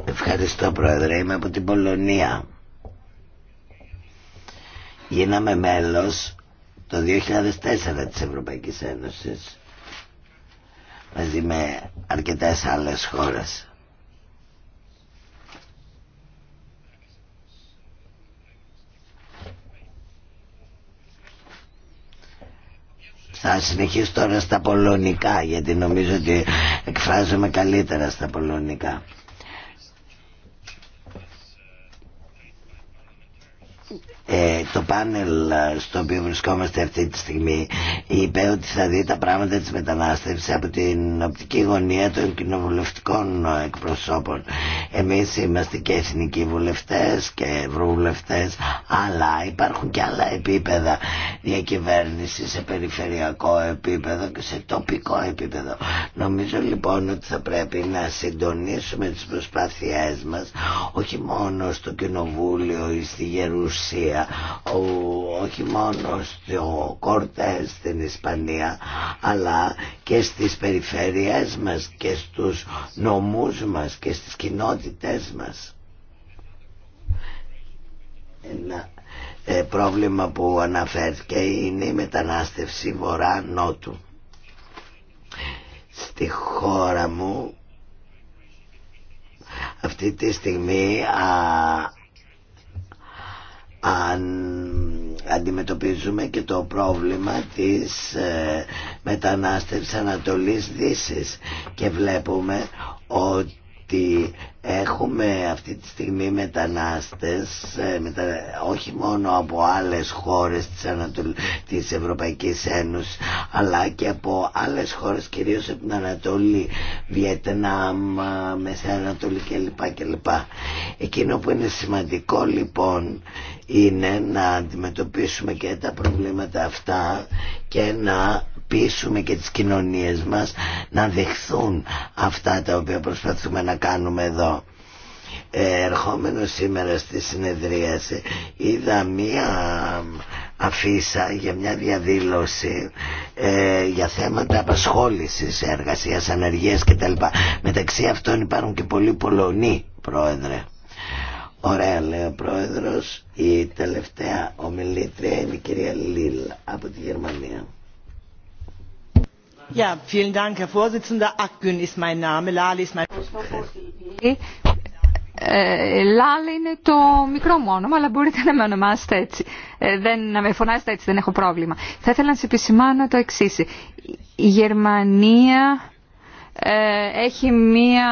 Ευχαριστώ Πρόεδρε, είμαι από την Πολωνία. Γίναμε μέλος το 2004 της Ευρωπαϊκής Ένωσης μαζί με αρκετές άλλες χώρες. Θα συνεχίσω τώρα στα πολωνικά γιατί νομίζω ότι εκφράζομαι καλύτερα στα πολωνικά. Ε, το πάνελ ε, στο οποίο βρισκόμαστε αυτή τη στιγμή είπε ότι θα δει τα πράγματα της μετανάστευσης από την οπτική γωνία των κοινοβουλευτικών ε, εκπροσώπων. Εμείς είμαστε και εθνικοί βουλευτές και ευρωβουλευτές αλλά υπάρχουν και άλλα επίπεδα διακυβέρνηση σε περιφερειακό επίπεδο και σε τοπικό επίπεδο. Νομίζω λοιπόν ότι θα πρέπει να συντονίσουμε τις προσπάθειές μας όχι μόνο στο κοινοβούλιο ή στη Γερουσία όχι μόνο στο κόρτε στην Ισπανία αλλά και στις περιφέρειές μας και στους νομούς μας και στις κοινότητές μας ένα ε, πρόβλημα που αναφέρθηκε είναι η μετανάστευση βορρά-νότου στη χώρα μου αυτή τη στιγμή α, αν αντιμετωπίζουμε και το πρόβλημα της ε, μετανάστευσης Ανατολής Δύσης και βλέπουμε ότι έχουμε αυτή τη στιγμή μετανάστες ε, μετα... όχι μόνο από άλλες χώρες της, Ανατολ... της Ευρωπαϊκής Ένωσης αλλά και από άλλες χώρες κυρίως από την Ανατολή Βιετνάμ, ε, Μεσαία Ανατολή κλπ. κλπ. Εκείνο που είναι σημαντικό λοιπόν είναι να αντιμετωπίσουμε και τα προβλήματα αυτά και να πείσουμε και τις κοινωνίες μας να δεχθούν αυτά τα οποία προσπαθούμε να κάνουμε εδώ. Ε, ερχόμενο σήμερα στη συνεδρίαση είδα μία αφίσα για μια διαδήλωση ε, για θέματα απασχόλησης, εργασίας, ανεργίας κτλ. Μεταξύ αυτών υπάρχουν και πολλοί Πολωνοί πρόεδρε. Ωραία λέει ο πρόεδρος, η τελευταία ομιλήτρια είναι η κυρία Λίλ από τη Γερμανία. Ja, vielen Dank, Herr Vorsitzender. Ε, Λάλη είναι το μικρό μου όνομα, αλλά μπορείτε να με ονομάσετε έτσι. Ε, δεν, να με φωνάσετε έτσι, δεν έχω πρόβλημα. Θα ήθελα να σα επισημάνω το εξή. Η Γερμανία ε, έχει μία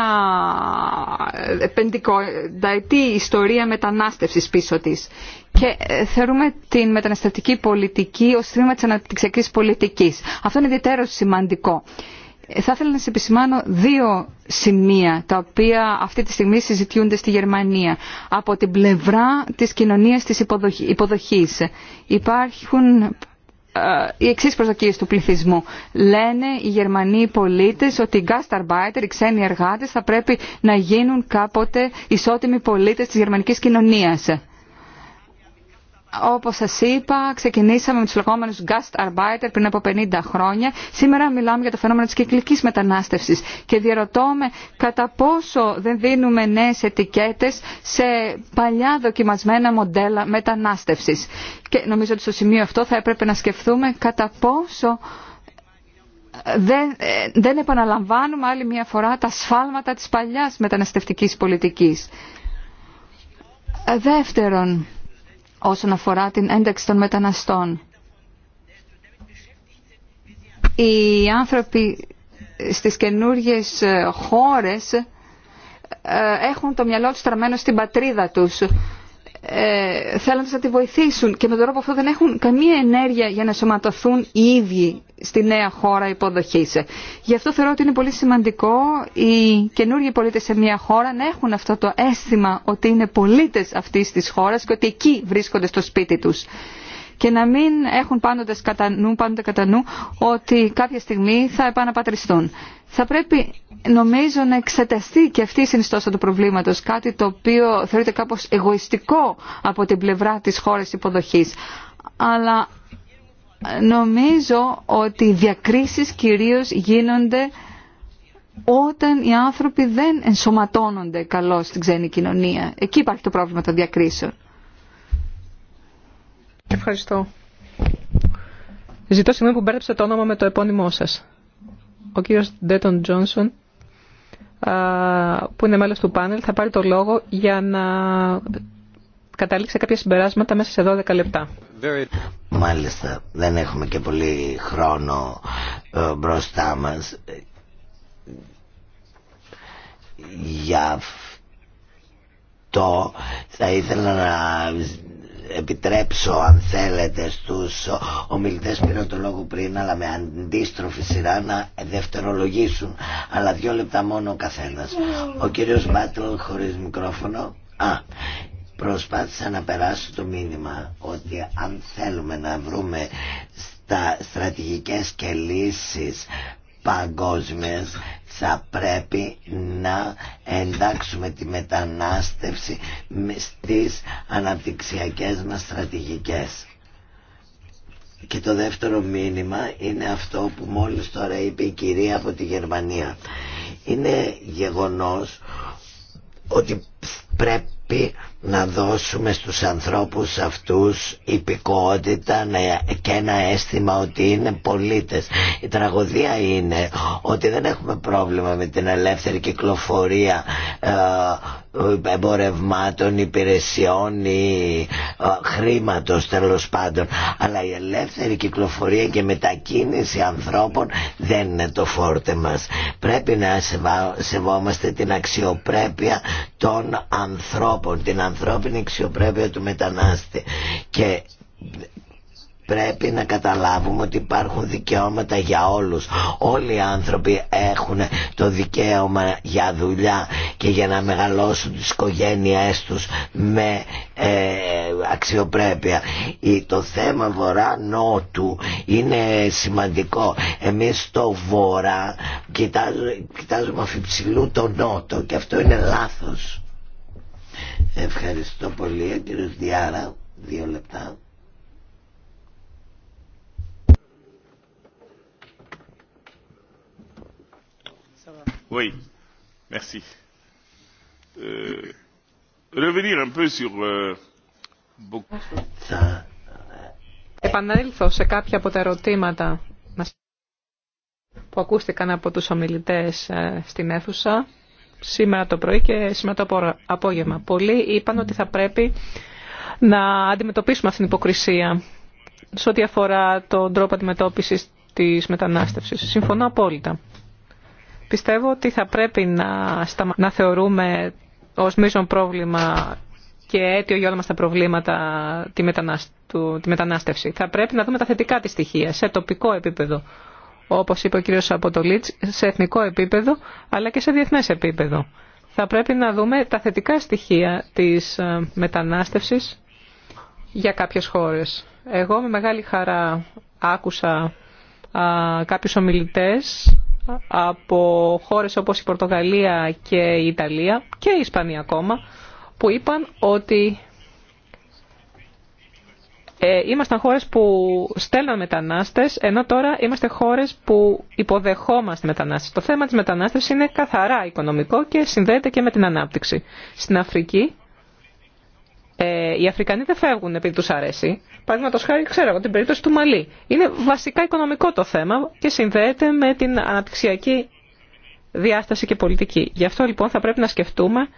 πεντηκονταετή ιστορία μετανάστευσης πίσω της. Και ε, θεωρούμε την μεταναστευτική πολιτική ως τμήμα της αναπτυξιακής πολιτικής. Αυτό είναι ιδιαίτερο σημαντικό. Ε, θα ήθελα να σε επισημάνω δύο σημεία τα οποία αυτή τη στιγμή συζητιούνται στη Γερμανία. Από την πλευρά της κοινωνίας της υποδοχής υπάρχουν ε, οι εξή προσδοκίε του πληθυσμού. Λένε οι Γερμανοί πολίτε ότι οι γκάσταρμπάιτερ, οι ξένοι εργάτε, θα πρέπει να γίνουν κάποτε ισότιμοι πολίτε τη γερμανική κοινωνία όπως σας είπα, ξεκινήσαμε με τους λεγόμενους Gastarbeiter πριν από 50 χρόνια. Σήμερα μιλάμε για το φαινόμενο της κυκλικής μετανάστευσης και διαρωτώμε κατά πόσο δεν δίνουμε νέες ετικέτες σε παλιά δοκιμασμένα μοντέλα μετανάστευσης. Και νομίζω ότι στο σημείο αυτό θα έπρεπε να σκεφτούμε κατά πόσο δεν, ε, δεν επαναλαμβάνουμε άλλη μια φορά τα σφάλματα της παλιάς μεταναστευτικής πολιτικής. Δεύτερον, όσον αφορά την ένταξη των μεταναστών. Οι άνθρωποι στις καινούργιες ε, χώρες ε, έχουν το μυαλό τους τραμμένο στην πατρίδα τους ε, θέλαν να τη βοηθήσουν και με τον τρόπο αυτό δεν έχουν καμία ενέργεια για να σωματωθούν οι ίδιοι στη νέα χώρα υποδοχή. Γι' αυτό θεωρώ ότι είναι πολύ σημαντικό οι καινούργιοι πολίτες σε μια χώρα να έχουν αυτό το αίσθημα ότι είναι πολίτες αυτής της χώρας και ότι εκεί βρίσκονται στο σπίτι τους και να μην έχουν πάντοτε κατά νου, πάντοτε ότι κάποια στιγμή θα επαναπατριστούν. Θα πρέπει νομίζω να εξεταστεί και αυτή η συνιστόσα του προβλήματος, κάτι το οποίο θεωρείται κάπως εγωιστικό από την πλευρά της χώρας υποδοχής. Αλλά ε, νομίζω ότι οι διακρίσεις κυρίως γίνονται όταν οι άνθρωποι δεν ενσωματώνονται καλώς στην ξένη κοινωνία. Εκεί υπάρχει το πρόβλημα των διακρίσεων. Ευχαριστώ. Ζητώ συγγνώμη που μπέρδεψα το όνομα με το επώνυμό σας. Ο κύριος Ντέτον Τζόνσον που είναι μέλος του πάνελ θα πάρει το λόγο για να καταλήξει κάποια συμπεράσματα μέσα σε 12 λεπτά. Μάλιστα, δεν έχουμε και πολύ χρόνο ε, μπροστά μας για αυτό θα ήθελα να επιτρέψω αν θέλετε στους ομιλητές πήραν το λόγο πριν αλλά με αντίστροφη σειρά να δευτερολογήσουν αλλά δύο λεπτά μόνο ο καθένας ο κύριος Μπάτλ χωρίς μικρόφωνο α, προσπάθησα να περάσω το μήνυμα ότι αν θέλουμε να βρούμε στα στρατηγικές και λύσεις παγκόσμιες θα πρέπει να εντάξουμε τη μετανάστευση στις αναπτυξιακές μας στρατηγικές. Και το δεύτερο μήνυμα είναι αυτό που μόλις τώρα είπε η κυρία από τη Γερμανία. Είναι γεγονός ότι πρέπει να δώσουμε στους ανθρώπους αυτούς υπηκότητα και ένα αίσθημα ότι είναι πολίτες. Η τραγωδία είναι ότι δεν έχουμε πρόβλημα με την ελεύθερη κυκλοφορία ε, εμπορευμάτων, υπηρεσιών ή ε, χρήματος τέλος πάντων αλλά η ελεύθερη κυκλοφορία και μετακίνηση ανθρώπων δεν είναι το φόρτε μας πρέπει να σεβόμαστε την αξιοπρέπεια των ανθρώπων την ανθρώπινη αξιοπρέπεια του μετανάστη και πρέπει να καταλάβουμε ότι υπάρχουν δικαιώματα για όλους. Όλοι οι άνθρωποι έχουν το δικαίωμα για δουλειά και για να μεγαλώσουν τις οικογένειές τους με ε, αξιοπρέπεια. Το θέμα βορρά-νότου είναι σημαντικό. Εμείς στο βορρά κοιτάζουμε αφιψηλού το νότο και αυτό είναι λάθος. Ευχαριστώ πολύ ο κύριος Διάρα, δύο λεπτά. Oui, merci. Euh, revenir un peu sur euh, beaucoup. Euh, Επανέλθω σε κάποια από τα ερωτήματα που ακούστηκαν από τους ομιλητές ε, στην αίθουσα σήμερα το πρωί και σήμερα το απόγευμα. Πολλοί είπαν ότι θα πρέπει να αντιμετωπίσουμε αυτήν την υποκρισία σε ό,τι αφορά τον τρόπο αντιμετώπισης της μετανάστευσης. Συμφωνώ απόλυτα. Πιστεύω ότι θα πρέπει να, να θεωρούμε ως μείζον πρόβλημα και αίτιο για όλα μας τα προβλήματα τη, τη μετανάστευση. Θα πρέπει να δούμε τα θετικά της στοιχεία σε τοπικό επίπεδο όπως είπε ο κύριος Αποτολίτς, σε εθνικό επίπεδο αλλά και σε διεθνές επίπεδο. Θα πρέπει να δούμε τα θετικά στοιχεία της ε, μετανάστευσης για κάποιες χώρες. Εγώ με μεγάλη χαρά άκουσα α, κάποιους ομιλητές από χώρες όπως η Πορτογαλία και η Ιταλία και η Ισπανία ακόμα που είπαν ότι ε, ήμασταν χώρες που στέλναν μετανάστες, ενώ τώρα είμαστε χώρες που υποδεχόμαστε μετανάστες. Το θέμα της μετανάστευσης είναι καθαρά οικονομικό και συνδέεται και με την ανάπτυξη. Στην Αφρική, ε, οι Αφρικανοί δεν φεύγουν επειδή τους αρέσει. Παραδείγματος χάρη, ξέρω εγώ, την περίπτωση του Μαλή. Είναι βασικά οικονομικό το θέμα και συνδέεται με την αναπτυξιακή διάσταση και πολιτική. Γι' αυτό λοιπόν θα πρέπει να σκεφτούμε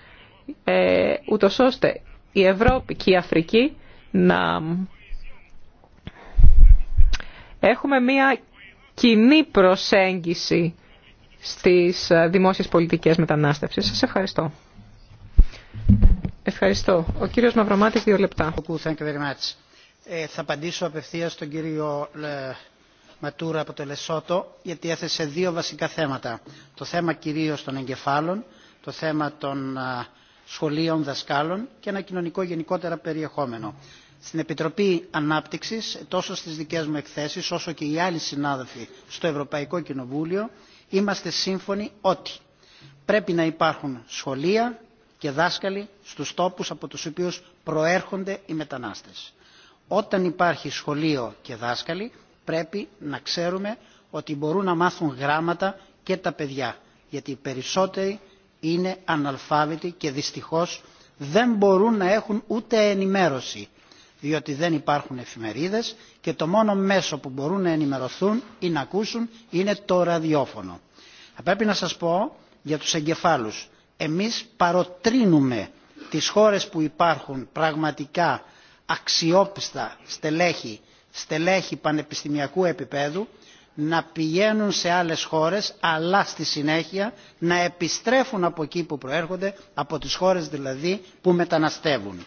ε, ούτως ώστε η Ευρώπη και η Αφρική να έχουμε μία κοινή προσέγγιση στις ε, δημόσιες πολιτικές μετανάστευσης. Σας ευχαριστώ. Ευχαριστώ. Ο κύριος Μαυρομάτης, δύο λεπτά. Ε, θα απαντήσω απευθείας στον κύριο ε, Ματούρα από το Λεσότο, γιατί έθεσε δύο βασικά θέματα. Το θέμα κυρίως των εγκεφάλων, το θέμα των σχολείων δασκάλων και ένα κοινωνικό γενικότερα περιεχόμενο στην Επιτροπή Ανάπτυξης, τόσο στις δικές μου εκθέσεις όσο και οι άλλοι συνάδελφοι στο Ευρωπαϊκό Κοινοβούλιο, είμαστε σύμφωνοι ότι πρέπει να υπάρχουν σχολεία και δάσκαλοι στους τόπους από τους οποίους προέρχονται οι μετανάστες. Όταν υπάρχει σχολείο και δάσκαλοι πρέπει να ξέρουμε ότι μπορούν να μάθουν γράμματα και τα παιδιά, γιατί οι περισσότεροι είναι αναλφάβητοι και δυστυχώς δεν μπορούν να έχουν ούτε ενημέρωση διότι δεν υπάρχουν εφημερίδες και το μόνο μέσο που μπορούν να ενημερωθούν ή να ακούσουν είναι το ραδιόφωνο. Θα πρέπει να σας πω για τους εγκεφάλους. Εμείς παροτρύνουμε τις χώρες που υπάρχουν πραγματικά αξιόπιστα στελέχη, στελέχη πανεπιστημιακού επίπεδου να πηγαίνουν σε άλλες χώρες αλλά στη συνέχεια να επιστρέφουν από εκεί που προέρχονται, από τις χώρες δηλαδή που μεταναστεύουν.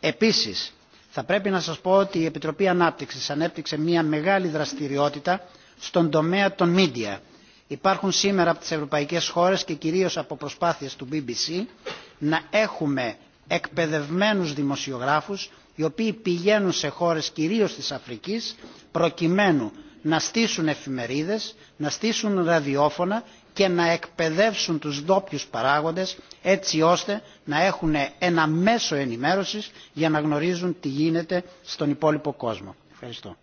Επίσης, θα πρέπει να σας πω ότι η Επιτροπή Ανάπτυξης ανέπτυξε μια μεγάλη δραστηριότητα στον τομέα των μίντια. Υπάρχουν σήμερα από τις ευρωπαϊκές χώρες και κυρίως από προσπάθειες του BBC να έχουμε εκπαιδευμένους δημοσιογράφους οι οποίοι πηγαίνουν σε χώρες κυρίως της Αφρικής προκειμένου να στήσουν εφημερίδες, να στήσουν ραδιόφωνα και να εκπαιδεύσουν τους ντόπιου παράγοντες έτσι ώστε να έχουν ένα μέσο ενημέρωσης για να γνωρίζουν τι γίνεται στον υπόλοιπο κόσμο. Ευχαριστώ.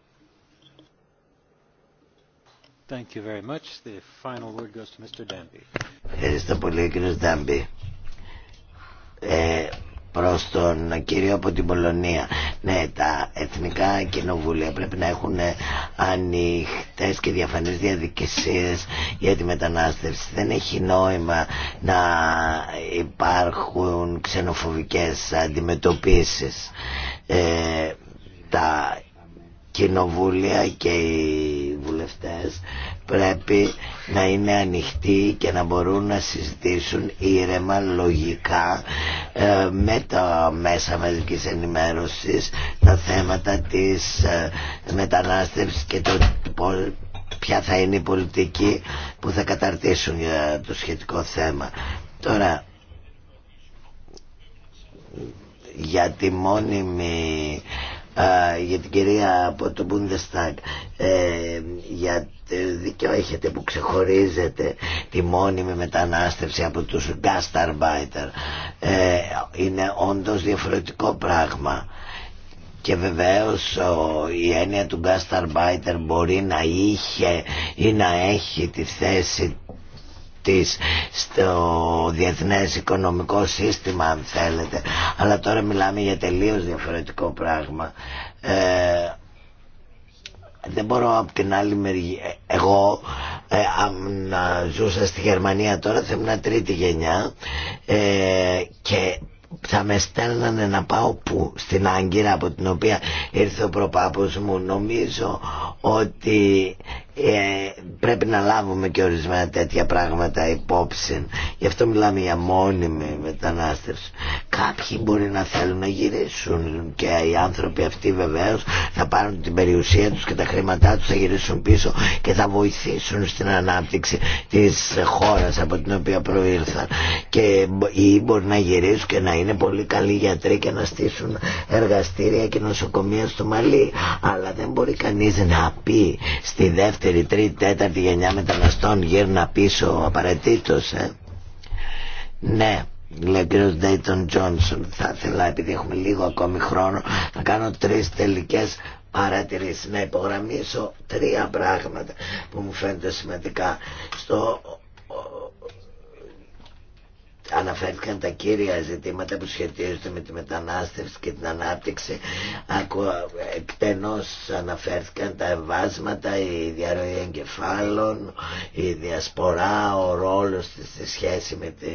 Ντάμπη προς τον κύριο από την Πολωνία. Ναι, τα εθνικά κοινοβούλια πρέπει να έχουν ανοιχτές και διαφανείς διαδικασίες για τη μετανάστευση. Δεν έχει νόημα να υπάρχουν ξενοφοβικές αντιμετωπίσεις. Ε, τα κοινοβούλια και οι βουλευτές πρέπει να είναι ανοιχτοί και να μπορούν να συζητήσουν ήρεμα, λογικά ε, με τα μέσα μαζικής ενημέρωσης τα θέματα της ε, μετανάστευσης και το ποια θα είναι η πολιτική που θα καταρτήσουν για το σχετικό θέμα. Τώρα, για τη μόνιμη για την κυρία από το Bundestag ε, για δίκαιο έχετε που ξεχωρίζετε τη μόνιμη μετανάστευση από τους Gastarbeiter ε, είναι όντως διαφορετικό πράγμα και βεβαίως η έννοια του Gastarbeiter μπορεί να είχε ή να έχει τη θέση στο διεθνές οικονομικό σύστημα αν θέλετε αλλά τώρα μιλάμε για τελείως διαφορετικό πράγμα ε, δεν μπορώ από την άλλη μεριά εγώ ε, να ζούσα στη Γερμανία τώρα θα ήμουν τρίτη γενιά ε, και θα με στέλνανε να πάω που στην Άγκυρα από την οποία ήρθε ο προπάπος μου νομίζω ότι ε, πρέπει να λάβουμε και ορισμένα τέτοια πράγματα υπόψη γι' αυτό μιλάμε για μόνιμη μετανάστευση κάποιοι μπορεί να θέλουν να γυρίσουν και οι άνθρωποι αυτοί βεβαίω, θα πάρουν την περιουσία τους και τα χρήματά τους θα γυρίσουν πίσω και θα βοηθήσουν στην ανάπτυξη της χώρας από την οποία προήλθαν και ή μπορεί να γυρίσουν και να είναι πολύ καλοί γιατροί και να στήσουν εργαστήρια και νοσοκομεία στο Μαλί αλλά δεν μπορεί κανείς να πει στη δεύτερη, τρίτη, τέταρτη γενιά μεταναστών γύρνα πίσω απαραίτητο. Ε. Ναι, λέει ο κύριο Ντέιτον Τζόνσον. Θα ήθελα, επειδή έχουμε λίγο ακόμη χρόνο, να κάνω τρει τελικέ παρατηρήσει. Να υπογραμμίσω τρία πράγματα που μου φαίνονται σημαντικά. Στο αναφέρθηκαν τα κύρια ζητήματα που σχετίζονται με τη μετανάστευση και την ανάπτυξη εκτενώς αναφέρθηκαν τα εμβάσματα η διαρροή εγκεφάλων η διασπορά ο ρόλος της σε σχέση με τη,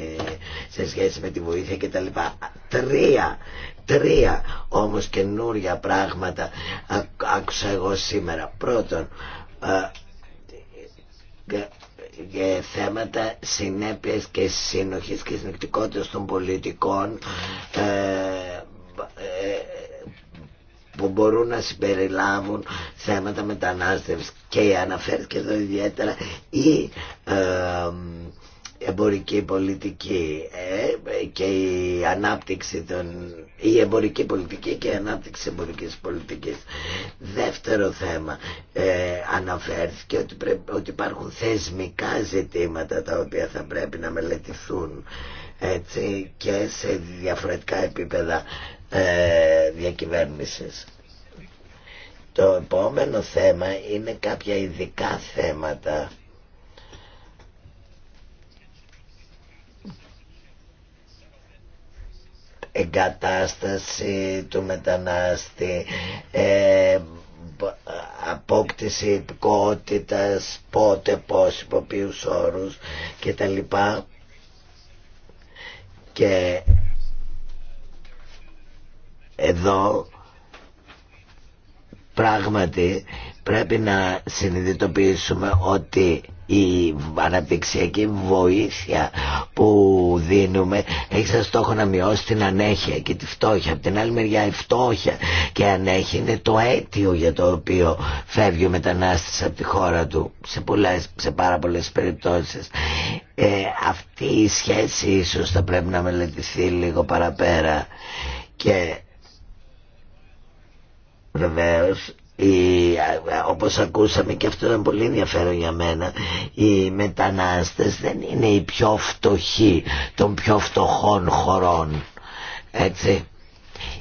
σε σχέση με τη βοήθεια κτλ τρία τρία όμως καινούρια πράγματα άκουσα εγώ σήμερα πρώτον ε, ε, θέματα συνέπειες και συνοχής και συνεκτικότητας των πολιτικών ε, ε, που μπορούν να συμπεριλάβουν θέματα μετανάστευσης και αναφέρθηκε εδώ ιδιαίτερα η ε, εμπορική πολιτική ε, και η ανάπτυξη των, η εμπορική πολιτική και η ανάπτυξη εμπορικής πολιτικής. Δεύτερο θέμα ε, αναφέρθηκε ότι, ότι υπάρχουν θεσμικά ζητήματα τα οποία θα πρέπει να μελετηθούν έτσι, και σε διαφορετικά επίπεδα ε, διακυβέρνησης. Το επόμενο θέμα είναι κάποια ειδικά θέματα εγκατάσταση του μετανάστη, ε, απόκτηση υπηκότητας, πότε, πώς, υπό ποιους όρους κτλ. Και εδώ πράγματι πρέπει να συνειδητοποιήσουμε ότι η αναπτυξιακή βοήθεια που δίνουμε έχει σαν στόχο να μειώσει την ανέχεια και τη φτώχεια. Από την άλλη μεριά η φτώχεια και η ανέχεια είναι το αίτιο για το οποίο φεύγει ο μετανάστης από τη χώρα του σε, πολλές, σε πάρα πολλές περιπτώσεις. Ε, αυτή η σχέση ίσως θα πρέπει να μελετηθεί λίγο παραπέρα και βεβαίως η, όπως ακούσαμε και αυτό ήταν πολύ ενδιαφέρον για μένα οι μετανάστες δεν είναι οι πιο φτωχοί των πιο φτωχών χωρών έτσι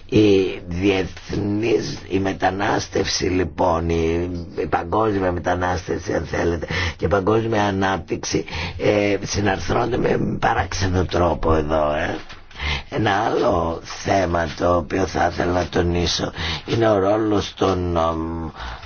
η διεθνής η μετανάστευση λοιπόν η, παγκόσμια μετανάστευση αν θέλετε και η παγκόσμια ανάπτυξη ε, συναρθρώνται με παράξενο τρόπο εδώ ε. Ένα άλλο θέμα το οποίο θα ήθελα να τονίσω είναι ο ρόλος των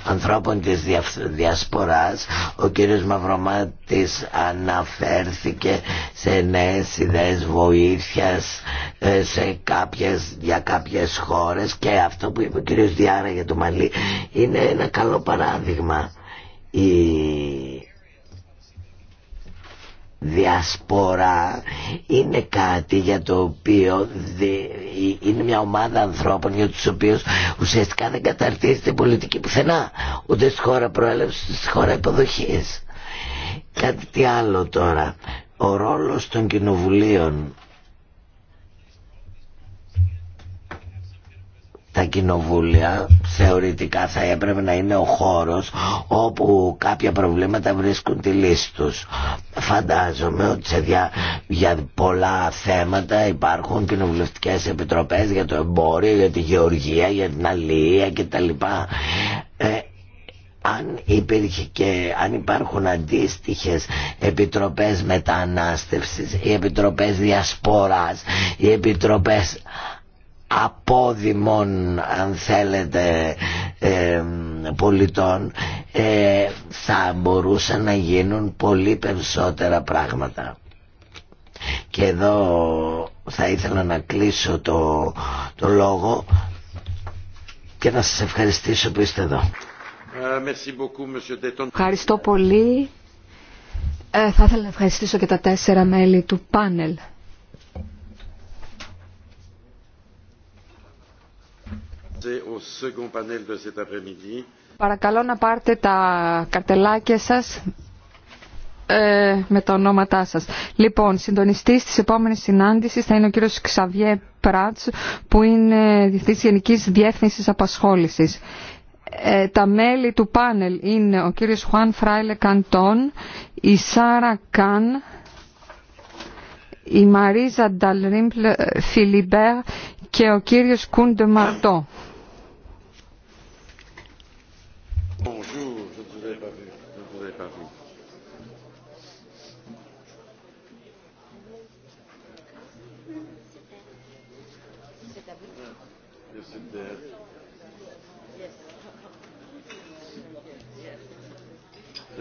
ανθρώπων της διασποράς. Ο κύριος Μαυρομάτης αναφέρθηκε σε νέες ιδέες βοήθειας ε, σε κάποιες, για κάποιες χώρες και αυτό που είπε ο κύριος Διάρα για το Μαλί είναι ένα καλό παράδειγμα. Η διασπορά είναι κάτι για το οποίο ε, είναι μια ομάδα ανθρώπων για τους οποίους ουσιαστικά δεν καταρτίζεται πολιτική πουθενά ούτε στη χώρα προέλευση, ούτε στη χώρα υποδοχής. Κάτι τι άλλο τώρα. Ο ρόλος των κοινοβουλίων τα κοινοβούλια θεωρητικά θα έπρεπε να είναι ο χώρος όπου κάποια προβλήματα βρίσκουν τη λύση τους. Φαντάζομαι ότι σε δια, για πολλά θέματα υπάρχουν κοινοβουλευτικές επιτροπές για το εμπόριο, για τη γεωργία, για την αλληλεία κτλ. Ε, αν, υπήρχε και, αν υπάρχουν αντίστοιχες επιτροπές μετανάστευσης, οι επιτροπές διασποράς, οι επιτροπές απόδημων αν θέλετε πολιτών ε, θα μπορούσαν να γίνουν πολύ περισσότερα πράγματα και εδώ θα ήθελα να κλείσω το, το λόγο και να σας ευχαριστήσω που είστε εδώ ε, Ευχαριστώ πολύ ε, θα ήθελα να ευχαριστήσω και τα τέσσερα μέλη του πάνελ Παρακαλώ να πάρετε τα καρτελάκια σας ε, με τα ονόματά σα. Λοιπόν, συντονιστής της επόμενης συνάντησης θα είναι ο κύριος Ξαβιέ Πράτς, που είναι διευθυντής Γενικής διεύθυνση Απασχόλησης. Ε, τα μέλη του πάνελ είναι ο κύριος Χουάν Φράιλε Καντών, η Σάρα Καν, η Μαρίζα Νταλρίμπλ Φιλιμπέρ και ο κύριος Κούντε Μαρτό. Bonjour, je ne vous avais pas vu. Je ne vous avais pas vu.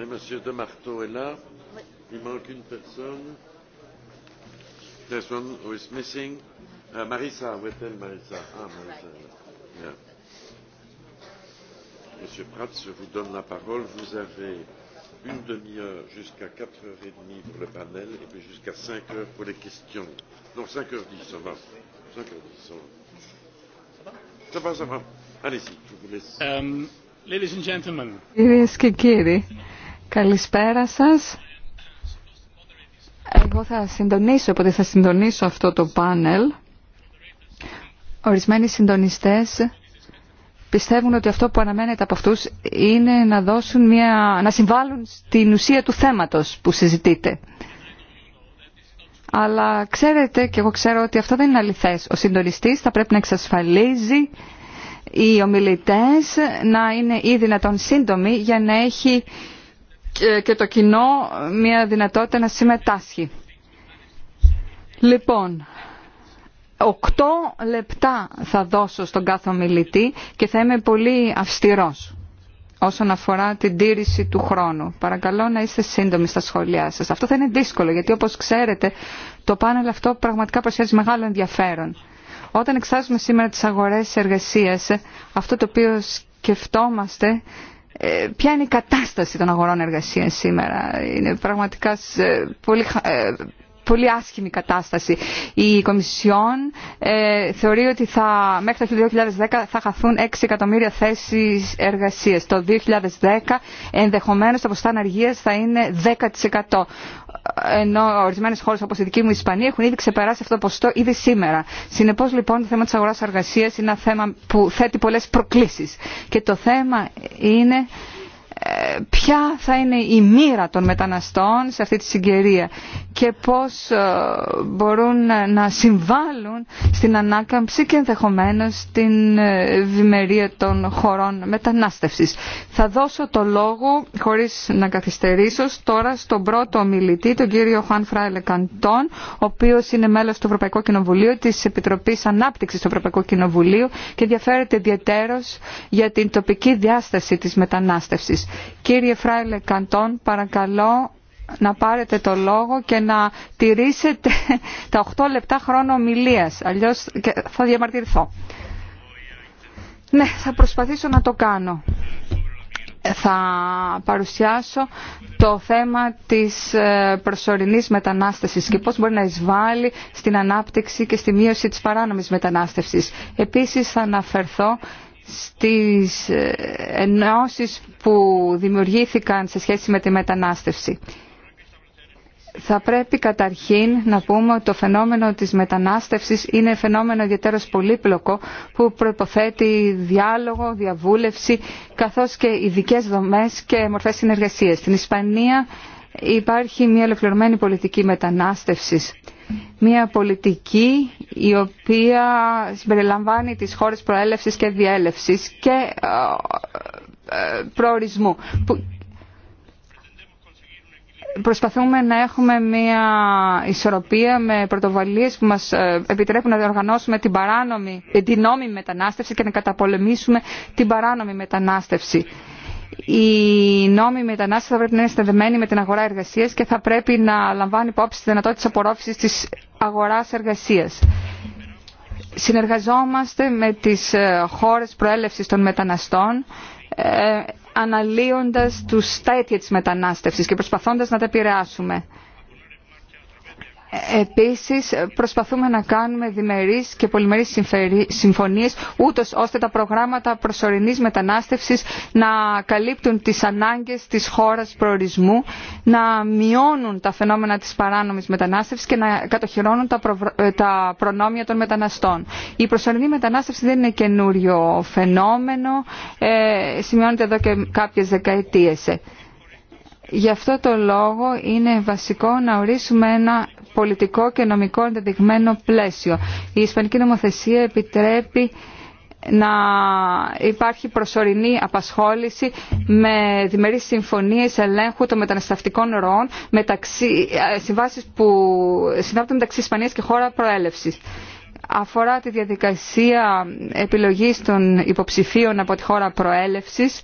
Et Monsieur De Marteau est là. Il manque une personne. This one who is missing. Uh, Marisa, where is Marissa. Ah, Marissa. Monsieur Prats, je vous donne la parole. Vous avez une demi-heure jusqu'à 4h30 pour le panel et puis jusqu'à 5h pour les questions. Non, 5h10, ça va. 5h10, ça va. Ça va, ça va. Allez-y, je vous laisse. Um, ladies and gentlemen. Κυρίες και κύριοι, καλησπέρα σας. Εγώ θα συντονίσω, οπότε θα συντονίσω αυτό το πάνελ. Ορισμένοι συντονιστές πιστεύουν ότι αυτό που αναμένεται από αυτούς είναι να, δώσουν μια, να συμβάλλουν στην ουσία του θέματος που συζητείτε. Αλλά ξέρετε και εγώ ξέρω ότι αυτό δεν είναι αληθές. Ο συντονιστής θα πρέπει να εξασφαλίζει οι ομιλητές να είναι ή δυνατόν σύντομοι για να έχει και το κοινό μια δυνατότητα να συμμετάσχει. Λοιπόν, Οκτώ λεπτά θα δώσω στον κάθε ομιλητή και θα είμαι πολύ αυστηρός όσον αφορά την τήρηση του χρόνου. Παρακαλώ να είστε σύντομοι στα σχόλιά σας. Αυτό θα είναι δύσκολο γιατί όπως ξέρετε το πάνελ αυτό πραγματικά προσφέρει μεγάλο ενδιαφέρον. Όταν εξάζουμε σήμερα τις αγορές εργασίας, αυτό το οποίο σκεφτόμαστε ε, ποια είναι η κατάσταση των αγορών εργασίας σήμερα. Είναι πραγματικά πολύ ε, πολύ άσχημη κατάσταση. Η Κομισιόν ε, θεωρεί ότι θα, μέχρι το 2010 θα χαθούν 6 εκατομμύρια θέσεις εργασίας. Το 2010 ενδεχομένως τα ποστά αναργίας θα είναι 10%. Ενώ ορισμένε χώρε όπω η δική μου Ισπανία έχουν ήδη ξεπεράσει αυτό το ποσοστό ήδη σήμερα. Συνεπώ λοιπόν το θέμα τη αγορά εργασία είναι ένα θέμα που θέτει πολλέ προκλήσει. Και το θέμα είναι ποια θα είναι η μοίρα των μεταναστών σε αυτή τη συγκαιρία και πώς ε, μπορούν να συμβάλλουν στην ανάκαμψη και ενδεχομένως στην ε, ευημερία των χωρών μετανάστευσης. Θα δώσω το λόγο, χωρίς να καθυστερήσω, τώρα στον πρώτο ομιλητή, τον κύριο Χουάν Φράιλε Καντών, ο οποίος είναι μέλος του Ευρωπαϊκού Κοινοβουλίου, της Επιτροπής Ανάπτυξης του Ευρωπαϊκού Κοινοβουλίου και ενδιαφέρεται ιδιαίτερος για την τοπική διάσταση της μετανάστευσης. Κύριε Φράιλε Καντών, παρακαλώ να πάρετε το λόγο και να τηρήσετε τα 8 λεπτά χρόνο ομιλίας, αλλιώς θα διαμαρτυρηθώ. Ναι, θα προσπαθήσω να το κάνω. Θα παρουσιάσω το θέμα της ε, προσωρινής μετανάστευσης και πώς μπορεί να εισβάλλει στην ανάπτυξη και στη μείωση της παράνομης μετανάστευσης. Επίσης θα αναφερθώ στις ε, ενώσεις που δημιουργήθηκαν σε σχέση με τη μετανάστευση. Θα πρέπει καταρχήν να πούμε ότι το φαινόμενο της μετανάστευσης είναι φαινόμενο ιδιαίτερος πολύπλοκο που προποθέτει διάλογο, διαβούλευση καθώς και ειδικέ δομές και μορφές συνεργασίας. Στην Ισπανία υπάρχει μια ολοκληρωμένη πολιτική μετανάστευσης μια πολιτική η οποία συμπεριλαμβάνει τις χώρες προέλευσης και διέλευσης και ε, ε, προορισμού. Προσπαθούμε να έχουμε μια ισορροπία με πρωτοβαλίες που μας ε, επιτρέπουν να διοργανώσουμε την, παράνομη, την νόμιμη μετανάστευση και να καταπολεμήσουμε την παράνομη μετανάστευση οι νόμοι μετανάστες θα πρέπει να είναι συνδεδεμένοι με την αγορά εργασίας και θα πρέπει να λαμβάνει υπόψη τη δυνατότητα απορρόφησης της αγοράς εργασίας. Συνεργαζόμαστε με τις ε, χώρες προέλευσης των μεταναστών ε, αναλύοντας τους στέτια της μετανάστευσης και προσπαθώντας να τα επηρεάσουμε. Επίσης προσπαθούμε να κάνουμε διμερείς και πολυμερείς συμφωνίες ούτως ώστε τα προγράμματα προσωρινής μετανάστευσης να καλύπτουν τις ανάγκες της χώρας προορισμού, να μειώνουν τα φαινόμενα της παράνομης μετανάστευσης και να κατοχυρώνουν τα, ε, τα προνόμια των μεταναστών. Η προσωρινή μετανάστευση δεν είναι καινούριο φαινόμενο, ε, σημειώνεται εδώ και κάποιες δεκαετίες. Γι' αυτό το λόγο είναι βασικό να ορίσουμε ένα πολιτικό και νομικό ενδεδειγμένο πλαίσιο. Η Ισπανική νομοθεσία επιτρέπει να υπάρχει προσωρινή απασχόληση με διμερείς συμφωνίες ελέγχου των μεταναστευτικών ροών μεταξύ, ε, συμβάσεις που συνάπτουν μεταξύ Ισπανίας και χώρα προέλευσης. Αφορά τη διαδικασία επιλογής των υποψηφίων από τη χώρα προέλευσης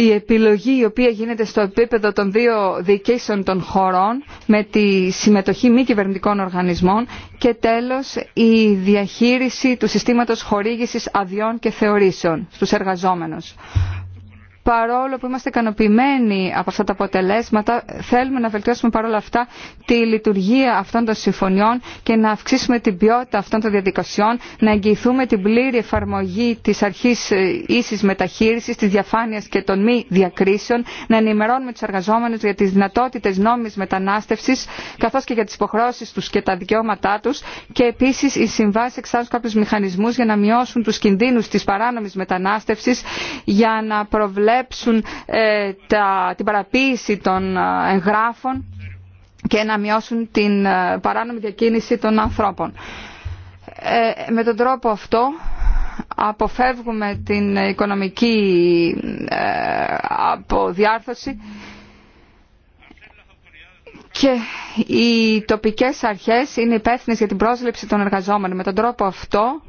η επιλογή η οποία γίνεται στο επίπεδο των δύο διοικήσεων των χωρών με τη συμμετοχή μη κυβερνητικών οργανισμών και τέλος η διαχείριση του συστήματος χορήγησης αδειών και θεωρήσεων στους εργαζόμενους παρόλο που είμαστε ικανοποιημένοι από αυτά τα αποτελέσματα, θέλουμε να βελτιώσουμε παρόλα αυτά τη λειτουργία αυτών των συμφωνιών και να αυξήσουμε την ποιότητα αυτών των διαδικασιών, να εγγυηθούμε την πλήρη εφαρμογή τη αρχή ε, ίση μεταχείριση, τη διαφάνεια και των μη διακρίσεων, να ενημερώνουμε του εργαζόμενου για τι δυνατότητε νόμιμη μετανάστευση, καθώ και για τι υποχρεώσει του και τα δικαιώματά του και επίση οι συμβάσει εξάλλου κάποιου μηχανισμού για να μειώσουν του κινδύνου τη παράνομη μετανάστευση, για να ε, τα, την παραποίηση των ε, εγγράφων και να μειώσουν την ε, παράνομη διακίνηση των ανθρώπων. Ε, με τον τρόπο αυτό αποφεύγουμε την οικονομική αποδιάρθρωση και οι τοπικές αρχές είναι υπεύθυνε για την πρόσληψη των εργαζόμενων. Με τον τρόπο αυτό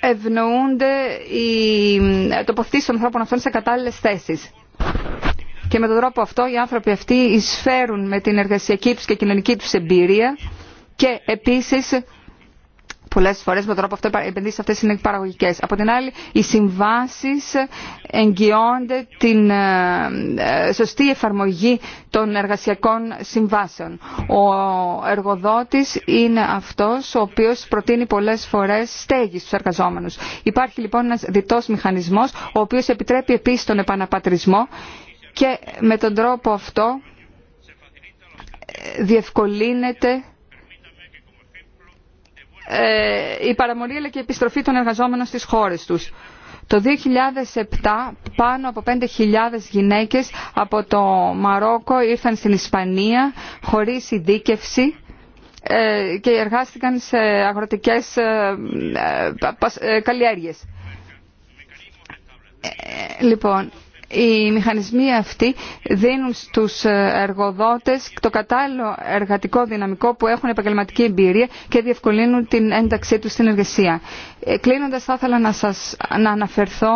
ευνοούνται οι τοποθετήσει των ανθρώπων αυτών σε κατάλληλε θέσει. Και με τον τρόπο αυτό οι άνθρωποι αυτοί εισφέρουν με την εργασιακή του και κοινωνική του εμπειρία και επίση. Πολλέ φορέ με τον τρόπο αυτό οι επενδύσει αυτέ είναι παραγωγικέ. Από την άλλη, οι συμβάσει εγγυώνται την ε, ε, σωστή εφαρμογή των εργασιακών συμβάσεων. Ο εργοδότη είναι αυτό ο οποίο προτείνει πολλέ φορέ στέγη στου εργαζόμενου. Υπάρχει λοιπόν ένα διτό μηχανισμό, ο οποίο επιτρέπει επίση τον επαναπατρισμό και με τον τρόπο αυτό ε, διευκολύνεται ε, η παραμονή αλλά και η επιστροφή των εργαζόμενων στις χώρες τους. Το 2007 πάνω από 5.000 γυναίκες από το Μαρόκο ήρθαν στην Ισπανία χωρίς ειδίκευση ε, και εργάστηκαν σε αγροτικές ε, καλλιέργειες. Λοιπόν, οι μηχανισμοί αυτοί δίνουν στους εργοδότες το κατάλληλο εργατικό δυναμικό που έχουν επαγγελματική εμπειρία και διευκολύνουν την ένταξή τους στην εργασία. Ε, κλείνοντας θα ήθελα να, σας, να αναφερθώ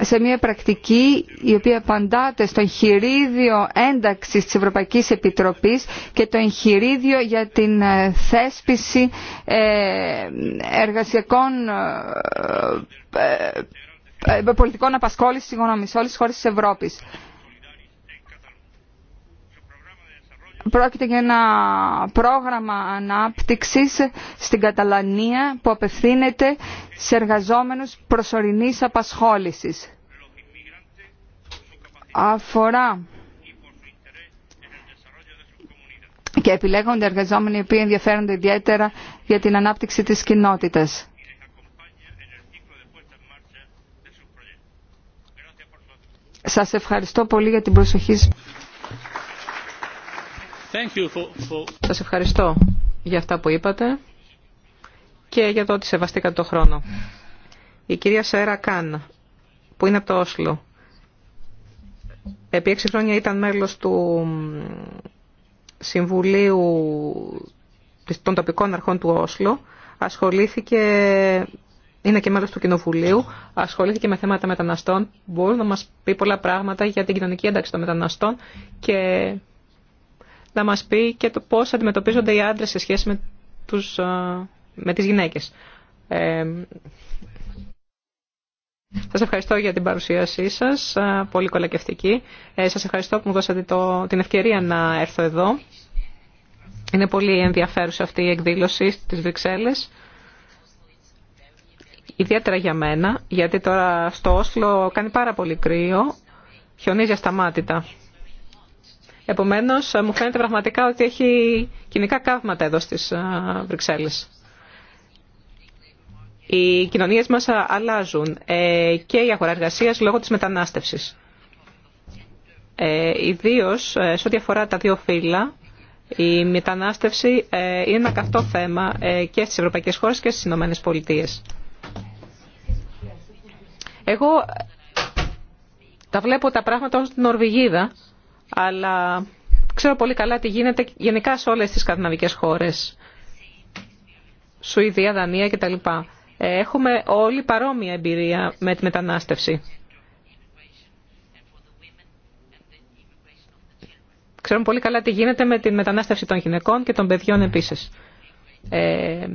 σε μια πρακτική η οποία απαντάται στο εγχειρίδιο ένταξης της Ευρωπαϊκής Επιτροπής και το εγχειρίδιο για την ε, θέσπιση ε, εργασιακών ε, πολιτικών απασχόλησης συγγνώμη, σε όλες τις χώρες της Ευρώπης. Πρόκειται για ένα πρόγραμμα ανάπτυξης στην Καταλανία που απευθύνεται σε εργαζόμενους προσωρινής απασχόλησης. Αφορά και επιλέγονται εργαζόμενοι οι οποίοι ενδιαφέρονται ιδιαίτερα για την ανάπτυξη της κοινότητας. Σας ευχαριστώ πολύ για την προσοχή σας. Σας ευχαριστώ για αυτά που είπατε και για το ότι σεβαστήκατε το χρόνο. Η κυρία Σέρα Κάν, που είναι από το Όσλο, επί έξι χρόνια ήταν μέλος του Συμβουλίου των τοπικών αρχών του Όσλο ασχολήθηκε είναι και μέλο του Κοινοβουλίου, ασχολήθηκε με θέματα μεταναστών, μπορεί να μας πει πολλά πράγματα για την κοινωνική ένταξη των μεταναστών και να μας πει και το πώς αντιμετωπίζονται οι άντρες σε σχέση με, τους, με τις γυναίκες. Ε, σας ευχαριστώ για την παρουσίασή σας, πολύ κολακευτική. Ε, σας ευχαριστώ που μου δώσατε το, την ευκαιρία να έρθω εδώ. Είναι πολύ ενδιαφέρουσα αυτή η εκδήλωση στις Βρυξέλλες ιδιαίτερα για μένα, γιατί τώρα στο Όσλο κάνει πάρα πολύ κρύο, χιονίζει ασταμάτητα. Επομένως, μου φαίνεται πραγματικά ότι έχει κοινικά καύματα εδώ στις Βρυξέλλες. Οι κοινωνίες μας αλλάζουν ε, και η αγορά εργασία λόγω της μετανάστευσης. Ε, Ιδίω ε, σε ό,τι αφορά τα δύο φύλλα, η μετανάστευση ε, είναι ένα καυτό θέμα και στις ευρωπαϊκές χώρες και στις Ηνωμένες Πολιτείες. Εγώ τα βλέπω τα πράγματα ως την Νορβηγίδα, αλλά ξέρω πολύ καλά τι γίνεται γενικά σε όλες τις σκανδιναβικές χώρες. Σουηδία, Δανία κτλ. Ε, έχουμε όλοι παρόμοια εμπειρία με τη μετανάστευση. Ξέρουμε πολύ καλά τι γίνεται με τη μετανάστευση των γυναικών και των παιδιών επίσης. Ε,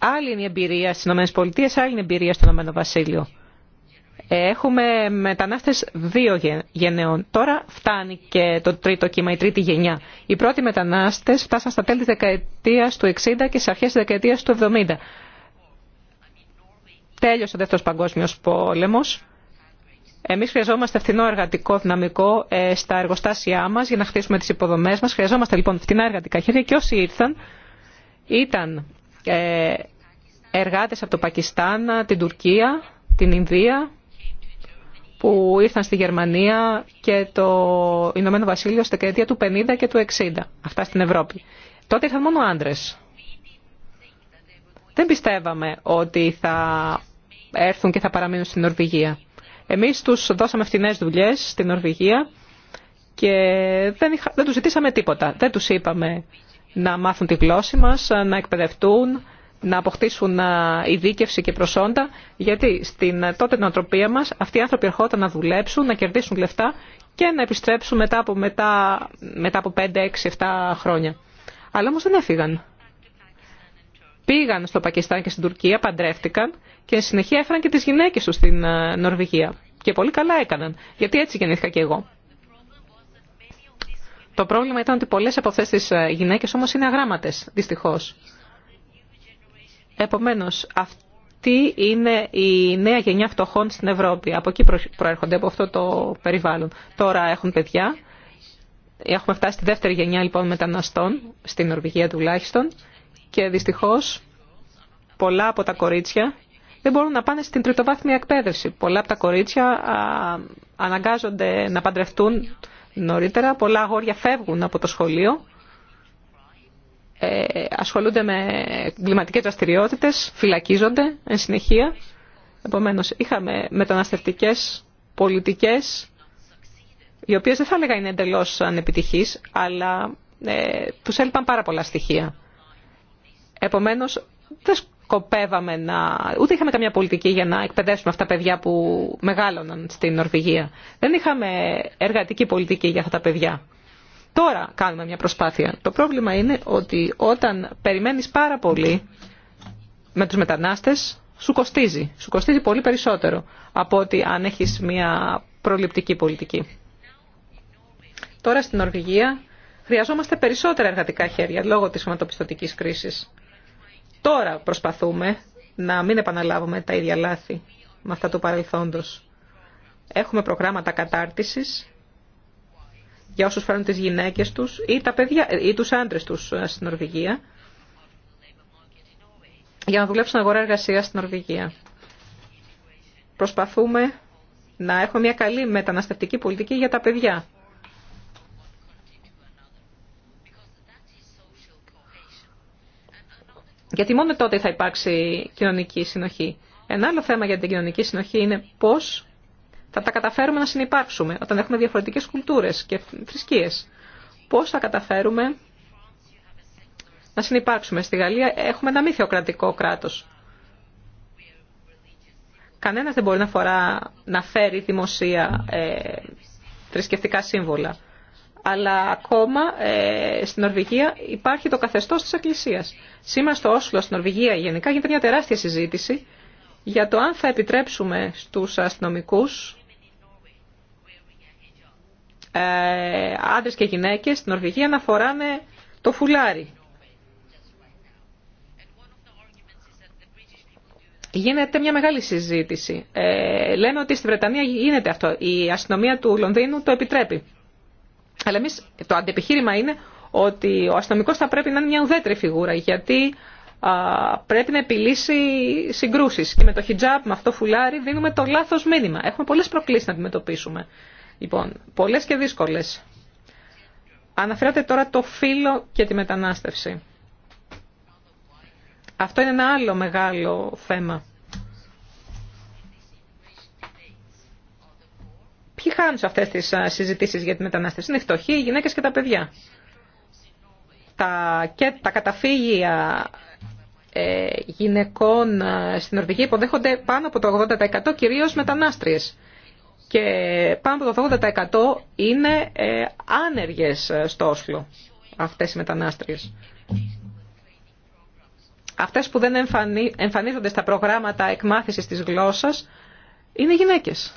άλλη είναι η εμπειρία στις ΗΠΑ, άλλη είναι η εμπειρία στο ΗΠΑ. Έχουμε μετανάστες δύο γενεών. Τώρα φτάνει και το τρίτο κύμα, η τρίτη γενιά. Οι πρώτοι μετανάστες φτάσαν στα τέλη της δεκαετίας του 60 και στις αρχές της δεκαετίας του 70. Τέλειωσε ο Δεύτερος Παγκόσμιος Πόλεμος. Εμείς χρειαζόμαστε φθηνό εργατικό δυναμικό ε, στα εργοστάσια μας για να χτίσουμε τις υποδομές μας. Χρειαζόμαστε λοιπόν φθηνά εργατικά χέρια και όσοι ήρθαν ήταν ε, εργάτες από το Πακιστάν, την Τουρκία, την Ινδία, που ήρθαν στη Γερμανία και το Ηνωμένο Βασίλειο στα δεκαετία του 50 και του 60, αυτά στην Ευρώπη. Τότε ήρθαν μόνο άντρε. Δεν πιστεύαμε ότι θα έρθουν και θα παραμείνουν στην Νορβηγία. Εμείς τους δώσαμε φθηνέ δουλειές στην Νορβηγία και δεν, είχα, δεν τους ζητήσαμε τίποτα. Δεν τους είπαμε να μάθουν τη γλώσσα μας, να εκπαιδευτούν, να αποκτήσουν ειδίκευση και προσόντα, γιατί στην ε, τότε νοοτροπία μας αυτοί οι άνθρωποι ερχόταν να δουλέψουν, να κερδίσουν λεφτά και να επιστρέψουν μετά από, μετά, μετά από 5, 6, 7 χρόνια. Αλλά όμως δεν έφυγαν. Πήγαν στο Πακιστάν και στην Τουρκία, παντρεύτηκαν και συνεχεία έφεραν και τις γυναίκες τους στην ε, Νορβηγία. Και πολύ καλά έκαναν, γιατί έτσι γεννήθηκα και εγώ. Το πρόβλημα ήταν ότι πολλές από αυτές τις ε, γυναίκες όμως είναι αγράμματες, δυστυχώς. Επομένως, αυτή είναι η νέα γενιά φτωχών στην Ευρώπη. Από εκεί προέρχονται, από αυτό το περιβάλλον. Τώρα έχουν παιδιά. Έχουμε φτάσει στη δεύτερη γενιά λοιπόν μεταναστών, στην Νορβηγία τουλάχιστον. Και δυστυχώς πολλά από τα κορίτσια δεν μπορούν να πάνε στην τριτοβάθμια εκπαίδευση. Πολλά από τα κορίτσια αναγκάζονται να παντρευτούν νωρίτερα. Πολλά αγόρια φεύγουν από το σχολείο ε, ασχολούνται με κλιματικές δραστηριότητε, φυλακίζονται εν συνεχεία. Επομένως, είχαμε μεταναστευτικές πολιτικές, οι οποίες δεν θα έλεγα είναι εντελώς ανεπιτυχείς, αλλά ε, τους έλειπαν πάρα πολλά στοιχεία. Επομένως, δεν σκοπεύαμε να... Ούτε είχαμε καμιά πολιτική για να εκπαιδεύσουμε αυτά τα παιδιά που μεγάλωναν στην Νορβηγία. Δεν είχαμε εργατική πολιτική για αυτά τα παιδιά. Τώρα κάνουμε μια προσπάθεια. Το πρόβλημα είναι ότι όταν περιμένεις πάρα πολύ με τους μετανάστες, σου κοστίζει. Σου κοστίζει πολύ περισσότερο από ότι αν έχεις μια προληπτική πολιτική. Τώρα στην Νορβηγία χρειαζόμαστε περισσότερα εργατικά χέρια λόγω της χρηματοπιστωτική κρίσης. Τώρα προσπαθούμε να μην επαναλάβουμε τα ίδια λάθη με αυτά του παρελθόντος. Έχουμε προγράμματα κατάρτισης για όσους φέρνουν τις γυναίκες τους ή, τα παιδιά, ή τους άντρες τους ε, στην Νορβηγία για να δουλέψουν αγορά εργασία στην Νορβηγία. Προσπαθούμε να έχουμε μια καλή μεταναστευτική πολιτική για τα παιδιά. Γιατί μόνο τότε θα υπάρξει κοινωνική συνοχή. Ένα άλλο θέμα για την κοινωνική συνοχή είναι πώς θα τα καταφέρουμε να συνεπάρξουμε όταν έχουμε διαφορετικές κουλτούρες και θρησκείες. Πώς θα καταφέρουμε να συνεπάρξουμε. Στη Γαλλία έχουμε ένα μη θεοκρατικό κράτος. Κανένας δεν μπορεί να, φορά, να φέρει δημοσία ε, θρησκευτικά σύμβολα. Αλλά ακόμα ε, στην Νορβηγία υπάρχει το καθεστώς της Εκκλησίας. Σήμερα στο Όσλο, στην Νορβηγία γενικά, γίνεται μια τεράστια συζήτηση για το αν θα επιτρέψουμε στους αστυνομικούς ε, άντρες και γυναίκες στην Νορβηγία να φοράνε το φουλάρι. Γίνεται μια μεγάλη συζήτηση. Ε, λένε ότι στη Βρετανία γίνεται αυτό. Η αστυνομία του Λονδίνου το επιτρέπει. Αλλά εμεί το αντεπιχείρημα είναι ότι ο αστυνομικό θα πρέπει να είναι μια ουδέτερη φιγούρα γιατί α, πρέπει να επιλύσει συγκρούσεις. Και με το χιτζάπ, με αυτό φουλάρι, δίνουμε το λάθος μήνυμα. Έχουμε πολλές προκλήσεις να αντιμετωπίσουμε. Λοιπόν, πολλές και δύσκολες. Αναφέρατε τώρα το φύλλο και τη μετανάστευση. Αυτό είναι ένα άλλο μεγάλο θέμα. Ποιοι χάνουν σε αυτές τις συζητήσεις για τη μετανάστευση. Είναι οι φτωχοί, οι γυναίκες και τα παιδιά. Τα, και τα καταφύγια ε, γυναικών ε, στην Νορβηγία υποδέχονται πάνω από το 80% κυρίως μετανάστριες και πάνω από το 80% είναι ε, άνεργες ε, στο Όσλο αυτές οι μετανάστριες. Αυτές που δεν εμφανίζονται στα προγράμματα εκμάθησης της γλώσσας είναι γυναίκες.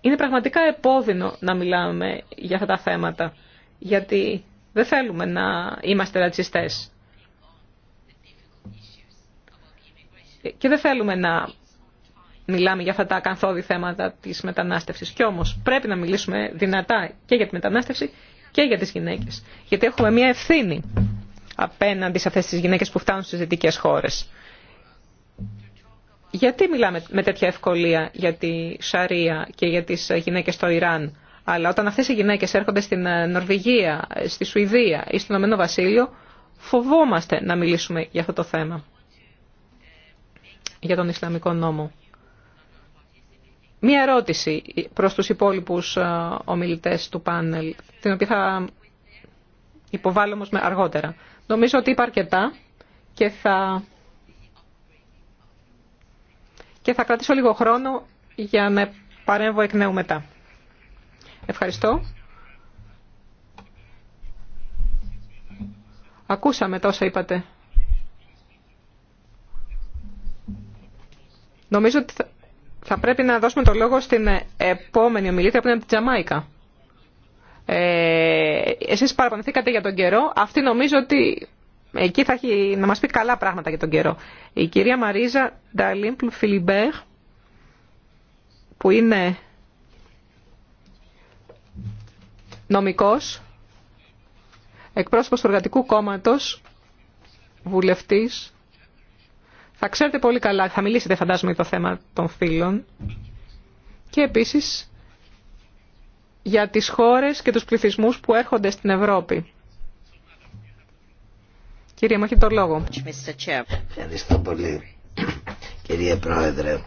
Είναι πραγματικά επώδυνο να μιλάμε για αυτά τα θέματα, γιατί δεν θέλουμε να είμαστε ρατσιστές. Και δεν θέλουμε να μιλάμε για αυτά τα ακαθόδη θέματα τη μετανάστευση. Κι όμω πρέπει να μιλήσουμε δυνατά και για τη μετανάστευση και για τι γυναίκε. Γιατί έχουμε μια ευθύνη απέναντι σε αυτές τις γυναίκες που φτάνουν στι δυτικές χώρε. Γιατί μιλάμε με τέτοια ευκολία για τη Σαρία και για τις γυναίκες στο Ιράν, αλλά όταν αυτές οι γυναίκες έρχονται στην ε, Νορβηγία, ε, στη Σουηδία ή στο Ηνωμένο Βασίλειο, φοβόμαστε να μιλήσουμε για αυτό το θέμα, για τον Ισλαμικό νόμο. Μία ερώτηση προς τους υπόλοιπους ε, ομιλητές του πάνελ, την οποία θα υποβάλω όμως αργότερα. Νομίζω ότι είπα αρκετά και θα, και θα κρατήσω λίγο χρόνο για να παρέμβω εκ νέου μετά. Ευχαριστώ. Ακούσαμε τόσα είπατε. Νομίζω ότι θα πρέπει να δώσουμε το λόγο στην επόμενη ομιλήτρια που είναι από τη Τζαμάικα. Ε, εσείς παραπονηθήκατε για τον καιρό. Αυτή νομίζω ότι εκεί θα έχει να μας πει καλά πράγματα για τον καιρό. Η κυρία Μαρίζα Νταλίμπλ Φιλιμπέρ που είναι νομικός, εκπρόσωπος του Εργατικού Κόμματος, βουλευτής θα ξέρετε πολύ καλά, θα μιλήσετε φαντάζομαι για το θέμα των φύλων και επίσης για τις χώρες και τους πληθυσμούς που έρχονται στην Ευρώπη. Κυρία μου, λόγο. Ευχαριστώ πολύ, κύριε Πρόεδρε.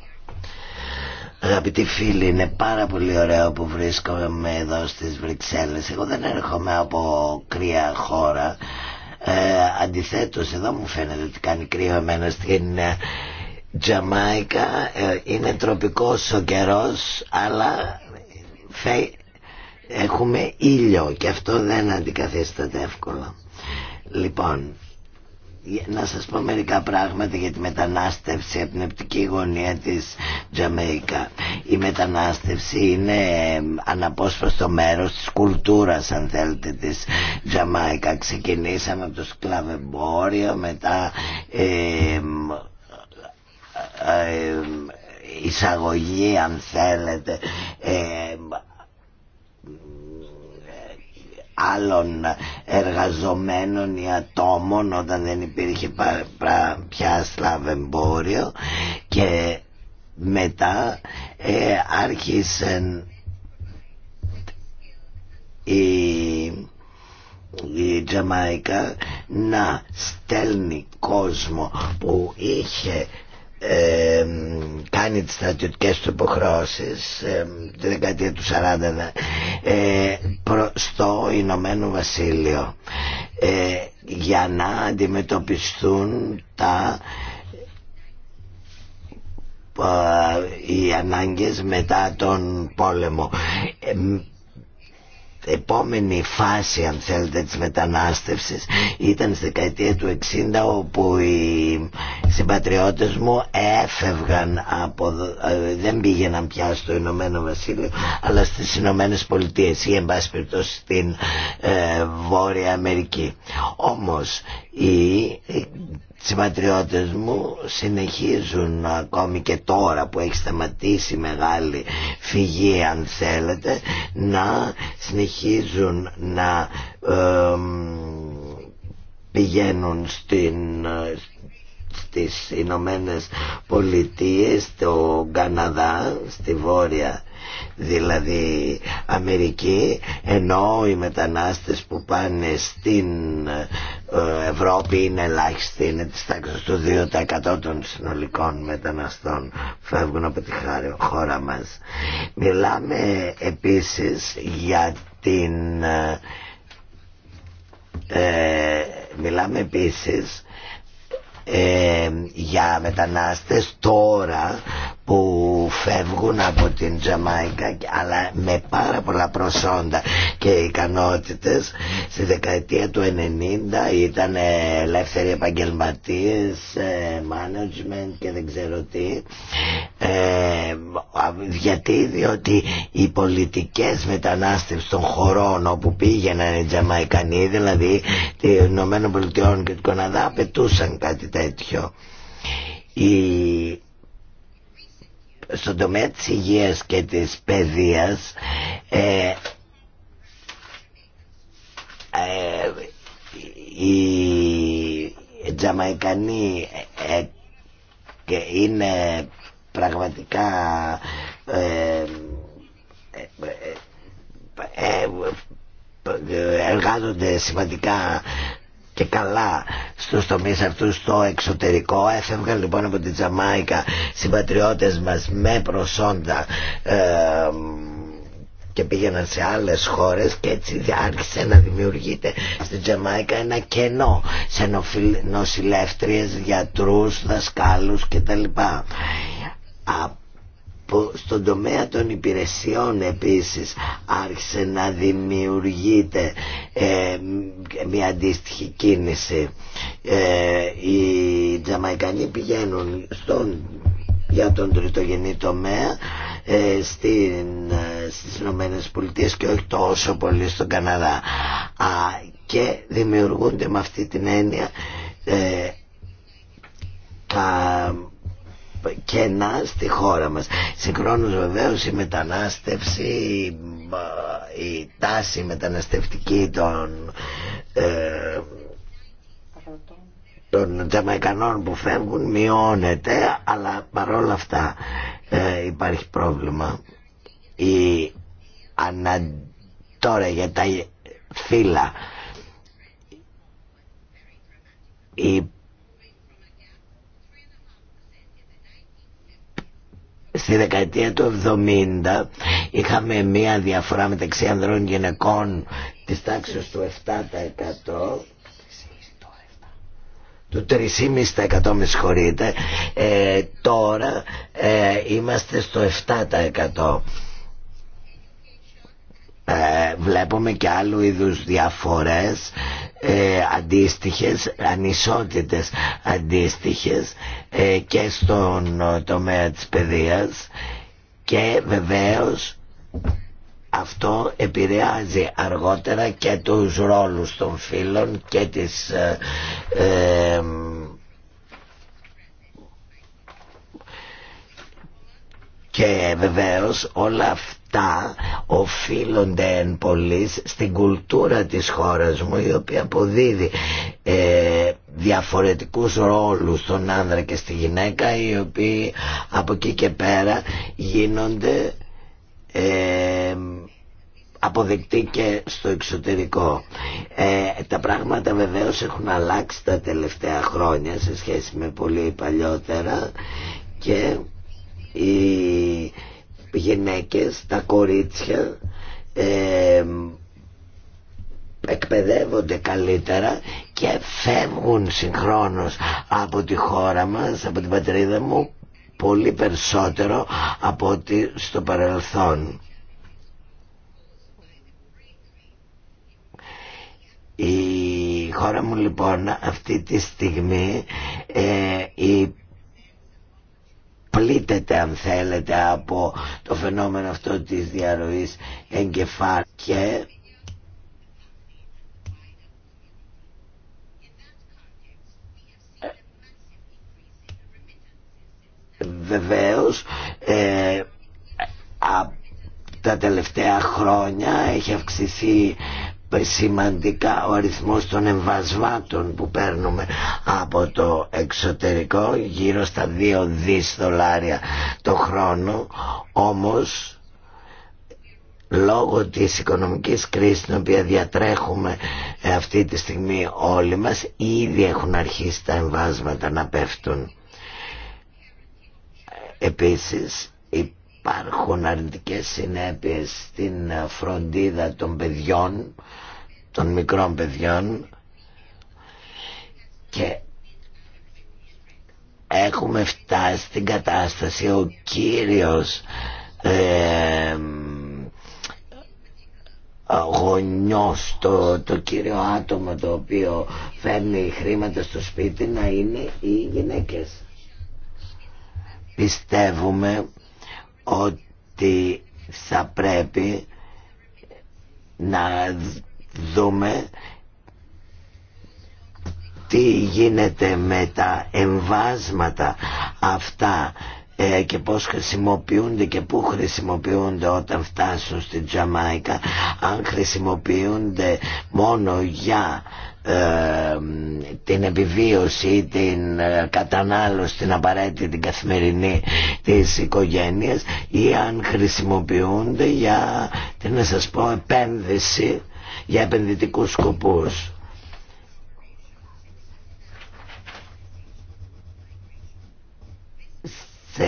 Αγαπητοί φίλοι, είναι πάρα πολύ ωραίο που βρίσκομαι εδώ στις Βρυξέλλες. Εγώ δεν έρχομαι από κρύα χώρα ε, αντιθέτως εδώ μου φαίνεται ότι κάνει κρύο εμένα στην ε, Τζαμάικα ε, είναι τροπικός ο καιρός αλλά φε, έχουμε ήλιο και αυτό δεν αντικαθίσταται εύκολα λοιπόν να σας πω μερικά πράγματα για τη μετανάστευση από την οπτική γωνία της Τζαμαϊκά. Η μετανάστευση είναι αναπόσπαστο μέρος της κουλτούρας αν θέλετε της Τζαμάικα. Ξεκινήσαμε από το σκλαβεμπόριο, μετά ε, ε, εισαγωγή αν θέλετε άλλων εργαζομένων ή ατόμων όταν δεν υπήρχε πια σλαβεμπόριο και μετά ε, άρχισαν η, η Τζαμαϊκά να στέλνει κόσμο που είχε ε, κάνει τις στρατιωτικές του υποχρεώσεις ε, τη δεκαετία του 40 ε, προ, στο Ηνωμένο Βασίλειο ε, για να αντιμετωπιστούν τα οι ανάγκες μετά τον πόλεμο επόμενη φάση αν θέλετε της μετανάστευσης ήταν στη δεκαετία του 60 όπου οι συμπατριώτες μου έφευγαν από, ε, δεν πήγαιναν πια στο Ηνωμένο Βασίλειο αλλά στις Ηνωμένε Πολιτείες ή εν πάση περιπτώσει στην ε, Βόρεια Αμερική όμως η συμπατριώτες μου συνεχίζουν ακόμη και τώρα που έχει σταματήσει μεγάλη φυγή αν θέλετε να συνεχίζουν να πηγαίνουν στην, στις Ηνωμένε Πολιτείες, στο Καναδά, στη Βόρεια δηλαδή Αμερική ενώ οι μετανάστες που πάνε στην ε, Ευρώπη είναι ελάχιστοι είναι της τάξης του 2% των συνολικών μεταναστών που φεύγουν από τη χώρα μας μιλάμε επίσης για την ε, ε μιλάμε επίσης ε, για μετανάστες τώρα που φεύγουν από την Τζαμάικα αλλά με πάρα πολλά προσόντα και ικανότητες στη δεκαετία του 90 ήταν ε, ελεύθεροι επαγγελματίες ε, management και δεν ξέρω τι ε, γιατί διότι οι πολιτικές μετανάστευσης των χωρών όπου πήγαιναν οι Τζαμαϊκανοί δηλαδή των Ηνωμένων Πολιτειών και του Καναδά απαιτούσαν κάτι τέτοιο η στον τομέα της υγείας και της παιδείας ε, ε, οι Τζαμαϊκανοί ε, και είναι πραγματικά ε, ε, εργάζονται σημαντικά και καλά στους τομείς αυτού στο εξωτερικό έφευγαν λοιπόν από την Τζαμάικα συμπατριώτες μας με προσόντα και πήγαιναν σε άλλες χώρες και έτσι άρχισε να δημιουργείται στην Τζαμάικα ένα κενό σε νοσηλεύτριες, γιατρούς, δασκάλους κτλ στον τομέα των υπηρεσιών επίσης άρχισε να δημιουργείται ε, μια αντίστοιχη κίνηση ε, οι Τζαμαϊκανοί πηγαίνουν στον, για τον τριτογενή τομέα ε, στην, στις Ηνωμένες Πολιτείες και όχι τόσο πολύ στον Καναδά Α, και δημιουργούνται με αυτή την έννοια τα κενά στη χώρα μας. Συγχρόνως βεβαίως η μετανάστευση, η τάση μεταναστευτική των, ε, των Τζαμαϊκανών που φεύγουν μειώνεται, αλλά παρόλα αυτά ε, υπάρχει πρόβλημα. Η ανα... Τώρα για τα φύλλα η στη δεκαετία του 70 είχαμε μία διαφορά μεταξύ ανδρών και γυναικών της τάξης του 7% του 3,5% με συγχωρείτε ε, τώρα ε, είμαστε στο 7% ε, βλέπουμε και άλλου είδους διαφορές ε, αντίστοιχες, ανισότητες αντίστοιχες ε, και στον ε, τομέα της παιδείας και βεβαίως αυτό επηρεάζει αργότερα και τους ρόλους των φίλων και τις ε, και βεβαίως όλα αυτά αυτά οφείλονται εν πολλής στην κουλτούρα της χώρας μου η οποία αποδίδει ε, διαφορετικούς ρόλους στον άνδρα και στη γυναίκα οι οποίοι από εκεί και πέρα γίνονται ε, αποδεκτή και στο εξωτερικό. Ε, τα πράγματα βεβαίως έχουν αλλάξει τα τελευταία χρόνια σε σχέση με πολύ παλιότερα και η γυναίκες, τα κορίτσια ε, εκπαιδεύονται καλύτερα και φεύγουν συγχρόνως από τη χώρα μας, από την πατρίδα μου πολύ περισσότερο από ό,τι στο παρελθόν. Η χώρα μου λοιπόν αυτή τη στιγμή ε, η πλήττεται αν θέλετε από το φαινόμενο αυτό της διαρροής εγκεφάλου και βεβαίως ε, τα τελευταία χρόνια έχει αυξηθεί ε, σημαντικά ο αριθμός των εμβασμάτων που παίρνουμε από το εξωτερικό γύρω στα 2 δις δολάρια το χρόνο όμως λόγω της οικονομικής κρίσης την οποία διατρέχουμε ε, αυτή τη στιγμή όλοι μας ήδη έχουν αρχίσει τα εμβάσματα να πέφτουν ε, επίσης υπάρχουν αρνητικές συνέπειες στην φροντίδα των παιδιών, των μικρών παιδιών και έχουμε φτάσει στην κατάσταση ο κύριος ε, γονιός το, το κύριο άτομο το οποίο φέρνει χρήματα στο σπίτι να είναι οι γυναίκες πιστεύουμε ότι θα πρέπει να δούμε τι γίνεται με τα εμβάσματα αυτά ε, και πώς χρησιμοποιούνται και πού χρησιμοποιούνται όταν φτάσουν στην Τζαμάικα αν χρησιμοποιούνται μόνο για την επιβίωση, την ε, κατανάλωση, την απαραίτητη, την καθημερινή της οικογένειας ή αν χρησιμοποιούνται για, την να σας πω, επένδυση, για επενδυτικούς σκοπούς. Σε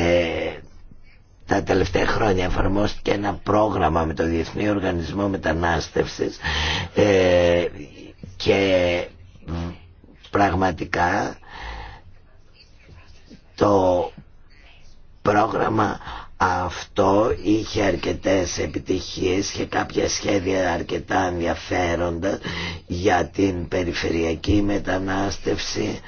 Τα τελευταία χρόνια εφαρμόστηκε ένα πρόγραμμα με το Διεθνή Οργανισμό Μετανάστευσης ε, και πραγματικά το πρόγραμμα αυτό είχε αρκετές επιτυχίες και κάποια σχέδια αρκετά ενδιαφέροντα για την περιφερειακή μετανάστευση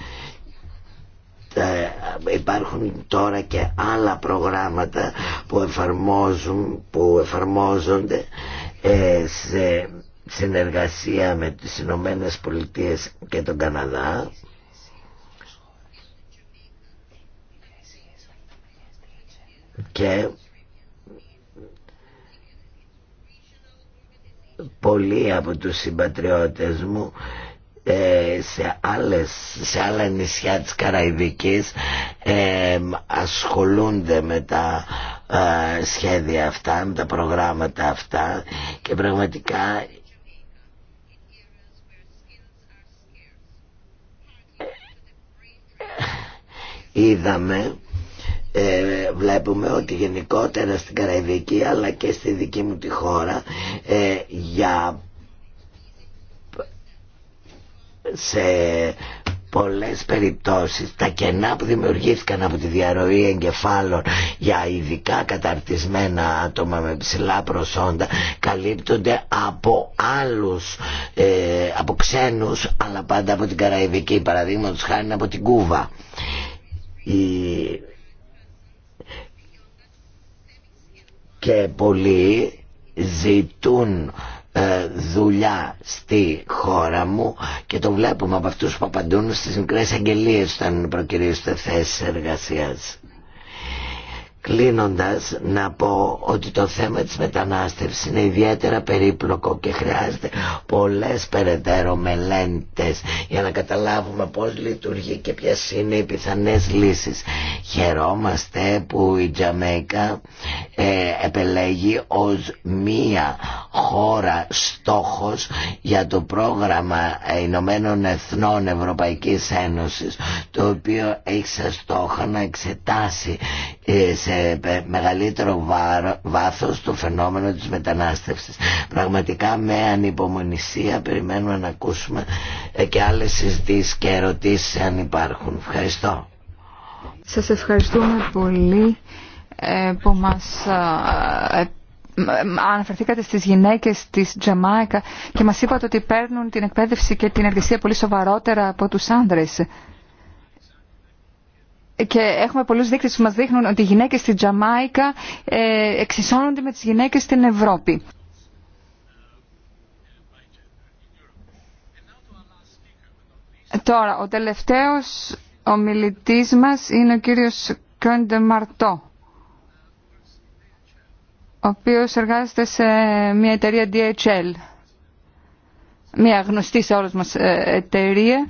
υπάρχουν τώρα και άλλα προγράμματα που εφαρμόζουν που εφαρμόζονται ε, σε συνεργασία με τις Ηνωμένε Πολιτείε και τον Καναδά και πολλοί από τους συμπατριώτες μου ε, σε, άλλες, σε άλλα νησιά της Καραϊβικής ε, ασχολούνται με τα ε, σχέδια αυτά, με τα προγράμματα αυτά και πραγματικά είδαμε ε, βλέπουμε ότι γενικότερα στην Καραϊβική αλλά και στη δική μου τη χώρα ε, για σε πολλές περιπτώσεις τα κενά που δημιουργήθηκαν από τη διαρροή εγκεφάλων για ειδικά καταρτισμένα άτομα με ψηλά προσόντα καλύπτονται από άλλους, ε, από ξένους αλλά πάντα από την Καραϊβική παραδείγματος χάρη από την Κούβα. Και πολλοί ζητούν ε, δουλειά στη χώρα μου και το βλέπουμε από αυτούς που απαντούν στις μικρές αγγελίες όταν προκυρήσουν θέσεις εργασίας. Κλείνοντας να πω ότι το θέμα της μετανάστευσης είναι ιδιαίτερα περίπλοκο και χρειάζεται πολλές περαιτέρω μελέντες για να καταλάβουμε πώς λειτουργεί και ποιες είναι οι πιθανές λύσεις. Χαιρόμαστε που η Τζαμέικα ε, επελέγει ως μία χώρα στόχος για το πρόγραμμα Ηνωμένων Εθνών Ευρωπαϊκής Ένωσης το οποίο έχει σε στόχο να εξετάσει ε, σε μεγαλύτερο βάθο βάθος το φαινόμενο της μετανάστευσης. Πραγματικά με ανυπομονησία περιμένουμε να ακούσουμε ε, και άλλες συζητήσεις και ερωτήσεις αν υπάρχουν. Ευχαριστώ. Σας ευχαριστούμε πολύ ε, που μας ε, αναφερθήκατε στις γυναίκες της Τζαμάικα και μας είπατε ότι παίρνουν την εκπαίδευση και την εργασία πολύ σοβαρότερα από τους άνδρες και έχουμε πολλούς δείκτες που μας δείχνουν ότι οι γυναίκες στην Τζαμάικα ε, εξισώνονται με τις γυναίκες στην Ευρώπη. Τώρα, ο τελευταίος ομιλητής μας είναι ο κύριος Κόντε Μαρτό, ο οποίος εργάζεται σε μια εταιρεία DHL, μια γνωστή σε όλους μας ε, εταιρεία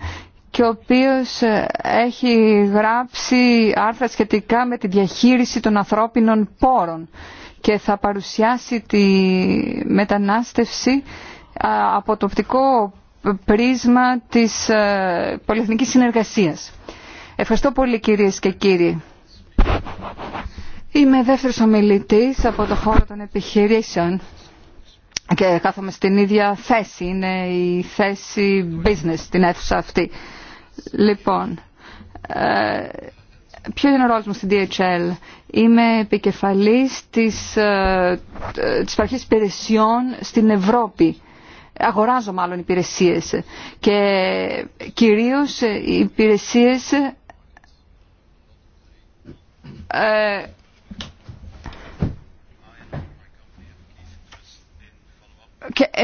και ο οποίος ε, έχει γράψει άρθρα σχετικά με τη διαχείριση των ανθρώπινων πόρων και θα παρουσιάσει τη μετανάστευση ε, από το οπτικό πρίσμα της ε, πολυεθνικής συνεργασίας. Ευχαριστώ πολύ κυρίες και κύριοι. Είμαι δεύτερος ομιλητής από το χώρο των επιχειρήσεων και κάθομαι στην ίδια θέση. Είναι η θέση business στην αίθουσα αυτή. Λοιπόν, ε, ποιο είναι ο ρόλος μου στην DHL. Είμαι επικεφαλής της, ε, της υπηρεσιών στην Ευρώπη. Αγοράζω μάλλον υπηρεσίες και κυρίως ε, υπηρεσίες ε, και ε,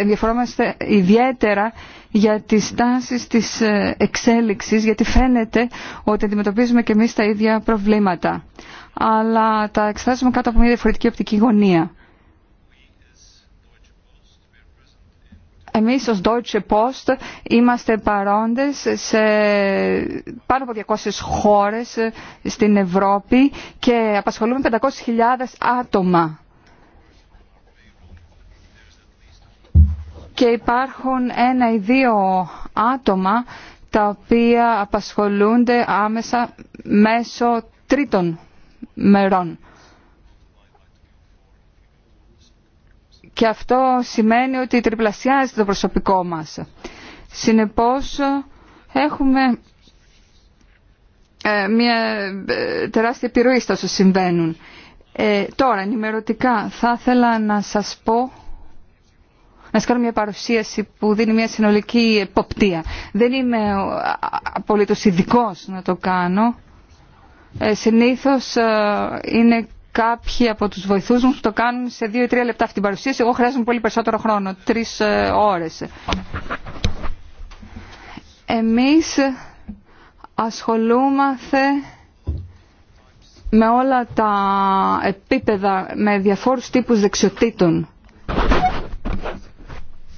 ενδιαφερόμαστε ιδιαίτερα για τις τάσεις της ε, εξέλιξης γιατί φαίνεται ότι αντιμετωπίζουμε και εμείς τα ίδια προβλήματα αλλά τα εξετάζουμε κάτω από μια διαφορετική οπτική γωνία. Εμείς ως Deutsche Post είμαστε παρόντες σε πάνω από 200 χώρες ε, στην Ευρώπη και απασχολούμε 500.000 άτομα και υπάρχουν ένα ή δύο άτομα τα οποία απασχολούνται άμεσα μέσω τρίτων μερών. Και αυτό σημαίνει ότι τριπλασιάζεται το προσωπικό μας. Συνεπώς έχουμε ε, μια ε, τεράστια επιρροή στα όσα συμβαίνουν. Ε, τώρα, ενημερωτικά, θα ήθελα να σας πω να σα κάνω μια παρουσίαση που δίνει μια συνολική εποπτεία. Δεν είμαι απολύτως ειδικό να το κάνω. Ε, συνήθως ε, είναι κάποιοι από τους βοηθού μου που το κάνουν σε δύο ή τρία λεπτά αυτή την παρουσίαση. Εγώ χρειάζομαι πολύ περισσότερο χρόνο, τρεις ε, ώρες. Εμείς ασχολούμαστε με όλα τα επίπεδα, με διαφόρους τύπους δεξιοτήτων.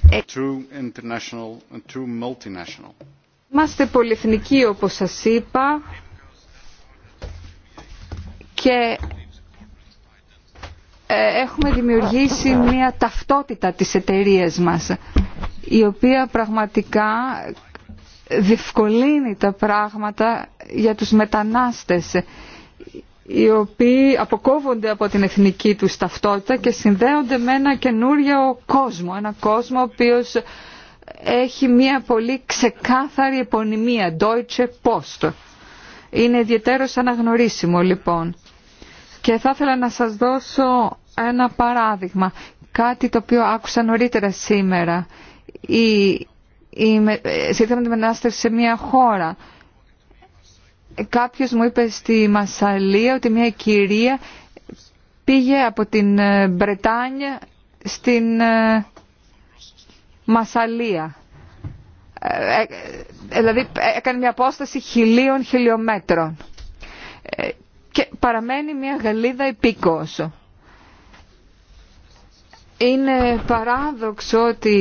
Ε, Είμαστε πολυεθνικοί όπως σας είπα και ε, έχουμε δημιουργήσει μια ταυτότητα της εταιρείας μας η οποία πραγματικά διευκολύνει τα πράγματα για τους μετανάστες οι οποίοι αποκόβονται από την εθνική του ταυτότητα και συνδέονται με ένα καινούριο κόσμο, ένα κόσμο ο οποίος έχει μια πολύ ξεκάθαρη επωνυμία, Deutsche Post. Είναι ιδιαίτερος αναγνωρίσιμο λοιπόν. Και θα ήθελα να σας δώσω ένα παράδειγμα, κάτι το οποίο άκουσα νωρίτερα σήμερα. Η, η, με ε, σε μια χώρα, Κάποιος μου είπε στη Μασαλία ότι μια κυρία πήγε από την ε, Μπρετάνια στην ε, Μασαλία. Ε, δηλαδή έκανε μια απόσταση χιλίων χιλιόμετρων. Και παραμένει μια γαλίδα επίκοος. Είναι παράδοξο ότι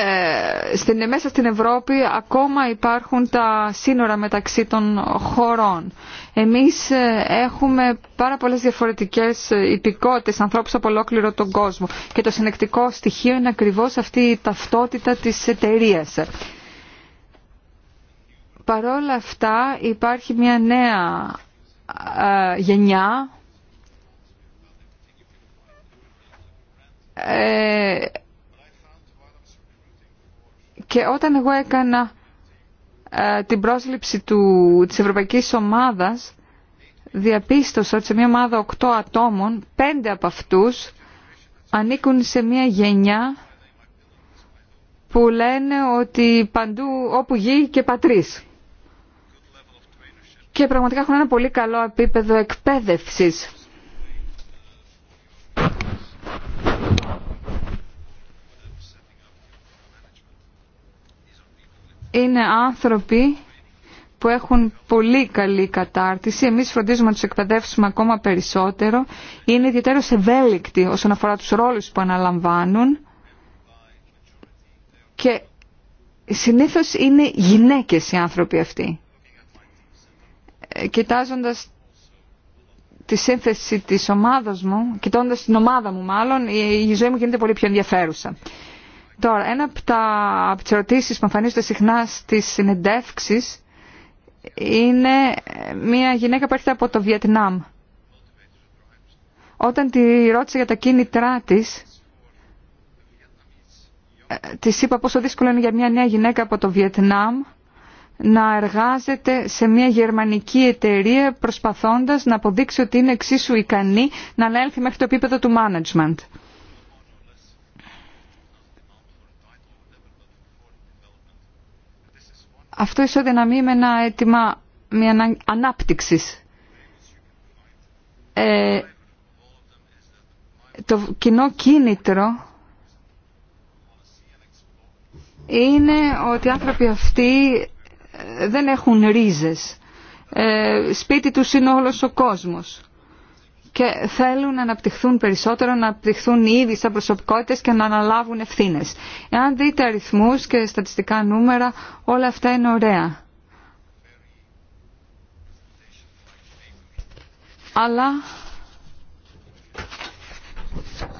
ε, στην, μέσα στην Ευρώπη ακόμα υπάρχουν τα σύνορα μεταξύ των χωρών. Εμείς ε, έχουμε πάρα πολλές διαφορετικές υπηκότητες, ανθρώπους από ολόκληρο τον κόσμο και το συνεκτικό στοιχείο είναι ακριβώς αυτή η ταυτότητα της εταιρεία. Παρόλα αυτά υπάρχει μια νέα ε, γενιά και όταν εγώ έκανα ε, την πρόσληψη του, της Ευρωπαϊκής Ομάδας, διαπίστωσα ότι σε μια ομάδα οκτώ ατόμων, πέντε από αυτούς ανήκουν σε μια γενιά που λένε ότι παντού όπου γη και πατρίς. Και πραγματικά έχουν ένα πολύ καλό επίπεδο εκπαίδευσης είναι άνθρωποι που έχουν πολύ καλή κατάρτιση. Εμείς φροντίζουμε να τους εκπαιδεύσουμε ακόμα περισσότερο. Είναι ιδιαίτερα ευέλικτοι όσον αφορά τους ρόλους που αναλαμβάνουν. Και συνήθως είναι γυναίκες οι άνθρωποι αυτοί. Ε, κοιτάζοντας τη σύνθεση της ομάδας μου, κοιτώντας την ομάδα μου μάλλον, η ζωή μου γίνεται πολύ πιο ενδιαφέρουσα. Τώρα, ένα από, τα, από τις ερωτήσεις που εμφανίζονται συχνά στις συνεντεύξεις είναι ε, μια γυναίκα που έρχεται από το Βιετνάμ. Όταν τη ρώτησε για τα κίνητρά της, ε, της είπα πόσο δύσκολο είναι για μια νέα γυναίκα από το Βιετνάμ να εργάζεται σε μια γερμανική εταιρεία προσπαθώντας να αποδείξει ότι είναι εξίσου ικανή να ανέλθει μέχρι το επίπεδο του management. Αυτό ισοδυναμεί με ένα αίτημα μια ανάπτυξης. Ε, το κοινό κίνητρο είναι ότι οι άνθρωποι αυτοί ε, δεν έχουν ρίζες. Ε, σπίτι τους είναι όλος ο κόσμος και θέλουν να αναπτυχθούν περισσότερο, να αναπτυχθούν ήδη σαν προσωπικότητες και να αναλάβουν ευθύνες. Εάν δείτε αριθμού και στατιστικά νούμερα, όλα αυτά είναι ωραία. Αλλά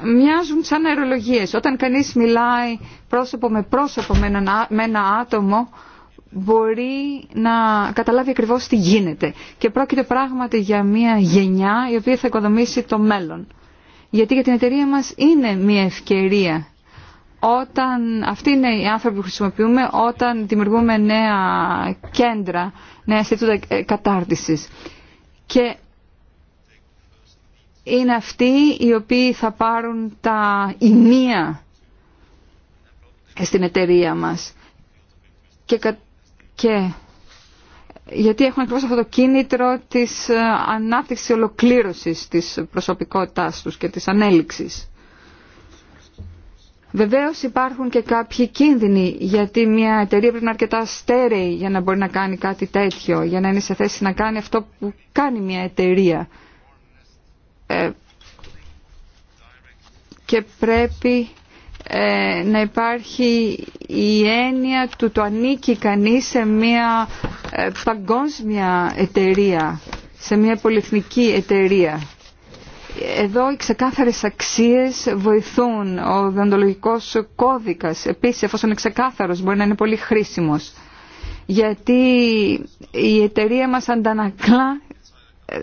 μοιάζουν σαν αερολογίες. Όταν κανείς μιλάει πρόσωπο με πρόσωπο με ένα άτομο, μπορεί να καταλάβει ακριβώς τι γίνεται. Και πρόκειται πράγματι για μια γενιά η οποία θα οικοδομήσει το μέλλον. Γιατί για την εταιρεία μας είναι μια ευκαιρία. Όταν, αυτοί είναι οι άνθρωποι που χρησιμοποιούμε όταν δημιουργούμε νέα κέντρα, νέα αισθητούτα κατάρτισης. Και είναι αυτοί οι οποίοι θα πάρουν τα ημεία στην εταιρεία μας. Και και γιατί έχουν ακριβώς αυτό το κίνητρο της ε, ανάπτυξης ολοκλήρωσης της προσωπικότητάς τους και της ανέλυξης. Βεβαίως υπάρχουν και κάποιοι κίνδυνοι γιατί μια εταιρεία πρέπει να είναι αρκετά στέρεη για να μπορεί να κάνει κάτι τέτοιο, για να είναι σε θέση να κάνει αυτό που κάνει μια εταιρεία. Ε, και πρέπει ε, να υπάρχει η έννοια του το ανήκει κανείς σε μια ε, παγκόσμια εταιρεία, σε μια πολυεθνική εταιρεία. Εδώ οι ξεκάθαρες αξίες βοηθούν, ο δοντολογικός κώδικας επίσης εφόσον είναι ξεκάθαρος μπορεί να είναι πολύ χρήσιμος γιατί η εταιρεία μας αντανακλά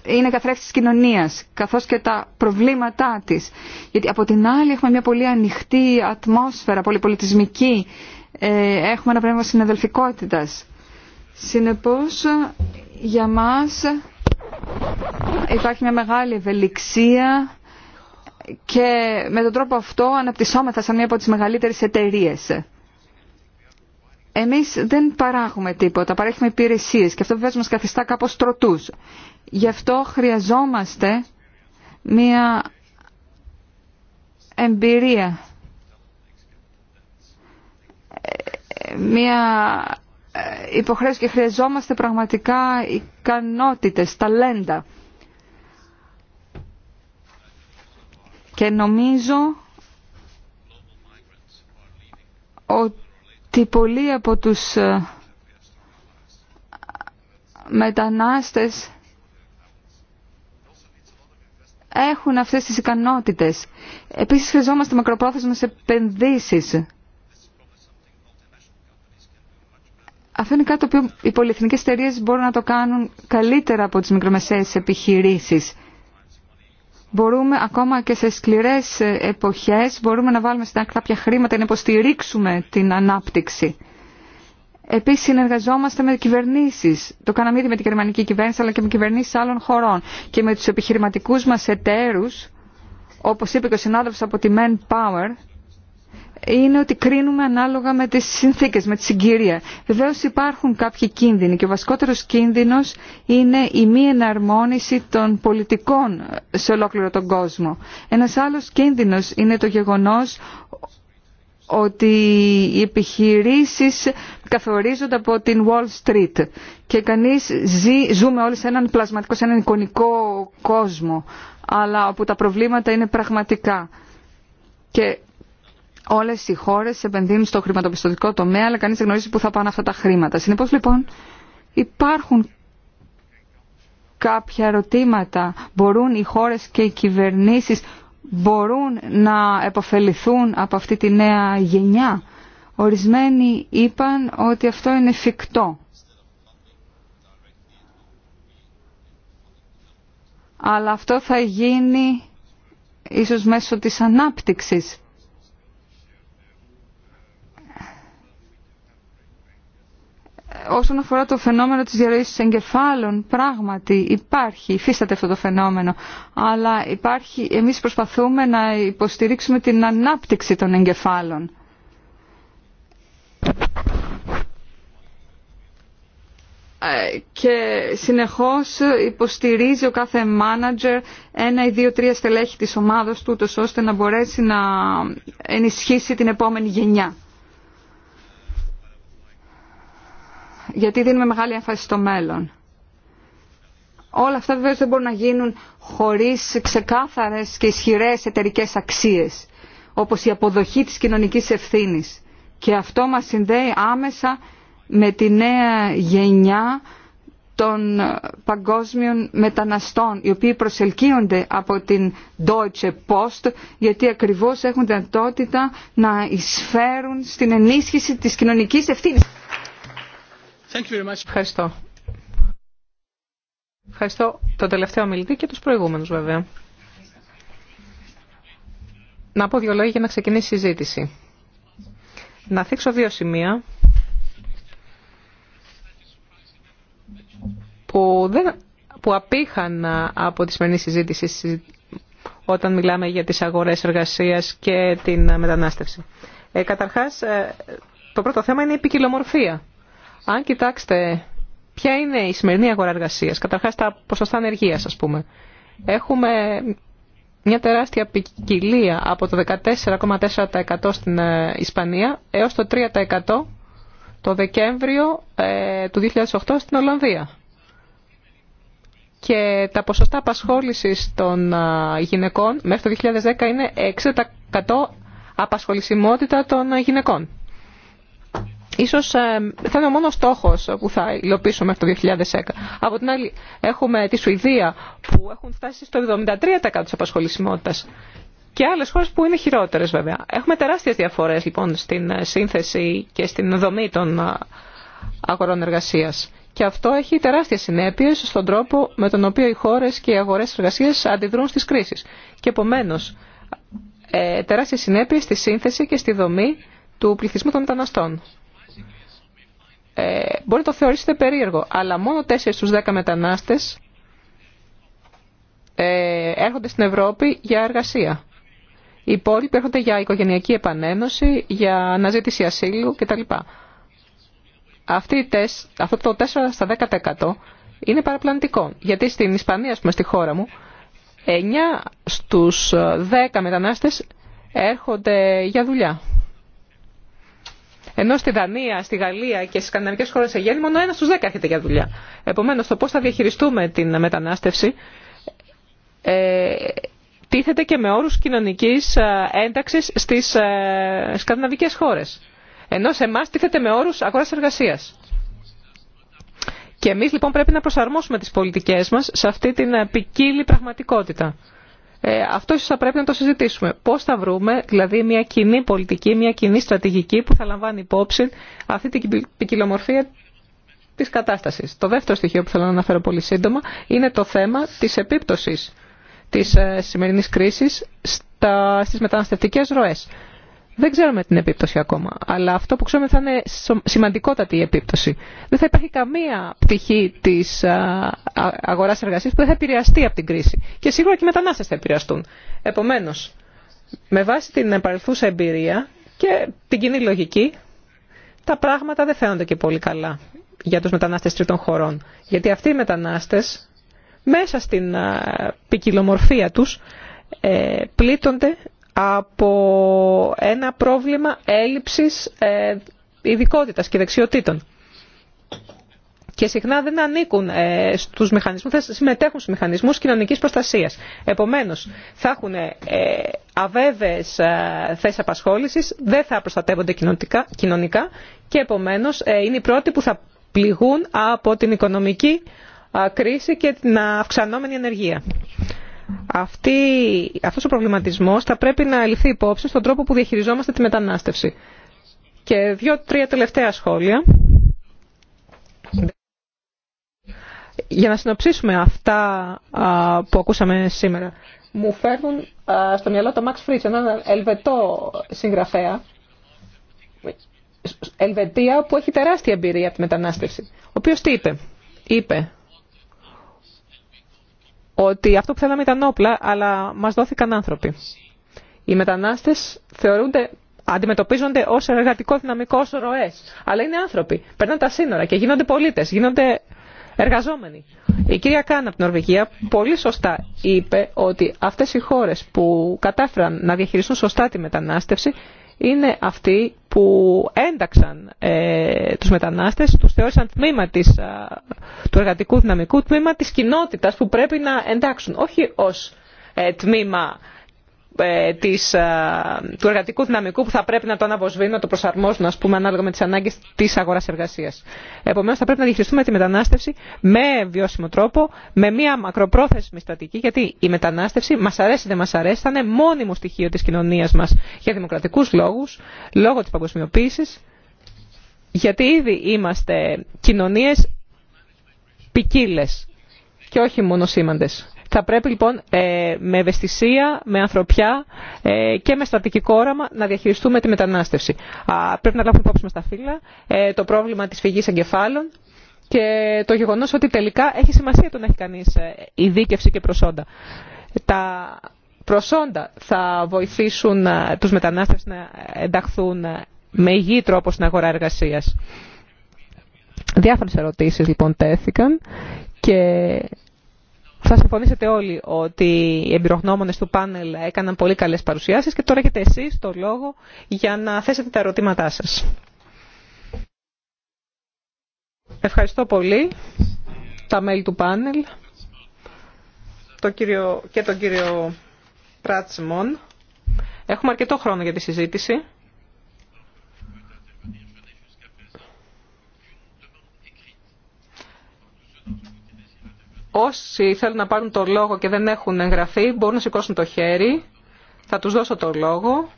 είναι καθρέφτης της κοινωνίας, καθώς και τα προβλήματά της. Γιατί από την άλλη έχουμε μια πολύ ανοιχτή ατμόσφαιρα, πολυπολιτισμική, ε, έχουμε ένα πνεύμα συναδελφικότητας. Συνεπώς, για μας υπάρχει μια μεγάλη ευελιξία και με τον τρόπο αυτό αναπτυσσόμεθα σαν μια από τις μεγαλύτερες εταιρείες. Εμείς δεν παράγουμε τίποτα, παρέχουμε υπηρεσίες και αυτό βέβαια μας καθιστά κάπως τροτούς. Γι' αυτό χρειαζόμαστε μία εμπειρία, μία ε, υποχρέωση και χρειαζόμαστε πραγματικά ικανότητες, ταλέντα. Και νομίζω ότι πολλοί από τους ε, μετανάστες έχουν αυτές τις ικανότητες. Επίσης χρειαζόμαστε σε επενδύσεις. Αυτό είναι κάτι που οι πολυεθνικές εταιρείε μπορούν να το κάνουν καλύτερα από τις μικρομεσαίες επιχειρήσεις. Μπορούμε ακόμα και σε σκληρές εποχές, μπορούμε να βάλουμε στην άκρη κάποια χρήματα να υποστηρίξουμε την ανάπτυξη. Επίσης συνεργαζόμαστε με κυβερνήσεις. Το κάναμε ήδη με την γερμανική κυβέρνηση αλλά και με κυβερνήσεις άλλων χωρών και με τους επιχειρηματικούς μας εταίρους, όπως είπε και ο συνάδελφος από τη Manpower, είναι ότι κρίνουμε ανάλογα με τις συνθήκες, με τη συγκυρία. Βεβαίω υπάρχουν κάποιοι κίνδυνοι και ο βασικότερος κίνδυνος είναι η μη εναρμόνιση των πολιτικών σε ολόκληρο τον κόσμο. Ένας άλλος κίνδυνος είναι το γεγονός ότι οι επιχειρήσεις καθορίζονται από την Wall Street και κανείς ζούμε όλοι σε έναν πλασματικό, σε έναν εικονικό κόσμο αλλά όπου τα προβλήματα είναι πραγματικά και όλες οι χώρες επενδύουν στο χρηματοπιστωτικό τομέα αλλά κανείς δεν γνωρίζει που θα πάνε αυτά τα χρήματα. Συνεπώς λοιπόν υπάρχουν κάποια ερωτήματα. Μπορούν οι χώρες και οι κυβερνήσεις μπορούν να επωφεληθούν από αυτή τη νέα γενιά. Ορισμένοι είπαν ότι αυτό είναι φυκτό. Αλλά αυτό θα γίνει ίσως μέσω της ανάπτυξης. όσον αφορά το φαινόμενο της διαρροής εγκεφάλων, πράγματι υπάρχει, υφίσταται αυτό το φαινόμενο, αλλά υπάρχει, εμείς προσπαθούμε να υποστηρίξουμε την ανάπτυξη των εγκεφάλων. Ε, και συνεχώς υποστηρίζει ο κάθε μάνατζερ ένα ή δύο τρία στελέχη της ομάδος του, ώστε να μπορέσει να ενισχύσει την επόμενη γενιά. γιατί δίνουμε μεγάλη έμφαση στο μέλλον. Όλα αυτά βεβαίως δεν μπορούν να γίνουν χωρίς ξεκάθαρες και ισχυρές εταιρικέ αξίες, όπως η αποδοχή της κοινωνικής ευθύνης. Και αυτό μας συνδέει άμεσα με τη νέα γενιά των παγκόσμιων μεταναστών, οι οποίοι προσελκύονται από την Deutsche Post, γιατί ακριβώς έχουν δυνατότητα να εισφέρουν στην ενίσχυση της κοινωνικής ευθύνης. Ευχαριστώ. Ευχαριστώ τον τελευταίο μιλητή και τους προηγούμενους βέβαια. Να πω δύο λόγια για να ξεκινήσει η συζήτηση. Να θίξω δύο σημεία που, δεν, που απήχαν από τη σημερινή συζήτηση όταν μιλάμε για τις αγορές εργασίας και την μετανάστευση. Ε, καταρχάς, ε, το πρώτο θέμα είναι η ποικιλομορφία αν κοιτάξετε ποια είναι η σημερινή αγορά εργασία, καταρχά τα ποσοστά ανεργία, α πούμε. Έχουμε μια τεράστια ποικιλία από το 14,4% στην ε, Ισπανία έως το 3% το Δεκέμβριο ε, του 2008 στην Ολλανδία. Και τα ποσοστά απασχόλησης των ε, γυναικών μέχρι το 2010 είναι 6% απασχολησιμότητα των γυναικών. Ίσως ε, θα είναι ο μόνος στόχος που θα υλοποιήσουμε αυτό το 2010. Από την άλλη έχουμε τη Σουηδία που έχουν φτάσει στο 73% της απασχολησιμότητας και άλλες χώρες που είναι χειρότερες βέβαια. Έχουμε τεράστιες διαφορές λοιπόν στην ε, σύνθεση και στην δομή των ε, αγορών εργασίας. Και αυτό έχει τεράστιες συνέπειες στον τρόπο με τον οποίο οι χώρες και οι αγορές εργασίας αντιδρούν στις κρίσεις. Και επομένως τεράστιες συνέπειες στη σύνθεση και στη δομή του πληθυσμού των μεταναστών ε, μπορεί να το θεωρήσετε περίεργο, αλλά μόνο 4 στους 10 μετανάστες ε, έρχονται στην Ευρώπη για εργασία. Οι υπόλοιποι έρχονται για οικογενειακή επανένωση, για αναζήτηση ασύλου κτλ. αυτό το 4 στα 10% είναι παραπλανητικό. Γιατί στην Ισπανία, ας πούμε, στη χώρα μου, 9 στους 10 μετανάστες έρχονται για δουλειά. Ενώ στη Δανία, στη Γαλλία και στι σκανδιναβικέ χώρε σε γέννη, μόνο ένα στου δέκα έρχεται για δουλειά. Επομένω, το πώ θα διαχειριστούμε την μετανάστευση ε, τίθεται και με όρου κοινωνική ένταξη στι ε, ε σκανδιναβικέ χώρε. Ενώ σε εμά τίθεται με όρου αγορά εργασία. Και εμεί λοιπόν πρέπει να προσαρμόσουμε τι πολιτικέ μα σε αυτή την ε, ποικίλη πραγματικότητα. Ε, αυτό ίσως θα πρέπει να το συζητήσουμε. Πώς θα βρούμε δηλαδή μια κοινή πολιτική, μια κοινή στρατηγική που θα λαμβάνει υπόψη αυτή την ποικιλομορφία της κατάστασης. Το δεύτερο στοιχείο που θέλω να αναφέρω πολύ σύντομα είναι το θέμα της επίπτωσης της ε, σημερινής κρίσης στις μεταναστευτικές ροές. Δεν ξέρουμε την επίπτωση ακόμα, αλλά αυτό που ξέρουμε θα είναι σημαντικότατη η επίπτωση. Δεν θα υπάρχει καμία πτυχή της αγοράς εργασίας που δεν θα επηρεαστεί από την κρίση. Και σίγουρα και οι μετανάστες θα επηρεαστούν. Επομένως, με βάση την παρελθούσα εμπειρία και την κοινή λογική, τα πράγματα δεν φαίνονται και πολύ καλά για τους μετανάστες τρίτων χωρών. Γιατί αυτοί οι μετανάστες, μέσα στην ποικιλομορφία τους, ε, πλήττονται από ένα πρόβλημα έλλειψης ε, ειδικότητας και δεξιοτήτων. Και συχνά δεν ανήκουν ε, στους μηχανισμούς, θα συμμετέχουν στους μηχανισμούς κοινωνικής προστασίας. Επομένως, θα έχουν ε, αβέβαιες θέσεις απασχόλησης, δεν θα προστατεύονται κοινωνικά και επομένως είναι οι πρώτοι που θα πληγούν από την οικονομική κρίση και την αυξανόμενη ενεργεία. Αυτή, αυτός ο προβληματισμός θα πρέπει να ληφθεί υπόψη στον τρόπο που διαχειριζόμαστε τη μετανάστευση. Και δύο-τρία τελευταία σχόλια. Για να συνοψίσουμε αυτά που ακούσαμε σήμερα, μου φέρνουν στο μυαλό το Max Fritz, έναν ελβετό συγγραφέα, Ελβετία που έχει τεράστια εμπειρία από τη μετανάστευση, ο οποίος τι είπε. Είπε ότι αυτό που θέλαμε ήταν όπλα, αλλά μας δόθηκαν άνθρωποι. Οι μετανάστες θεωρούνται, αντιμετωπίζονται ως εργατικό δυναμικό, ως ροές, αλλά είναι άνθρωποι. Περνάνε τα σύνορα και γίνονται πολίτες, γίνονται εργαζόμενοι. Η κυρία Κάν από την Νορβηγία πολύ σωστά είπε ότι αυτές οι χώρες που κατάφεραν να διαχειριστούν σωστά τη μετανάστευση είναι αυτοί που ένταξαν ε, τους μετανάστες, τους θεώρησαν τμήμα του εργατικού δυναμικού, τμήμα της κοινότητας που πρέπει να εντάξουν, όχι ως ε, τμήμα ε, της, ε, του εργατικού δυναμικού που θα πρέπει να το αναβοσβήνουν, να το προσαρμόσουν ας πούμε, ανάλογα με τι ανάγκε τη αγορά εργασία. Επομένω, θα πρέπει να διαχειριστούμε τη μετανάστευση με βιώσιμο τρόπο, με μια μακροπρόθεσμη στρατηγική, γιατί η μετανάστευση μα αρέσει ή δεν μα αρέσει, θα είναι μόνιμο στοιχείο τη κοινωνία μα για δημοκρατικού λόγου λόγω τη παγκοσμιοποίηση, γιατί ήδη είμαστε κοινωνίε ποικίλε και όχι μόνο σήμαντες. Θα πρέπει λοιπόν ε, με ευαισθησία, με ανθρωπιά ε, και με στρατηγικό όραμα να διαχειριστούμε τη μετανάστευση. Πρέπει να λάβουμε υπόψη μας τα φύλλα, ε, το πρόβλημα της φυγής εγκεφάλων και το γεγονός ότι τελικά έχει σημασία το να έχει κανείς ειδίκευση και προσόντα. Τα προσόντα θα βοηθήσουν τους μετανάστες να ενταχθούν με υγιή τρόπο στην αγορά εργασίας. Διάφορες ερωτήσεις λοιπόν τέθηκαν και θα συμφωνήσετε όλοι ότι οι εμπειρογνώμονε του πάνελ έκαναν πολύ καλές παρουσιάσεις και τώρα έχετε εσεί το λόγο για να θέσετε τα ερωτήματά σας. Ευχαριστώ πολύ τα μέλη του πάνελ το κύριο, και τον κύριο Πράτσιμον. Έχουμε αρκετό χρόνο για τη συζήτηση. Όσοι θέλουν να πάρουν το λόγο και δεν έχουν εγγραφεί μπορούν να σηκώσουν το χέρι. Θα τους δώσω το λόγο.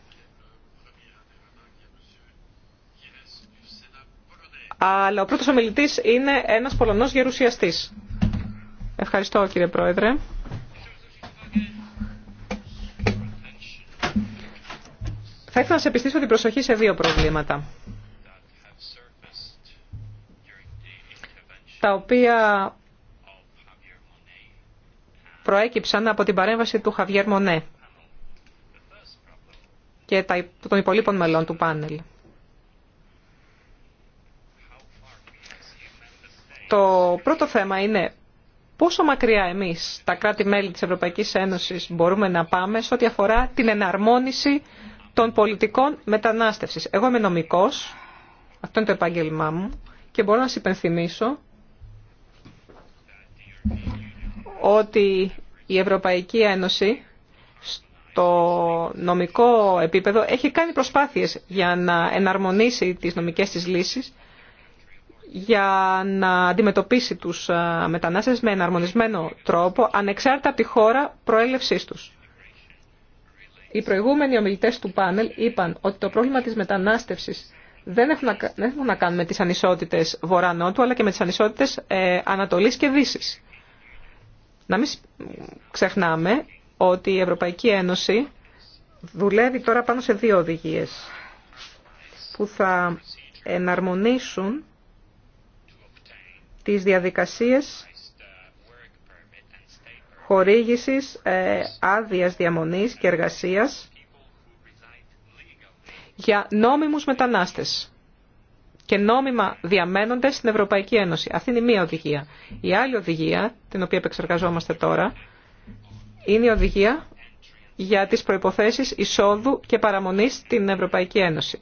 Αλλά ο πρώτος ομιλητής είναι ένας Πολωνός γερουσιαστής. Ευχαριστώ κύριε Πρόεδρε. Θα ήθελα να σε επιστήσω την προσοχή σε δύο προβλήματα. Τα οποία προέκυψαν από την παρέμβαση του Χαβιέρ Μονέ και των υπολείπων μελών του πάνελ. Το πρώτο θέμα είναι πόσο μακριά εμείς, τα κράτη-μέλη της Ευρωπαϊκής Ένωσης, μπορούμε να πάμε σε ό,τι αφορά την εναρμόνιση των πολιτικών μετανάστευσης. Εγώ είμαι νομικός, αυτό είναι το επάγγελμά μου, και μπορώ να σας υπενθυμίσω ότι η Ευρωπαϊκή Ένωση στο νομικό επίπεδο έχει κάνει προσπάθειες για να εναρμονίσει τις νομικές της λύσεις, για να αντιμετωπίσει τους μετανάστες με εναρμονισμένο τρόπο, ανεξάρτητα από τη χώρα προέλευσής τους. Οι προηγούμενοι ομιλητές του πάνελ είπαν ότι το πρόβλημα της μετανάστευσης δεν έχουν να κάνουν με τις ανισότητες βορρά-νότου, αλλά και με τις ανισότητες ε, Ανατολής και Δύσης. Να μην ξεχνάμε ότι η Ευρωπαϊκή Ένωση δουλεύει τώρα πάνω σε δύο οδηγίες που θα εναρμονίσουν τις διαδικασίες χορήγησης ε, άδειας διαμονής και εργασίας για νόμιμους μετανάστες και νόμιμα διαμένονται στην Ευρωπαϊκή Ένωση. Αυτή είναι η μία οδηγία. Η άλλη οδηγία, την οποία επεξεργαζόμαστε τώρα, είναι η οδηγία για τις προϋποθέσεις εισόδου και παραμονής στην Ευρωπαϊκή Ένωση.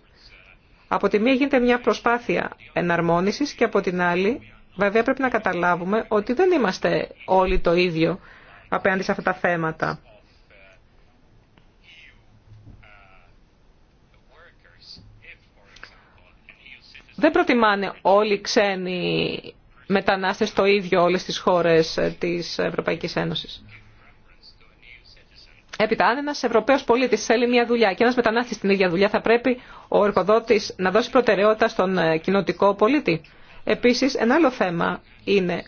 Από τη μία γίνεται μια προσπάθεια εναρμόνισης και από την άλλη βέβαια πρέπει να καταλάβουμε ότι δεν είμαστε όλοι το ίδιο απέναντι σε αυτά τα θέματα. δεν προτιμάνε όλοι οι ξένοι μετανάστες το ίδιο όλες τις χώρες ε, της Ευρωπαϊκής Ένωσης. Έπειτα, αν ένα Ευρωπαίο πολίτη θέλει μια δουλειά και ένα μετανάστη την ίδια δουλειά, θα πρέπει ο εργοδότη να δώσει προτεραιότητα στον ε, κοινοτικό πολίτη. Επίση, ένα άλλο θέμα είναι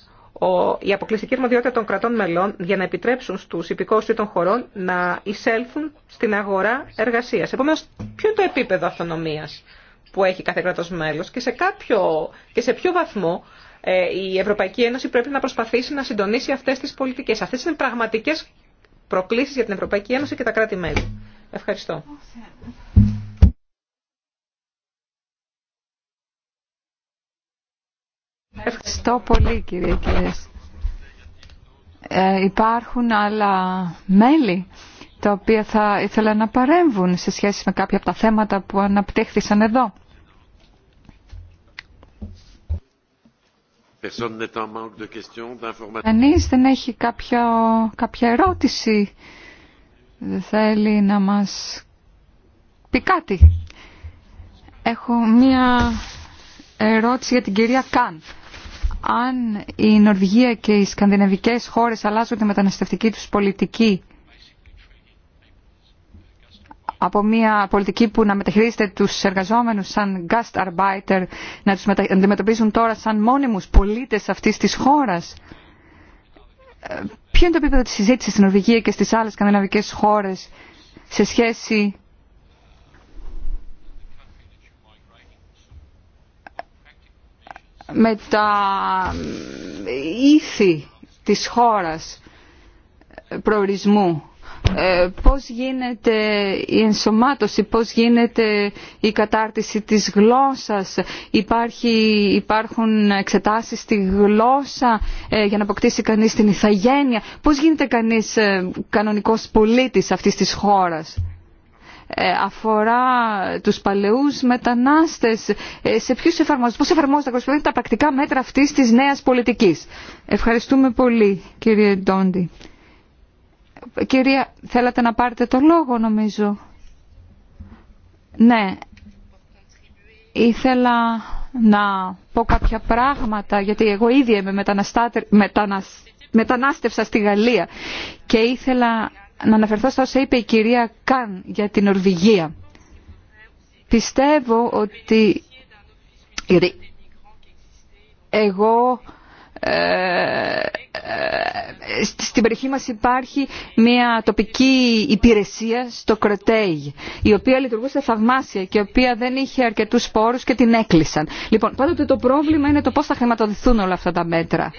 η αποκλειστική αρμοδιότητα των κρατών μελών για να επιτρέψουν στου υπηκόου των χωρών να εισέλθουν στην αγορά εργασία. Επομένω, ποιο είναι το επίπεδο αυτονομία που έχει κάθε κράτος μέλος και σε, κάποιο, και σε ποιο βαθμό ε, η Ευρωπαϊκή Ένωση πρέπει να προσπαθήσει να συντονίσει αυτές τις πολιτικές. Αυτές είναι πραγματικές προκλήσεις για την Ευρωπαϊκή Ένωση και τα κράτη-μέλη. Ευχαριστώ. Ευχαριστώ πολύ κύριε Κυρίε. Ε, υπάρχουν άλλα μέλη τα οποία θα ήθελα να παρέμβουν σε σχέση με κάποια από τα θέματα που αναπτύχθησαν εδώ. Κανείς δεν έχει κάποιο, κάποια ερώτηση, δεν θέλει να μας πει κάτι. Έχω μία ερώτηση για την κυρία Καν. Αν η Νορβηγία και οι σκανδιναβικές χώρες αλλάζουν τη μεταναστευτική τους πολιτική, από μια πολιτική που να μεταχειρίζεται τους εργαζόμενους σαν gastarbeiter, να τους αντιμετωπίζουν τώρα σαν μόνιμους πολίτες αυτής της χώρας. Ε, ποιο είναι το επίπεδο της συζήτησης στην Νορβηγία και στις άλλες σκανδιναβικές χώρες σε σχέση με τα ήθη της χώρας προορισμού ε, πώς γίνεται η ενσωμάτωση, πώς γίνεται η κατάρτιση της γλώσσας, Υπάρχει, υπάρχουν εξετάσεις στη γλώσσα ε, για να αποκτήσει κανείς την ηθαγένεια, πώς γίνεται κανείς ε, κανονικός πολίτης αυτής της χώρας αφορά τους παλαιούς μετανάστες, σε ποιους εφαρμόζονται, πώς εφαρμόζονται τα πρακτικά μέτρα αυτής της νέας πολιτικής. Ευχαριστούμε πολύ κύριε Ντόντι. Κυρία, θέλατε να πάρετε το λόγο νομίζω. Ναι, ήθελα να πω κάποια πράγματα, γιατί εγώ ήδη είμαι μετανασ... μετανάστευσα στη Γαλλία και ήθελα να αναφερθώ στα όσα είπε η κυρία Καν για την Ορβηγία. Πιστεύω ότι εγώ ε, ε, στην περιοχή μας υπάρχει μια τοπική υπηρεσία στο Κροτέι, η οποία λειτουργούσε θαυμάσια και η οποία δεν είχε αρκετούς πόρους και την έκλεισαν. Λοιπόν, πάντοτε το πρόβλημα είναι το πώς θα χρηματοδοτηθούν όλα αυτά τα μέτρα.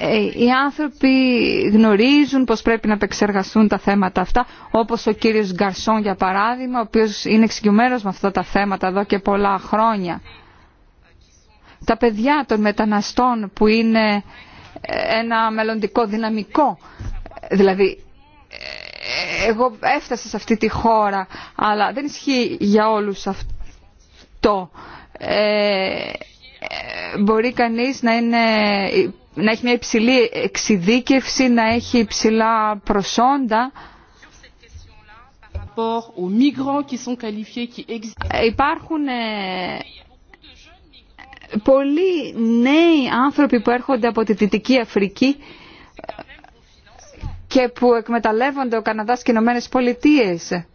Ε, οι άνθρωποι γνωρίζουν πως πρέπει να επεξεργαστούν τα θέματα αυτά, όπως ο κύριος Γκαρσόν για παράδειγμα, ο οποίος είναι εξοικειωμένος με αυτά τα θέματα εδώ και πολλά χρόνια τα παιδιά των μεταναστών που είναι ε, ένα μελλοντικό δυναμικό. Δηλαδή, ε, εγώ έφτασα σε αυτή τη χώρα, αλλά δεν ισχύει για όλους αυτό. Ε, μπορεί κανείς να, να έχει μια υψηλή εξειδίκευση, να έχει υψηλά προσόντα. Υπάρχουν πολλοί νέοι άνθρωποι που έρχονται από τη Δυτική Αφρική ε, και που εκμεταλλεύονται ο Καναδάς και οι Ηνωμένες Πολιτείες ε,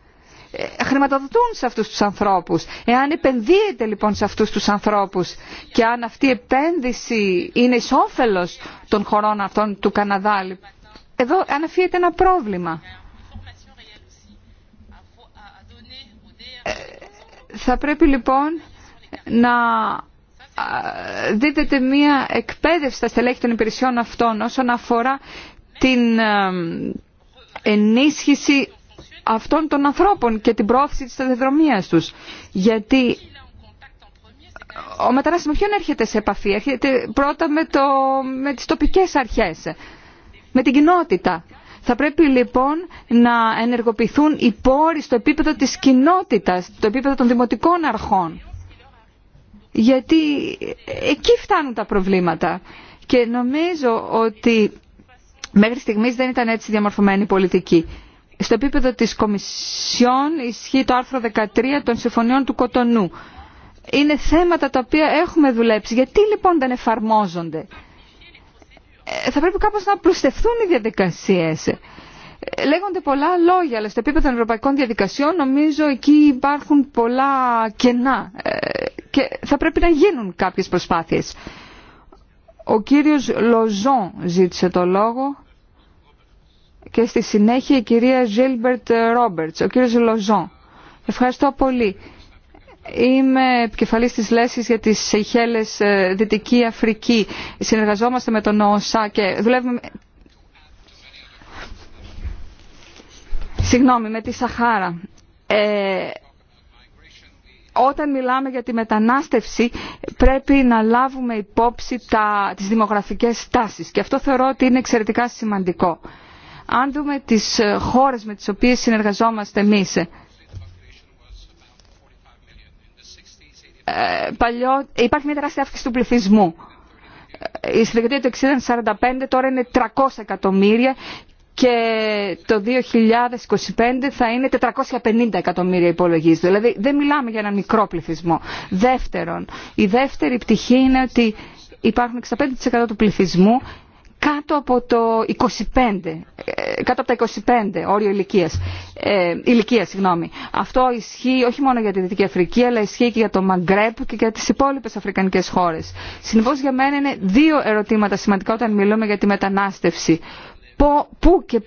χρηματοδοτούν σε αυτούς τους ανθρώπους. Εάν επενδύεται λοιπόν σε αυτούς τους ανθρώπους και αν αυτή η επένδυση είναι εις των χωρών αυτών του Καναδά, λοιπόν, εδώ αναφύεται ένα πρόβλημα. Ε, θα πρέπει λοιπόν να δίδεται μία εκπαίδευση στα στελέχη των υπηρεσιών αυτών όσον αφορά την ενίσχυση αυτών των ανθρώπων και την πρόθεση της σταδιοδρομίας τους. Γιατί ο μετανάστης με ποιον έρχεται σε επαφή, έρχεται πρώτα με, το, με τις τοπικές αρχές, με την κοινότητα. Θα πρέπει λοιπόν να ενεργοποιηθούν οι πόροι στο επίπεδο της κοινότητας, στο επίπεδο των δημοτικών αρχών γιατί εκεί φτάνουν τα προβλήματα. Και νομίζω ότι μέχρι στιγμής δεν ήταν έτσι διαμορφωμένη η πολιτική. Στο επίπεδο της Κομισιόν ισχύει το άρθρο 13 των συμφωνιών του Κοτονού. Είναι θέματα τα οποία έχουμε δουλέψει. Γιατί λοιπόν δεν εφαρμόζονται. Ε, θα πρέπει κάπως να προστεθούν οι διαδικασίες. Λέγονται πολλά λόγια, αλλά στο επίπεδο των ευρωπαϊκών διαδικασιών νομίζω εκεί υπάρχουν πολλά κενά ε, και θα πρέπει να γίνουν κάποιες προσπάθειες. Ο κύριος Λοζόν ζήτησε το λόγο και στη συνέχεια η κυρία Ζίλμπερτ Ρόμπερτς, ο κύριος Λοζόν. Ευχαριστώ πολύ. Είμαι επικεφαλής της Λέσης για τις Σεϊχέλες ε, Δυτική Αφρική. Συνεργαζόμαστε με τον ΟΣΑ και δουλεύουμε συγγνώμη, με τη Σαχάρα. Ε, όταν μιλάμε για τη μετανάστευση πρέπει να λάβουμε υπόψη τα, τις δημογραφικές τάσεις και αυτό θεωρώ ότι είναι εξαιρετικά σημαντικό. Αν δούμε τις χώρες με τις οποίες συνεργαζόμαστε εμείς, ε, υπάρχει μια τεράστια αύξηση του πληθυσμού. Ε, η στρατηγική του 60 45 τώρα είναι 300 εκατομμύρια και το 2025 θα είναι 450 εκατομμύρια υπολογίστου. Δηλαδή δεν μιλάμε για ένα μικρό πληθυσμό. Δεύτερον, η δεύτερη πτυχή είναι ότι υπάρχουν 65% του πληθυσμού κάτω από, το 25, ε, κάτω από τα 25 όριο ηλικίας, ε, ηλικία. Αυτό ισχύει όχι μόνο για τη Δυτική Αφρική, αλλά ισχύει και για το Μαγκρέπ και για τις υπόλοιπες αφρικανικές χώρες. Συνεπώς για μένα είναι δύο ερωτήματα σημαντικά όταν μιλούμε για τη μετανάστευση πού και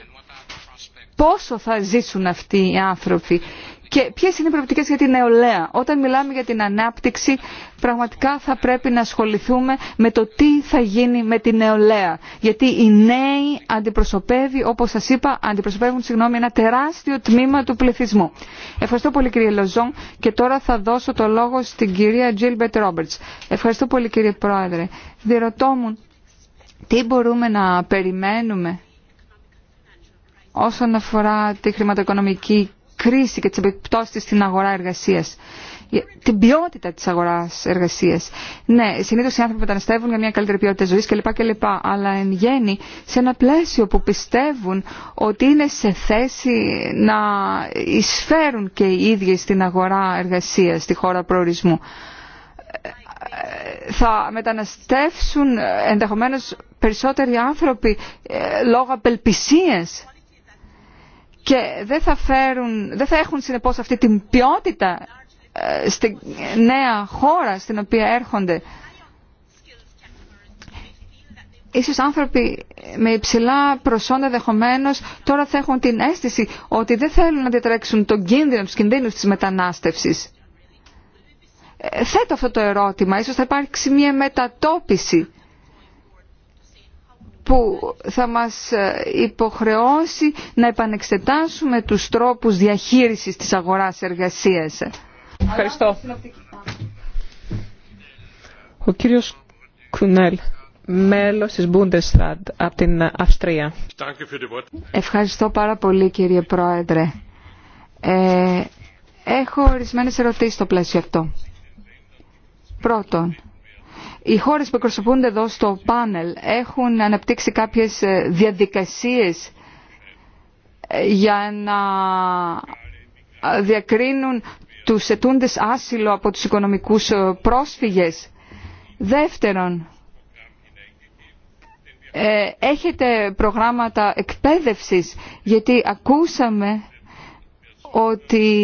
πόσο θα ζήσουν αυτοί οι άνθρωποι και ποιε είναι οι προοπτικές για την νεολαία. Όταν μιλάμε για την ανάπτυξη, πραγματικά θα πρέπει να ασχοληθούμε με το τι θα γίνει με την νεολαία. Γιατί οι νέοι αντιπροσωπεύει, όπω σα είπα, αντιπροσωπεύουν συγγνώμη, ένα τεράστιο τμήμα του πληθυσμού. Ευχαριστώ πολύ κύριε Λοζόν και τώρα θα δώσω το λόγο στην κυρία Τζίλμπετ Ρόμπερτς. Ευχαριστώ πολύ κύριε Πρόεδρε. Διερωτώ μου τι μπορούμε να περιμένουμε όσον αφορά τη χρηματοοικονομική κρίση και τις επιπτώσεις στην αγορά εργασίας. Την ποιότητα της αγοράς εργασίας. Ναι, συνήθως οι άνθρωποι μεταναστεύουν για μια καλύτερη ποιότητα ζωής κλπ. κλπ. Αλλά εν γέννη σε ένα πλαίσιο που πιστεύουν ότι είναι σε θέση να εισφέρουν και οι ίδιοι στην αγορά εργασίας, στη χώρα προορισμού. Θα μεταναστεύσουν ενδεχομένως περισσότεροι άνθρωποι ε, λόγω απελπισίας και δεν θα, φέρουν, θα έχουν συνεπώς αυτή την ποιότητα ε, στη νέα χώρα στην οποία έρχονται. Ίσως άνθρωποι με υψηλά προσόντα δεχομένω τώρα θα έχουν την αίσθηση ότι δεν θέλουν να διατρέξουν τον κίνδυνο, τους κινδύνους της μετανάστευσης. Ε, θέτω αυτό το ερώτημα, ίσως θα υπάρξει μια μετατόπιση που θα μας ε, υποχρεώσει να επανεξετάσουμε τους τρόπους διαχείρισης της αγοράς εργασίας. Ευχαριστώ. Ο κύριος Κουνέλ, μέλος της Bundesrat από την Αυστρία. Ευχαριστώ πάρα πολύ κύριε Πρόεδρε. Ε, έχω ορισμένες ερωτήσεις στο πλαίσιο αυτό. Πρώτον, οι χώρες που εκπροσωπούνται εδώ στο πάνελ έχουν αναπτύξει κάποιες ε, διαδικασίες ε, για να ε, διακρίνουν τους ετούντες άσυλο από τους οικονομικούς πρόσφυγες. Δεύτερον, έχετε προγράμματα εκπαίδευσης, γιατί ακούσαμε ότι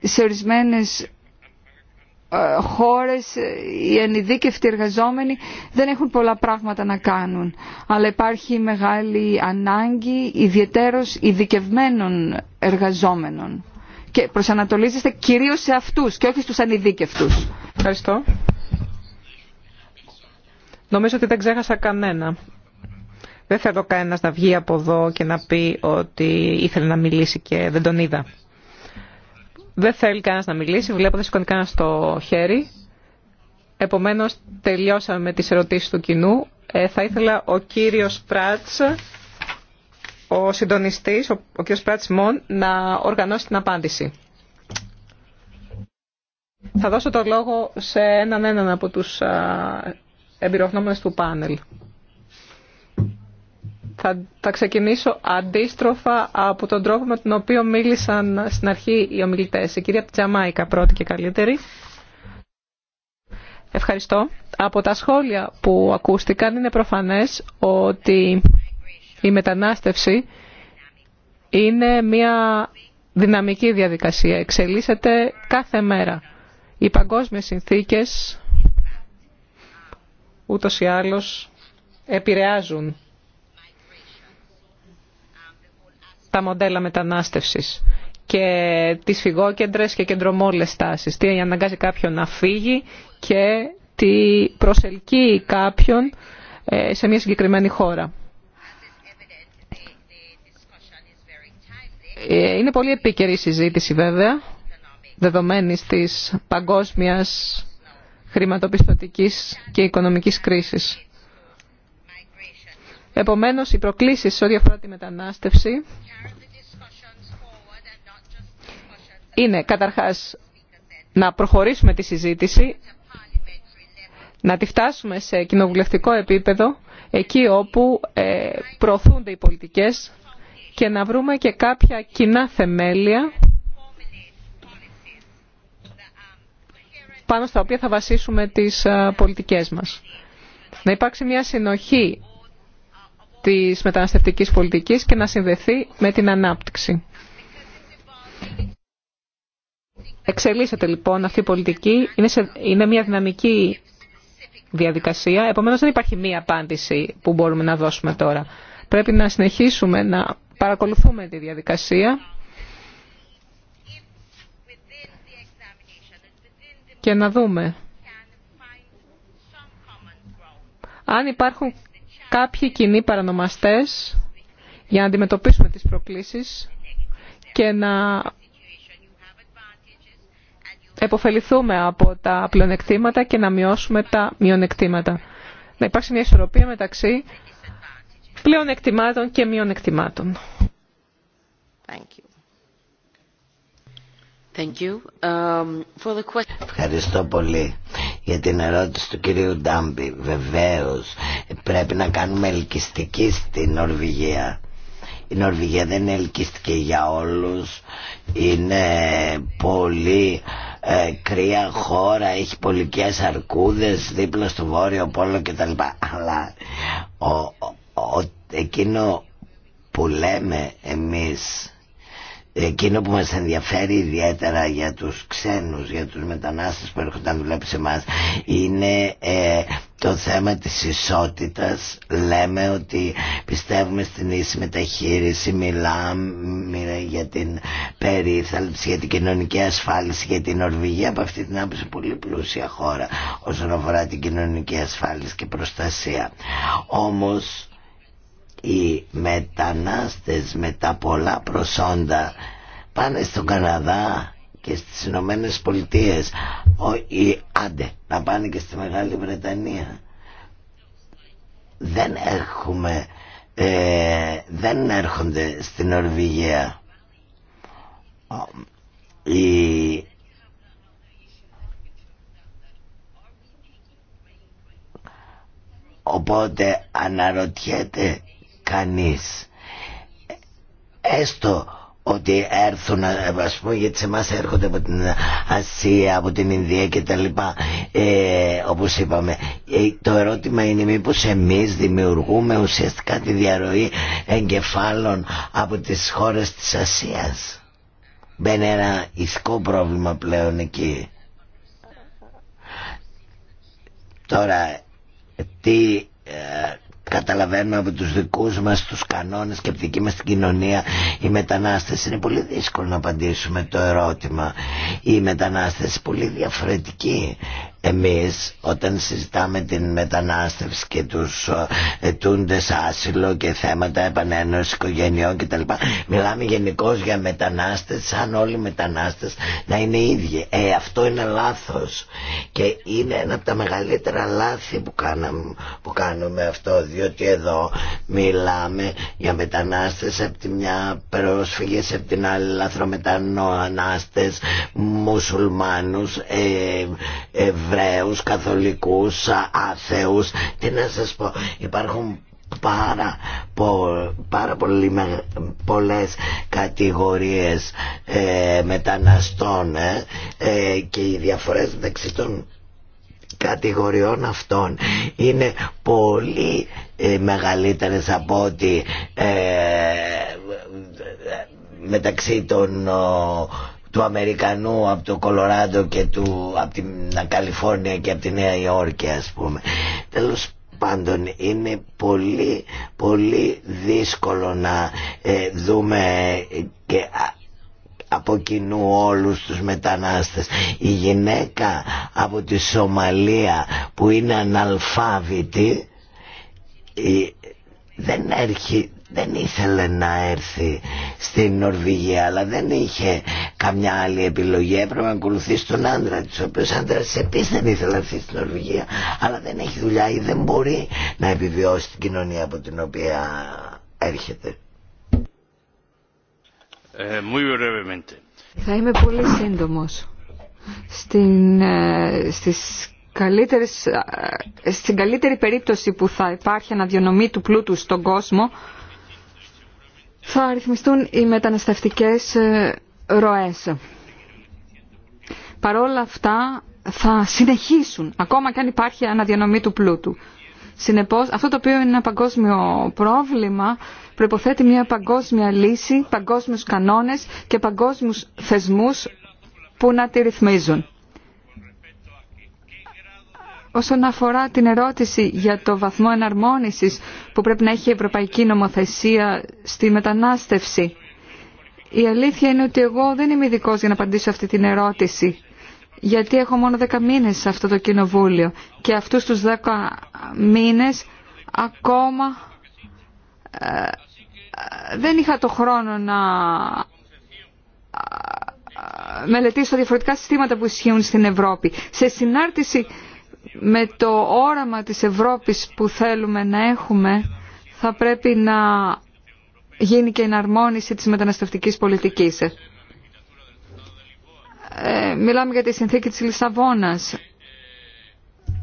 σε ορισμένες ε, χώρες, ε, οι ενειδίκευτοι εργαζόμενοι δεν έχουν πολλά πράγματα να κάνουν. Αλλά υπάρχει μεγάλη ανάγκη ιδιαιτέρως ειδικευμένων εργαζόμενων. Και προσανατολίζεστε κυρίως σε αυτούς και όχι στους ανειδίκευτους. Ευχαριστώ. Νομίζω ότι δεν ξέχασα κανένα. Δεν θέλω κανένα να βγει από εδώ και να πει ότι ήθελε να μιλήσει και δεν τον είδα. Δεν θέλει κανένα να μιλήσει, βλέπω δεν σηκώνει κανένα το χέρι. Επομένω, τελειώσαμε τι ερωτήσει του κοινού. Ε, θα ήθελα ο κύριο Πράτ, ο συντονιστή, ο, ο κύριο Πράτ Μον, να οργανώσει την απάντηση. Θα δώσω το λόγο σε έναν έναν από τους εμπειρογνώμονες του πάνελ. Θα ξεκινήσω αντίστροφα από τον τρόπο με τον οποίο μίλησαν στην αρχή οι ομιλητές. Η κυρία Τζαμάικα πρώτη και καλύτερη. Ευχαριστώ. Από τα σχόλια που ακούστηκαν είναι προφανές ότι η μετανάστευση είναι μια δυναμική διαδικασία. Εξελίσσεται κάθε μέρα. Οι παγκόσμιες συνθήκες ούτως ή άλλως επηρεάζουν τα μοντέλα μετανάστευσης και τις φυγόκεντρες και κεντρομόλες τάσεις. Τι αναγκάζει κάποιον να φύγει και τι προσελκύει κάποιον ε, σε μια συγκεκριμένη χώρα. Ε, είναι πολύ επίκαιρη η συζήτηση βέβαια, δεδομένης της παγκόσμιας χρηματοπιστωτικής και οικονομικής κρίσης. Επομένως, οι προκλήσεις σε ό,τι αφορά τη μετανάστευση είναι καταρχάς να προχωρήσουμε τη συζήτηση, να τη φτάσουμε σε κοινοβουλευτικό επίπεδο, εκεί όπου ε, προωθούνται οι πολιτικές και να βρούμε και κάποια κοινά θεμέλια πάνω στα οποία θα βασίσουμε τις ε, πολιτικές μας. Να υπάρξει μια συνοχή της μεταναστευτικής πολιτικής και να συνδεθεί με την ανάπτυξη. Εξελίσσεται λοιπόν αυτή η πολιτική, είναι, είναι μια δυναμική διαδικασία, επομένως δεν υπάρχει μία απάντηση που μπορούμε να δώσουμε τώρα. Πρέπει να συνεχίσουμε να παρακολουθούμε τη διαδικασία και να δούμε αν υπάρχουν κάποιοι κοινοί παρανομαστές για να αντιμετωπίσουμε τις προκλήσεις και να εποφεληθούμε από τα πλεονεκτήματα και να μειώσουμε τα μειονεκτήματα. Να υπάρξει μια ισορροπία μεταξύ πλεονεκτημάτων και μειονεκτημάτων. Thank Um, Ευχαριστώ πολύ για την ερώτηση του κυρίου Ντάμπη. Βεβαίω πρέπει να κάνουμε ελκυστική στην Νορβηγία. Η Νορβηγία δεν είναι ελκυστική για όλους. Είναι πολύ ε, κρύα χώρα, έχει πολικές αρκούδες δίπλα στο Βόρειο Πόλο κτλ. Αλλά ο, ο, εκείνο που λέμε εμείς Εκείνο που μας ενδιαφέρει ιδιαίτερα για τους ξένους, για τους μετανάστες που έρχονται να δουλέψει είναι ε, το θέμα της ισότητας. Λέμε ότι πιστεύουμε στην ίση μεταχείριση, μιλάμε για την περίθαλψη, για την κοινωνική ασφάλιση, για την Ορβηγία από αυτή την άποψη πολύ πλούσια χώρα όσον αφορά την κοινωνική ασφάλιση και προστασία. Όμως οι μετανάστες με τα πολλά προσόντα πάνε στον Καναδά και στις Ηνωμένε Πολιτείε οι άντε να πάνε και στη Μεγάλη Βρετανία δεν έχουμε ε, δεν έρχονται στην Νορβηγία Οπότε αναρωτιέται κανείς έστω ότι έρθουν ας πούμε γιατί σε εμάς έρχονται από την Ασία, από την Ινδία και τα λοιπά ε, όπως είπαμε ε, το ερώτημα είναι μήπως εμείς δημιουργούμε ουσιαστικά τη διαρροή εγκεφάλων από τις χώρες της Ασίας μπαίνει ένα ισκό πρόβλημα πλέον εκεί τώρα τι ε, καταλαβαίνουμε από τους δικούς μας τους κανόνες και από δική μας την κοινωνία η μετανάστες. Είναι πολύ δύσκολο να απαντήσουμε το ερώτημα. η μετανάστες πολύ διαφορετική εμείς όταν συζητάμε την μετανάστευση και τους ε, ετούντες άσυλο και θέματα επανένωσης οικογενειών κτλ. Μιλάμε γενικώ για μετανάστες σαν όλοι οι μετανάστες να είναι ίδιοι. Ε, αυτό είναι λάθος και είναι ένα από τα μεγαλύτερα λάθη που, που κάνουμε αυτό διότι εδώ μιλάμε για μετανάστες από τη μια πρόσφυγες από την άλλη λαθρομετανάστες μουσουλμάνους ε, ε Εβραίους, Καθολικούς, Άθεους. Τι να σας πω, υπάρχουν πάρα, πάρα πολλές κατηγορίες ε, μεταναστών ε, ε, και οι διαφορές μεταξύ των κατηγοριών αυτών είναι πολύ μεγαλύτερες από ότι μεταξύ των του Αμερικανού από το Κολοράντο και του από την Καλιφόρνια και από τη Νέα Υόρκη ας πούμε τέλος πάντων είναι πολύ πολύ δύσκολο να ε, δούμε και από κοινού όλους τους μετανάστες η γυναίκα από τη Σομαλία που είναι αναλφάβητη δεν έρχεται δεν ήθελε να έρθει στην Νορβηγία αλλά δεν είχε καμιά άλλη επιλογή έπρεπε να ακολουθήσει τον άντρα της ο οποίος άντρας επίσης δεν ήθελε να έρθει στην Νορβηγία αλλά δεν έχει δουλειά ή δεν μπορεί να επιβιώσει την κοινωνία από την οποία έρχεται ε, Θα είμαι πολύ σύντομος στην, ε, στις καλύτερες, ε, στην καλύτερη περίπτωση που θα υπάρχει αναδιονομή του πλούτου στον κόσμο θα αριθμιστούν οι μεταναστευτικές ε, ροές. Παρόλα αυτά θα συνεχίσουν, ακόμα και αν υπάρχει αναδιανομή του πλούτου. Συνεπώς, αυτό το οποίο είναι ένα παγκόσμιο πρόβλημα προϋποθέτει μια παγκόσμια λύση, παγκόσμιους κανόνες και παγκόσμιους θεσμούς που να τη ρυθμίζουν. Όσον αφορά την ερώτηση για το βαθμό εναρμόνισης που πρέπει να έχει η Ευρωπαϊκή Νομοθεσία στη μετανάστευση, η αλήθεια είναι ότι εγώ δεν είμαι ειδικό για να απαντήσω αυτή την ερώτηση, γιατί έχω μόνο δέκα μήνες σε αυτό το κοινοβούλιο και αυτούς τους δέκα μήνες ακόμα ε, δεν είχα το χρόνο να ε, μελετήσω διαφορετικά συστήματα που ισχύουν στην Ευρώπη. Σε συνάρτηση με το όραμα της Ευρώπης που θέλουμε να έχουμε θα πρέπει να γίνει και η εναρμόνιση της μεταναστευτικής πολιτικής. Ε, μιλάμε για τη συνθήκη της Λισαβόνας.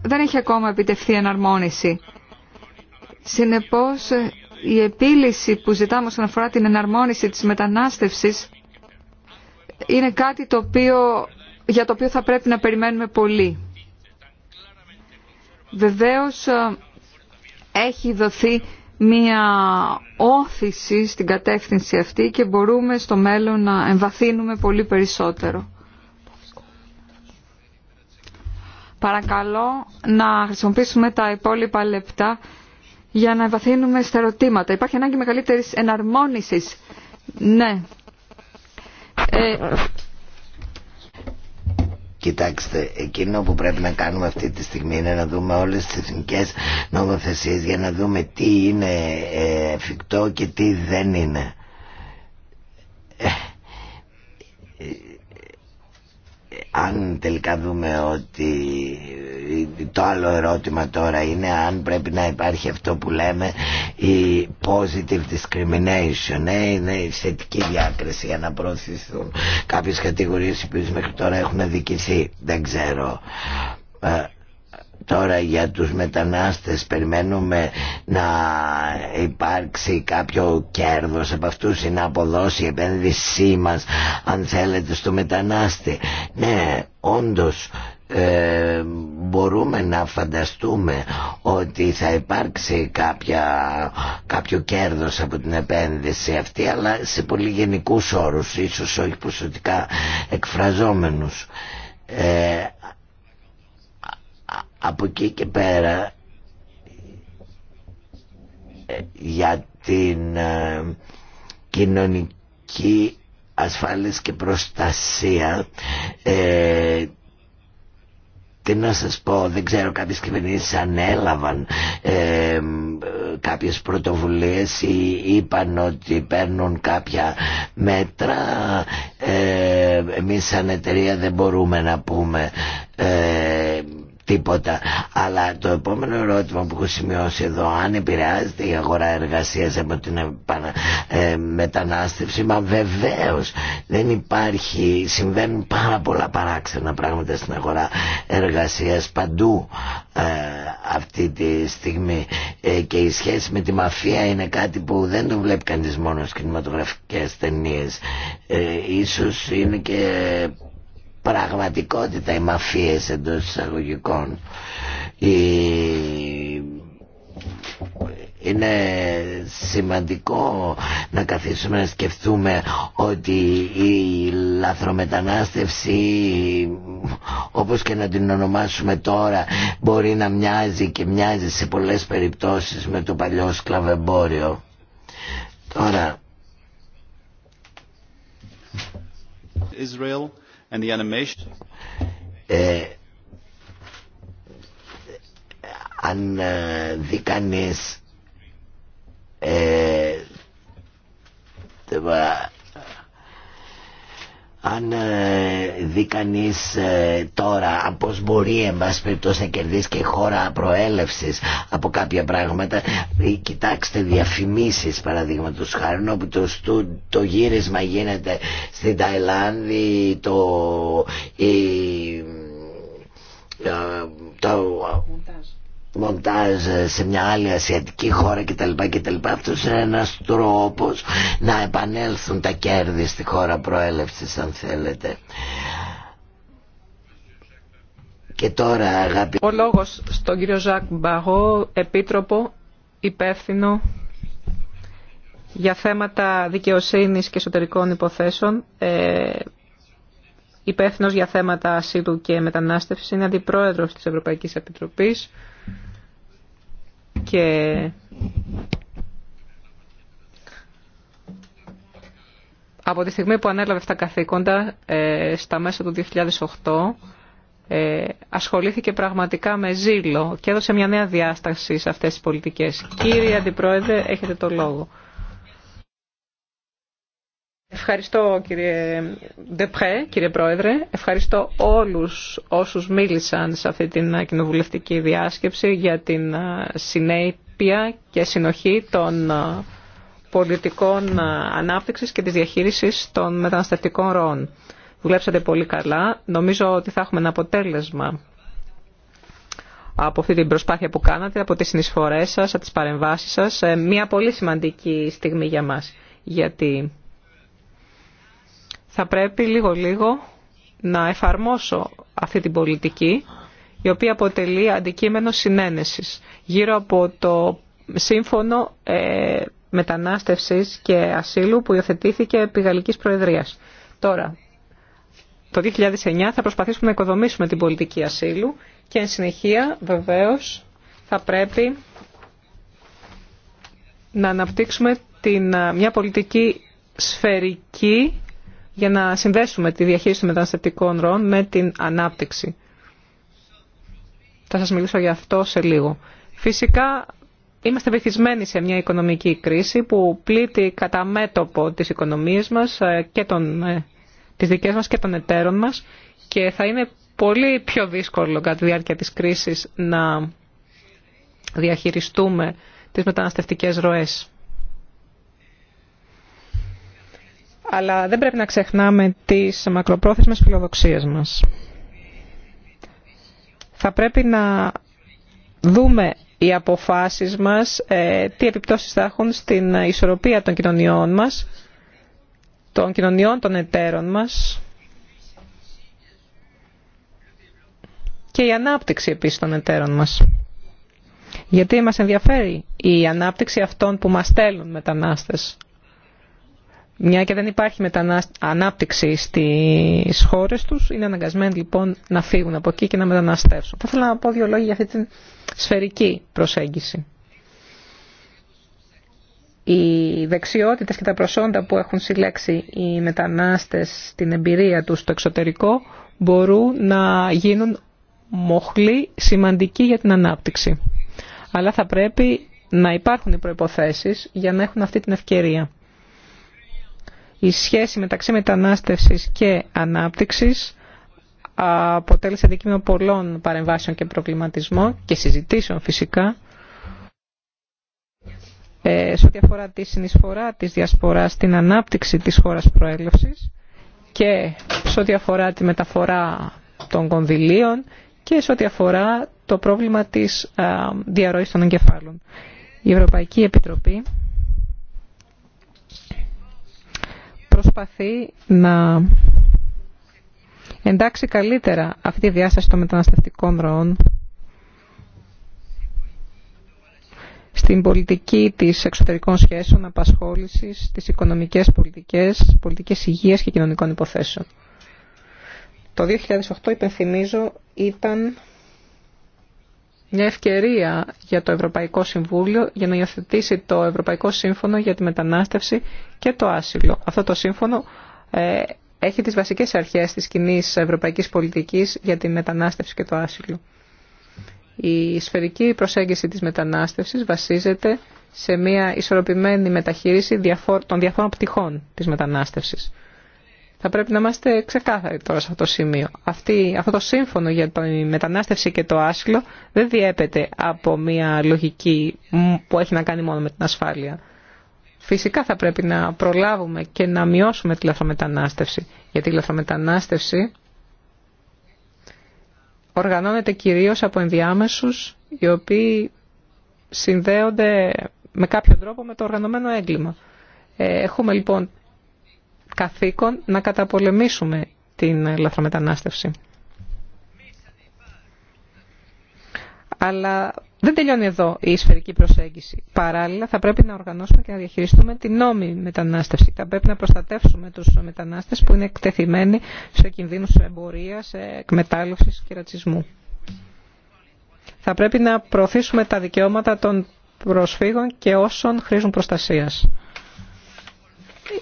Δεν έχει ακόμα επιτευχθεί εναρμόνιση. Συνεπώς, ε, η επίλυση που ζητάμε όσον αφορά την εναρμόνιση της μετανάστευσης είναι κάτι το οποίο, για το οποίο θα πρέπει να περιμένουμε πολύ. Βεβαίως ε, έχει δοθεί μία όθηση στην κατεύθυνση αυτή και μπορούμε στο μέλλον να εμβαθύνουμε πολύ περισσότερο. Παρακαλώ να χρησιμοποιήσουμε τα υπόλοιπα λεπτά για να εμβαθύνουμε στα ερωτήματα. Υπάρχει ανάγκη μεγαλύτερης εναρμόνισης. Ναι. Ε, Κοιτάξτε, εκείνο που πρέπει να κάνουμε αυτή τη στιγμή είναι να δούμε όλες τις εθνικές νομοθεσίες για να δούμε τι είναι ε, εφικτό και τι δεν είναι. Ε, αν τελικά δούμε ότι το άλλο ερώτημα τώρα είναι αν πρέπει να υπάρχει αυτό που λέμε η positive discrimination ε, είναι η θετική διάκριση για να προωθηθούν κάποιες κατηγορίες οι οποίες μέχρι τώρα έχουν αδικηθεί δεν ξέρω ε, Τώρα για τους μετανάστες περιμένουμε να υπάρξει κάποιο κέρδος από αυτούς ή να αποδώσει η επένδυσή μας αν θέλετε στο μετανάστη. Ναι, όντως ε, μπορούμε να φανταστούμε ότι θα υπάρξει κάποια, κάποιο κέρδος από την επένδυση αυτή αλλά σε πολύ γενικούς όρους ίσως όχι ποσοτικά εκφραζόμενους ε, από εκεί και πέρα ε, για την ε, κοινωνική ασφάλεια και προστασία ε, τι να σας πω, δεν ξέρω, κάποιες κυβερνήσεις ανέλαβαν ε, κάποιες πρωτοβουλίες ή είπαν ότι παίρνουν κάποια μέτρα. Ε, εμείς σαν εταιρεία δεν μπορούμε να πούμε τίποτα. Αλλά το επόμενο ερώτημα που έχω σημειώσει εδώ, αν επηρεάζεται η αγορά εργασίας από την ε, μετανάστευση, μα βεβαίως δεν υπάρχει, συμβαίνουν πάρα πολλά παράξενα πράγματα στην αγορά εργασίας παντού ε, αυτή τη στιγμή ε, και η σχέση με τη μαφία είναι κάτι που δεν το βλέπει κανείς μόνο στις κινηματογραφικές ταινίες. ίσως είναι και πραγματικότητα οι μαφίες εντός εισαγωγικών η... είναι σημαντικό να καθίσουμε να σκεφτούμε ότι η λαθρομετανάστευση όπως και να την ονομάσουμε τώρα μπορεί να μοιάζει και μοιάζει σε πολλές περιπτώσεις με το παλιό σκλαβεμπόριο τώρα Israel and the animation. Ε, αν δει κανείς ε, αν ε, δει κανεί ε, τώρα πώ μπορεί εν πάση περιπτώσει να κερδίσει και χώρα προέλευση από κάποια πράγματα ε, κοιτάξτε διαφημίσει, παραδείγματο χάρη όπου το, το, το γύρισμα γίνεται στην Ταϊλάνδη το, το, μοντάζ σε μια άλλη ασιατική χώρα κτλ. κτλ. Αυτός είναι ένας τρόπο να επανέλθουν τα κέρδη στη χώρα προέλευση, αν θέλετε. Και τώρα Ο λόγος στον κύριο Ζακ Μπαγό, επίτροπο υπεύθυνο για θέματα δικαιοσύνης και εσωτερικών υποθέσεων, ε, υπεύθυνος για θέματα ασύλου και μετανάστευση είναι αντιπρόεδρος της Ευρωπαϊκής Επιτροπής και από τη στιγμή που ανέλαβε αυτά καθήκοντα ε, στα μέσα του 2008 ε, ασχολήθηκε πραγματικά με ζήλο και έδωσε μια νέα διάσταση σε αυτές τις πολιτικές. Κύριε Αντιπρόεδρε, έχετε το λόγο. Ευχαριστώ κύριε Ντεπρέ, κύριε Πρόεδρε. Ευχαριστώ όλους όσους μίλησαν σε αυτή την κοινοβουλευτική διάσκεψη για την συνέπεια και συνοχή των πολιτικών ανάπτυξης και της διαχείρισης των μεταναστευτικών ροών. Δουλέψατε πολύ καλά. Νομίζω ότι θα έχουμε ένα αποτέλεσμα από αυτή την προσπάθεια που κάνατε, από τις συνεισφορές σας, από τις παρεμβάσεις σας. Ε, μια πολύ σημαντική στιγμή για μας, γιατί θα πρέπει λίγο-λίγο να εφαρμόσω αυτή την πολιτική, η οποία αποτελεί αντικείμενο συνένεσης γύρω από το σύμφωνο ε, μετανάστευσης και ασύλου που υιοθετήθηκε επί Γαλλικής Προεδρίας. Τώρα, το 2009 θα προσπαθήσουμε να οικοδομήσουμε την πολιτική ασύλου και εν συνεχεία βεβαίως θα πρέπει να αναπτύξουμε την, ε, μια πολιτική σφαιρική για να συνδέσουμε τη διαχείριση των μεταναστευτικών ροών με την ανάπτυξη. Θα σας μιλήσω για αυτό σε λίγο. Φυσικά είμαστε βυθισμένοι σε μια οικονομική κρίση που πλήττει κατά μέτωπο τις οικονομίες μας ε, και των, ε, τις δικές μας και των εταίρων μας και θα είναι πολύ πιο δύσκολο κατά τη διάρκεια της κρίσης να διαχειριστούμε τις μεταναστευτικές ροές. αλλά δεν πρέπει να ξεχνάμε τις μακροπρόθεσμες φιλοδοξίες μας. Θα πρέπει να δούμε οι αποφάσεις μας, ε, τι επιπτώσεις θα έχουν στην ισορροπία των κοινωνιών μας, των κοινωνιών των εταίρων μας και η ανάπτυξη επίσης των εταίρων μας. Γιατί μας ενδιαφέρει η ανάπτυξη αυτών που μας στέλνουν μετανάστες. Μια και δεν υπάρχει ανάπτυξη στις χώρες τους, είναι αναγκασμένοι λοιπόν να φύγουν από εκεί και να μεταναστεύσουν. Θα ήθελα να πω δύο λόγια για αυτή την σφαιρική προσέγγιση. Οι δεξιότητες και τα προσόντα που έχουν συλλέξει οι μετανάστες στην εμπειρία τους στο εξωτερικό μπορούν να γίνουν μοχλή σημαντική για την ανάπτυξη. Αλλά θα πρέπει να υπάρχουν οι προϋποθέσεις για να έχουν αυτή την ευκαιρία η σχέση μεταξύ μετανάστευσης και ανάπτυξης αποτέλεσε αντικείμενο πολλών παρεμβάσεων και προβληματισμών και συζητήσεων φυσικά ε, σε ό,τι αφορά τη συνεισφορά της διασποράς στην ανάπτυξη της χώρας προέλευσης και σε ό,τι αφορά τη μεταφορά των κονδυλίων και σε ό,τι αφορά το πρόβλημα της διαρροής των εγκεφάλων. Η Ευρωπαϊκή Επιτροπή προσπαθεί να εντάξει καλύτερα αυτή τη διάσταση των μεταναστευτικών ροών στην πολιτική της εξωτερικών σχέσεων, απασχόλησης, τις οικονομικές πολιτικές, πολιτικές υγείας και κοινωνικών υποθέσεων. Το 2008, υπενθυμίζω, ήταν μια ευκαιρία για το Ευρωπαϊκό Συμβούλιο για να υιοθετήσει το Ευρωπαϊκό Σύμφωνο για τη Μετανάστευση και το Άσυλο. Αυτό το σύμφωνο ε, έχει τις βασικές αρχές της κοινή ευρωπαϊκής πολιτικής για τη μετανάστευση και το άσυλο. Η σφαιρική προσέγγιση της μετανάστευσης βασίζεται σε μια ισορροπημένη μεταχείριση των διαφόρων πτυχών της μετανάστευσης. Θα πρέπει να είμαστε ξεκάθαροι τώρα σε αυτό το σημείο. Αυτή, αυτό το σύμφωνο για τη μετανάστευση και το άσυλο δεν διέπεται από μια λογική που έχει να κάνει μόνο με την ασφάλεια. Φυσικά θα πρέπει να προλάβουμε και να μειώσουμε τη λαθρομετανάστευση. Γιατί η λαθρομετανάστευση οργανώνεται κυρίως από ενδιάμεσους οι οποίοι συνδέονται με κάποιο τρόπο με το οργανωμένο έγκλημα. Ε, έχουμε λοιπόν καθήκον να καταπολεμήσουμε την λαθρομετανάστευση. Αλλά δεν τελειώνει εδώ η σφαιρική προσέγγιση. Παράλληλα, θα πρέπει να οργανώσουμε και να διαχειριστούμε την νόμιμη μετανάστευση. Θα πρέπει να προστατεύσουμε του μετανάστε που είναι εκτεθειμένοι σε κινδύνου εμπορία, εκμετάλλευση και ρατσισμού. Θα πρέπει να προωθήσουμε τα δικαιώματα των προσφύγων και όσων χρήζουν προστασίας.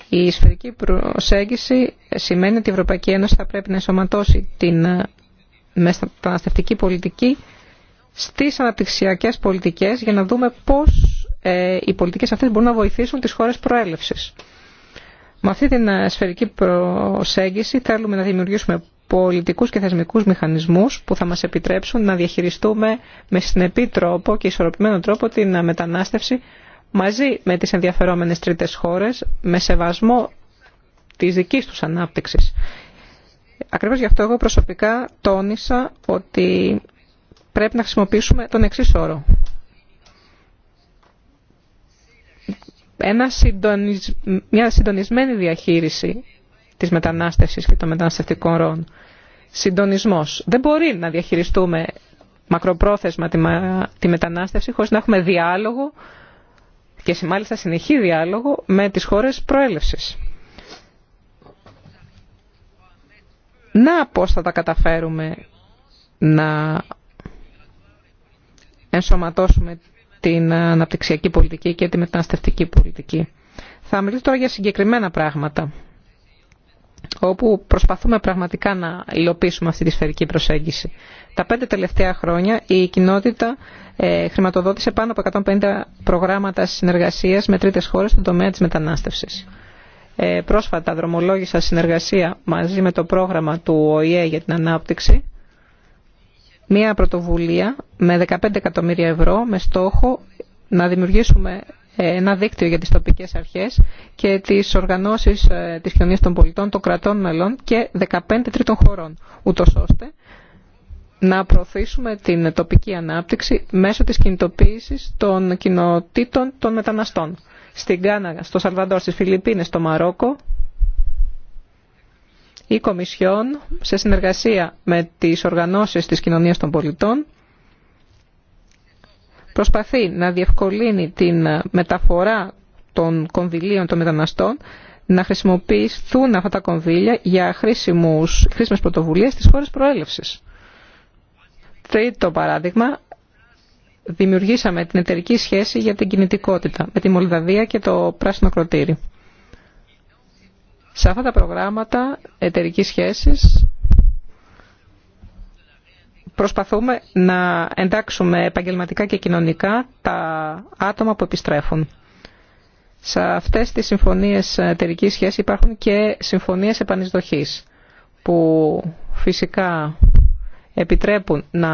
Η σφαιρική προσέγγιση σημαίνει ότι η Ευρωπαϊκή Ένωση θα πρέπει να ενσωματώσει την ε, μεταναστευτική πολιτική στις αναπτυξιακές πολιτικές για να δούμε πώς ε, οι πολιτικές αυτές μπορούν να βοηθήσουν τις χώρες προέλευσης. Με αυτή την ε, σφαιρική προσέγγιση θέλουμε να δημιουργήσουμε πολιτικούς και θεσμικούς μηχανισμούς που θα μας επιτρέψουν να διαχειριστούμε με συνεπή τρόπο και ισορροπημένο τρόπο την μετανάστευση μαζί με τις ενδιαφερόμενες τρίτες χώρες με σεβασμό της δικής τους ανάπτυξης. Ακριβώς γι' αυτό εγώ προσωπικά τόνισα ότι πρέπει να χρησιμοποιήσουμε τον εξή όρο. Μια συντονισμένη διαχείριση της μετανάστευσης και των μεταναστευτικών ροών. Συντονισμός. Δεν μπορεί να διαχειριστούμε μακροπρόθεσμα τη μετανάστευση χωρίς να έχουμε διάλογο και μάλιστα συνεχή διάλογο με τις χώρες προέλευσης. Να πώς θα τα καταφέρουμε να ενσωματώσουμε την αναπτυξιακή πολιτική και τη μεταναστευτική πολιτική. Θα μιλήσω τώρα για συγκεκριμένα πράγματα όπου προσπαθούμε πραγματικά να υλοποιήσουμε αυτή τη σφαιρική προσέγγιση. Τα πέντε τελευταία χρόνια η κοινότητα ε, χρηματοδότησε πάνω από 150 προγράμματα συνεργασίας με τρίτες χώρες στον τομέα της μετανάστευσης. Ε, πρόσφατα δρομολόγησα συνεργασία μαζί με το πρόγραμμα του ΟΗΕ για την ανάπτυξη, μια πρωτοβουλία με 15 εκατομμύρια ευρώ με στόχο να δημιουργήσουμε ένα δίκτυο για τις τοπικές αρχές και τις οργανώσεις ε, της κοινωνίας των πολιτών, των κρατών μελών και 15 τρίτων χωρών, ούτως ώστε να προωθήσουμε την τοπική ανάπτυξη μέσω της κινητοποίησης των κοινοτήτων των μεταναστών. Στην Κάναγα, στο Σαλβαντόρ, στις Φιλιππίνες, στο Μαρόκο, η Κομισιόν, σε συνεργασία με τις οργανώσεις της κοινωνίας των πολιτών, προσπαθεί να διευκολύνει την μεταφορά των κονδυλίων των μεταναστών να χρησιμοποιηθούν αυτά τα κονδύλια για χρήσιμε χρήσιμες πρωτοβουλίες στις χώρες προέλευσης. Τρίτο παράδειγμα, δημιουργήσαμε την εταιρική σχέση για την κινητικότητα με τη Μολδαβία και το Πράσινο Κροτήρι. Σε αυτά τα προγράμματα εταιρική σχέσης προσπαθούμε να εντάξουμε επαγγελματικά και κοινωνικά τα άτομα που επιστρέφουν. Σε αυτές τις συμφωνίες εταιρική σχέση υπάρχουν και συμφωνίες επανεισδοχής που φυσικά επιτρέπουν να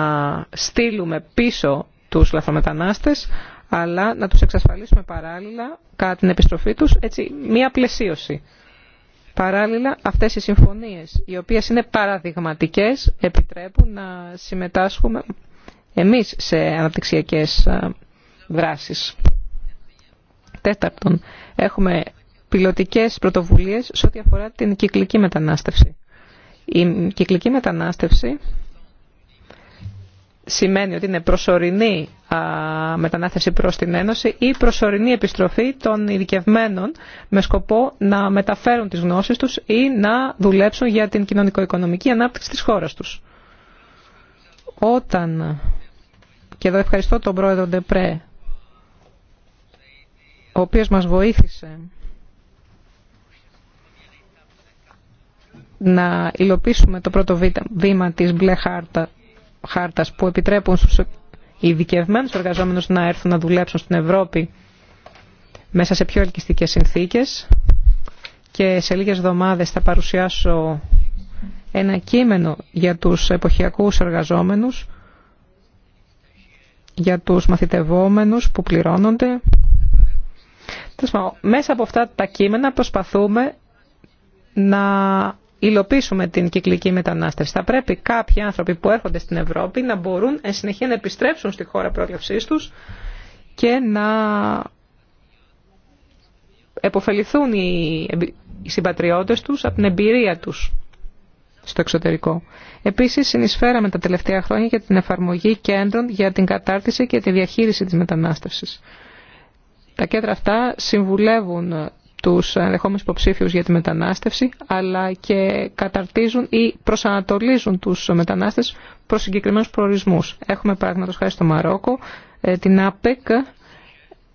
στείλουμε πίσω τους λαθρομετανάστες αλλά να τους εξασφαλίσουμε παράλληλα κατά την επιστροφή τους έτσι, μια πλαισίωση Παράλληλα, αυτές οι συμφωνίες, οι οποίες είναι παραδειγματικές, επιτρέπουν να συμμετάσχουμε εμείς σε αναπτυξιακές ε, δράσεις. Τέταρτον, έχουμε πιλωτικές πρωτοβουλίες σε ό,τι αφορά την κυκλική μετανάστευση. Η κυκλική μετανάστευση σημαίνει ότι είναι προσωρινή μετανάθεση προς την Ένωση ή προσωρινή επιστροφή των ειδικευμένων με σκοπό να μεταφέρουν τις γνώσεις τους ή να δουλέψουν για την κοινωνικο-οικονομική ανάπτυξη της χώρας τους. Όταν, και εδώ ευχαριστώ τον πρόεδρο Ντεπρέ, ο οποίος μας βοήθησε να υλοποιήσουμε το πρώτο βήμα της Μπλε Χάρτα χάρτας που επιτρέπουν στους ειδικευμένους εργαζόμενους να έρθουν να δουλέψουν στην Ευρώπη μέσα σε πιο ελκυστικές συνθήκες και σε λίγες εβδομάδες θα παρουσιάσω ένα κείμενο για τους εποχιακούς εργαζόμενους, για τους μαθητευόμενους που πληρώνονται. Μέσα από αυτά τα κείμενα προσπαθούμε να υλοποιήσουμε την κυκλική μετανάστευση. Θα πρέπει κάποιοι άνθρωποι που έρχονται στην Ευρώπη να μπορούν εν συνεχεία να επιστρέψουν στη χώρα πρόληψής τους και να εποφεληθούν οι συμπατριώτες τους από την εμπειρία τους στο εξωτερικό. Επίσης, συνεισφέραμε τα τελευταία χρόνια για την εφαρμογή κέντρων για την κατάρτιση και τη διαχείριση της μετανάστευσης. Τα κέντρα αυτά συμβουλεύουν τους ενδεχόμενους υποψήφιους για τη μετανάστευση, αλλά και καταρτίζουν ή προσανατολίζουν τους μετανάστες προς συγκεκριμένους προορισμούς. Έχουμε πράγματος χάρη στο Μαρόκο, ε, την ΑΠΕΚ,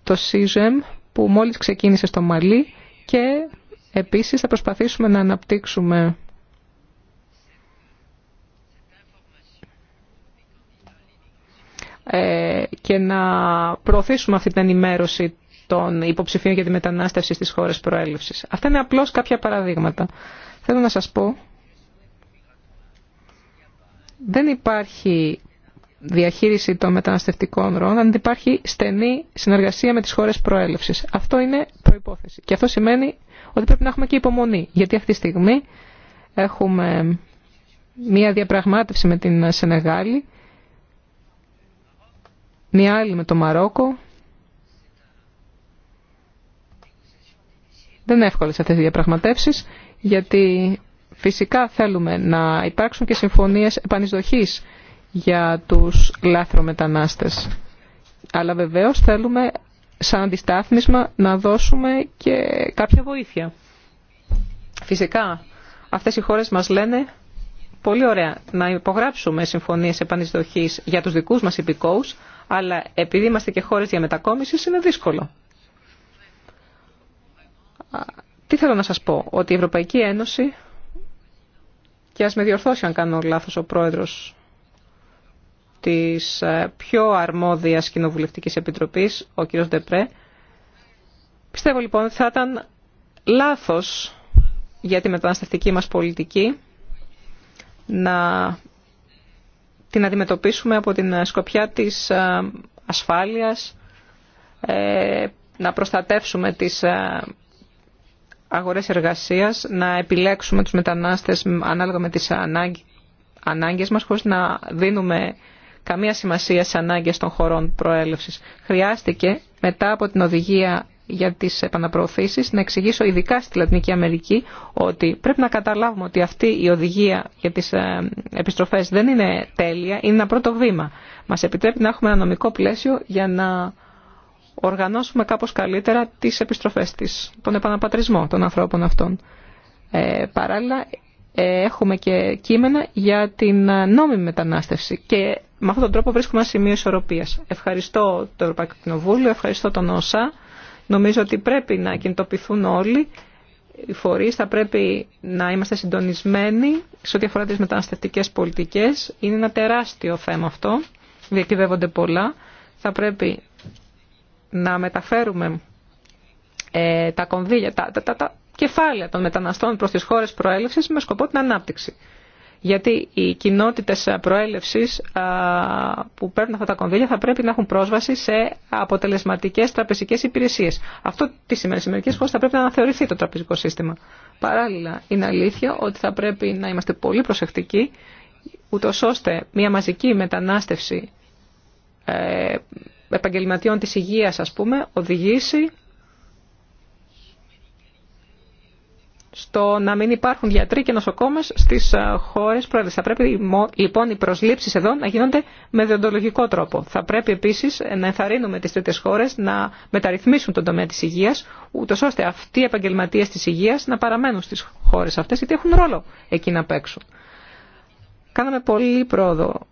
το ΣΥΖΕΜ που μόλις ξεκίνησε στο Μαλί και επίσης θα προσπαθήσουμε να αναπτύξουμε ε, και να προωθήσουμε αυτή την ενημέρωση των υποψηφίων για τη μετανάστευση στις χώρες προέλευσης. Αυτά είναι απλώς κάποια παραδείγματα. Θέλω να σας πω, δεν υπάρχει διαχείριση των μεταναστευτικών ροών αν υπάρχει στενή συνεργασία με τις χώρες προέλευσης. Αυτό είναι προϋπόθεση. Και αυτό σημαίνει ότι πρέπει να έχουμε και υπομονή. Γιατί αυτή τη στιγμή έχουμε μία διαπραγμάτευση με την Σενεγάλη, μία άλλη με το Μαρόκο, Δεν είναι εύκολες αυτές οι διαπραγματεύσει, γιατί φυσικά θέλουμε να υπάρξουν και συμφωνίε επανεισδοχή για τους λάθρομετανάστες. Αλλά βεβαίω θέλουμε σαν αντιστάθμισμα να δώσουμε και κάποια βοήθεια. Φυσικά, αυτές οι χώρες μας λένε πολύ ωραία να υπογράψουμε συμφωνίες επανεισδοχής για τους δικούς μας υπηκόους, αλλά επειδή είμαστε και χώρες διαμετακόμισης είναι δύσκολο. Τι θέλω να σας πω, ότι η Ευρωπαϊκή Ένωση, και ας με διορθώσει αν κάνω λάθος ο πρόεδρος της ε, πιο αρμόδιας κοινοβουλευτικής επιτροπής, ο κ. Ντεπρέ, πιστεύω λοιπόν ότι θα ήταν λάθος για τη μεταναστευτική μας πολιτική να την αντιμετωπίσουμε από την σκοπιά της ε, ασφάλειας, ε, να προστατεύσουμε τις αγορές εργασίας να επιλέξουμε τους μετανάστες ανάλογα με τις ανάγκες μας χωρίς να δίνουμε καμία σημασία στις ανάγκες των χωρών προέλευσης. Χρειάστηκε μετά από την οδηγία για τις επαναπροωθήσεις να εξηγήσω ειδικά στη Λατινική Αμερική ότι πρέπει να καταλάβουμε ότι αυτή η οδηγία για τις ε, επιστροφές δεν είναι τέλεια, είναι ένα πρώτο βήμα. Μας επιτρέπει να έχουμε ένα νομικό πλαίσιο για να οργανώσουμε κάπως καλύτερα τις επιστροφές της, τον επαναπατρισμό των ανθρώπων αυτών. Ε, παράλληλα, ε, έχουμε και κείμενα για την ε, νόμιμη μετανάστευση και με αυτόν τον τρόπο βρίσκουμε ένα σημείο ισορροπίας. Ευχαριστώ το Ευρωπαϊκό Κοινοβούλιο, ευχαριστώ τον ΩΣΑ. Νομίζω ότι πρέπει να κινητοποιηθούν όλοι οι φορείς, θα πρέπει να είμαστε συντονισμένοι σε ό,τι αφορά τις μεταναστευτικές πολιτικές. Είναι ένα τεράστιο θέμα αυτό, διακυβεύονται πολλά. Θα πρέπει να μεταφέρουμε ε, τα κονδύλια, τα, τα, τα, τα κεφάλαια των μεταναστών προς τις χώρες προέλευσης με σκοπό την ανάπτυξη. Γιατί οι κοινότητες προέλευσης που παίρνουν αυτά τα κονδύλια θα πρέπει να έχουν πρόσβαση σε αποτελεσματικές τραπεζικές υπηρεσίες. Αυτό τι σημαίνει σε χώρες θα πρέπει να αναθεωρηθεί το τραπεζικό σύστημα. Παράλληλα είναι αλήθεια ότι θα πρέπει να είμαστε πολύ προσεκτικοί ούτω ώστε μια μαζική μετανάστευση ε, επαγγελματιών της υγείας, ας πούμε, οδηγήσει στο να μην υπάρχουν γιατροί και νοσοκόμες στις ε, χώρες πρόεδρες. Θα πρέπει λοιπόν οι προσλήψεις εδώ να γίνονται με διοντολογικό τρόπο. Θα πρέπει επίσης να ενθαρρύνουμε τις τρίτες χώρες να μεταρρυθμίσουν τον τομέα της υγείας, ούτως ώστε αυτοί οι επαγγελματίες της υγείας να παραμένουν στις χώρες αυτές, γιατί έχουν ρόλο εκεί να παίξουν. Κάναμε πολύ πρόοδο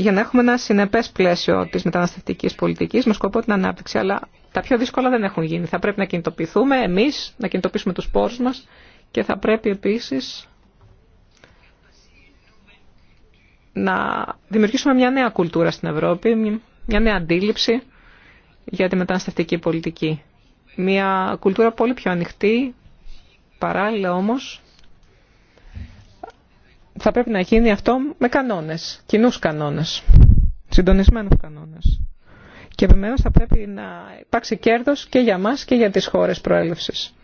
για να έχουμε ένα συνεπές πλαίσιο της μεταναστευτικής πολιτικής με σκοπό την ανάπτυξη. Αλλά τα πιο δύσκολα δεν έχουν γίνει. Θα πρέπει να κινητοποιηθούμε εμείς, να κινητοποιήσουμε τους πόρους μας και θα πρέπει επίσης να δημιουργήσουμε μια νέα κουλτούρα στην Ευρώπη, μια νέα αντίληψη για τη μεταναστευτική πολιτική. Μια κουλτούρα πολύ πιο ανοιχτή, παράλληλα όμως θα πρέπει να γίνει αυτό με κανόνες, κοινούς κανόνες, συντονισμένους κανόνες. Και επιμένως θα πρέπει να υπάρξει κέρδος και για μας και για τις χώρες προέλευσης.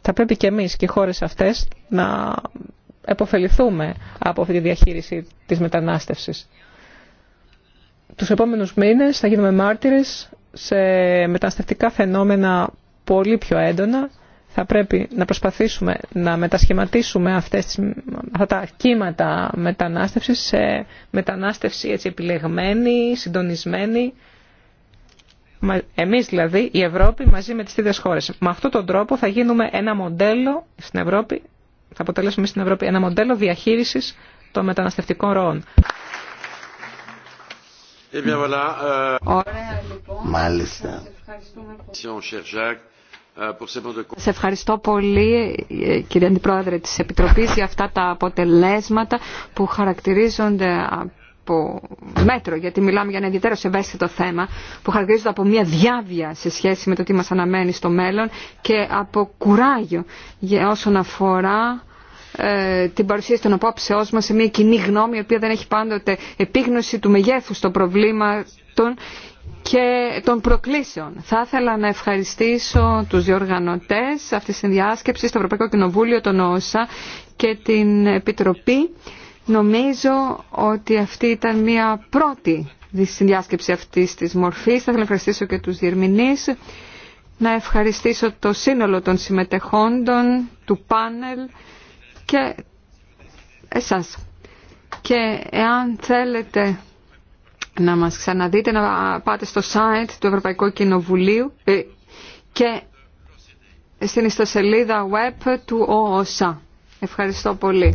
Θα πρέπει και εμείς και οι χώρες αυτές να επωφεληθούμε από αυτή τη διαχείριση της μετανάστευσης. Τους επόμενους μήνες θα γίνουμε μάρτυρες σε μεταναστευτικά φαινόμενα πολύ πιο έντονα θα πρέπει να προσπαθήσουμε να μετασχηματίσουμε αυτές, αυτά τα κύματα μετανάστευσης σε μετανάστευση έτσι επιλεγμένη, συντονισμένη. Εμείς δηλαδή, η Ευρώπη μαζί με τις ίδιες χώρες. Με αυτόν τον τρόπο θα γίνουμε ένα μοντέλο στην Ευρώπη, θα αποτελέσουμε στην Ευρώπη ένα μοντέλο διαχείρισης των μεταναστευτικών ροών. Σε ευχαριστώ πολύ κύριε Αντιπρόεδρε της Επιτροπής για αυτά τα αποτελέσματα που χαρακτηρίζονται από μέτρο, γιατί μιλάμε για ένα ιδιαίτερο ευαίσθητο θέμα, που χαρακτηρίζονται από μια διάβια σε σχέση με το τι μας αναμένει στο μέλλον και από κουράγιο για όσον αφορά ε, την παρουσίαση των απόψεώς μας σε μια κοινή γνώμη η οποία δεν έχει πάντοτε επίγνωση του μεγέθους των προβλήματων και των προκλήσεων. Θα ήθελα να ευχαριστήσω τους διοργανωτές αυτής της διάσκεψης, το Ευρωπαϊκό Κοινοβούλιο, τον ΩΣΑ και την Επιτροπή. Νομίζω ότι αυτή ήταν μια πρώτη συνδιάσκεψη αυτής της μορφής. Θα ήθελα να ευχαριστήσω και τους διερμηνείς. Να ευχαριστήσω το σύνολο των συμμετεχόντων, του πάνελ και εσάς. Και εάν θέλετε να μας ξαναδείτε, να πάτε στο site του Ευρωπαϊκού Κοινοβουλίου ε, και στην ιστοσελίδα web του ΟΟΣΑ. Ευχαριστώ πολύ.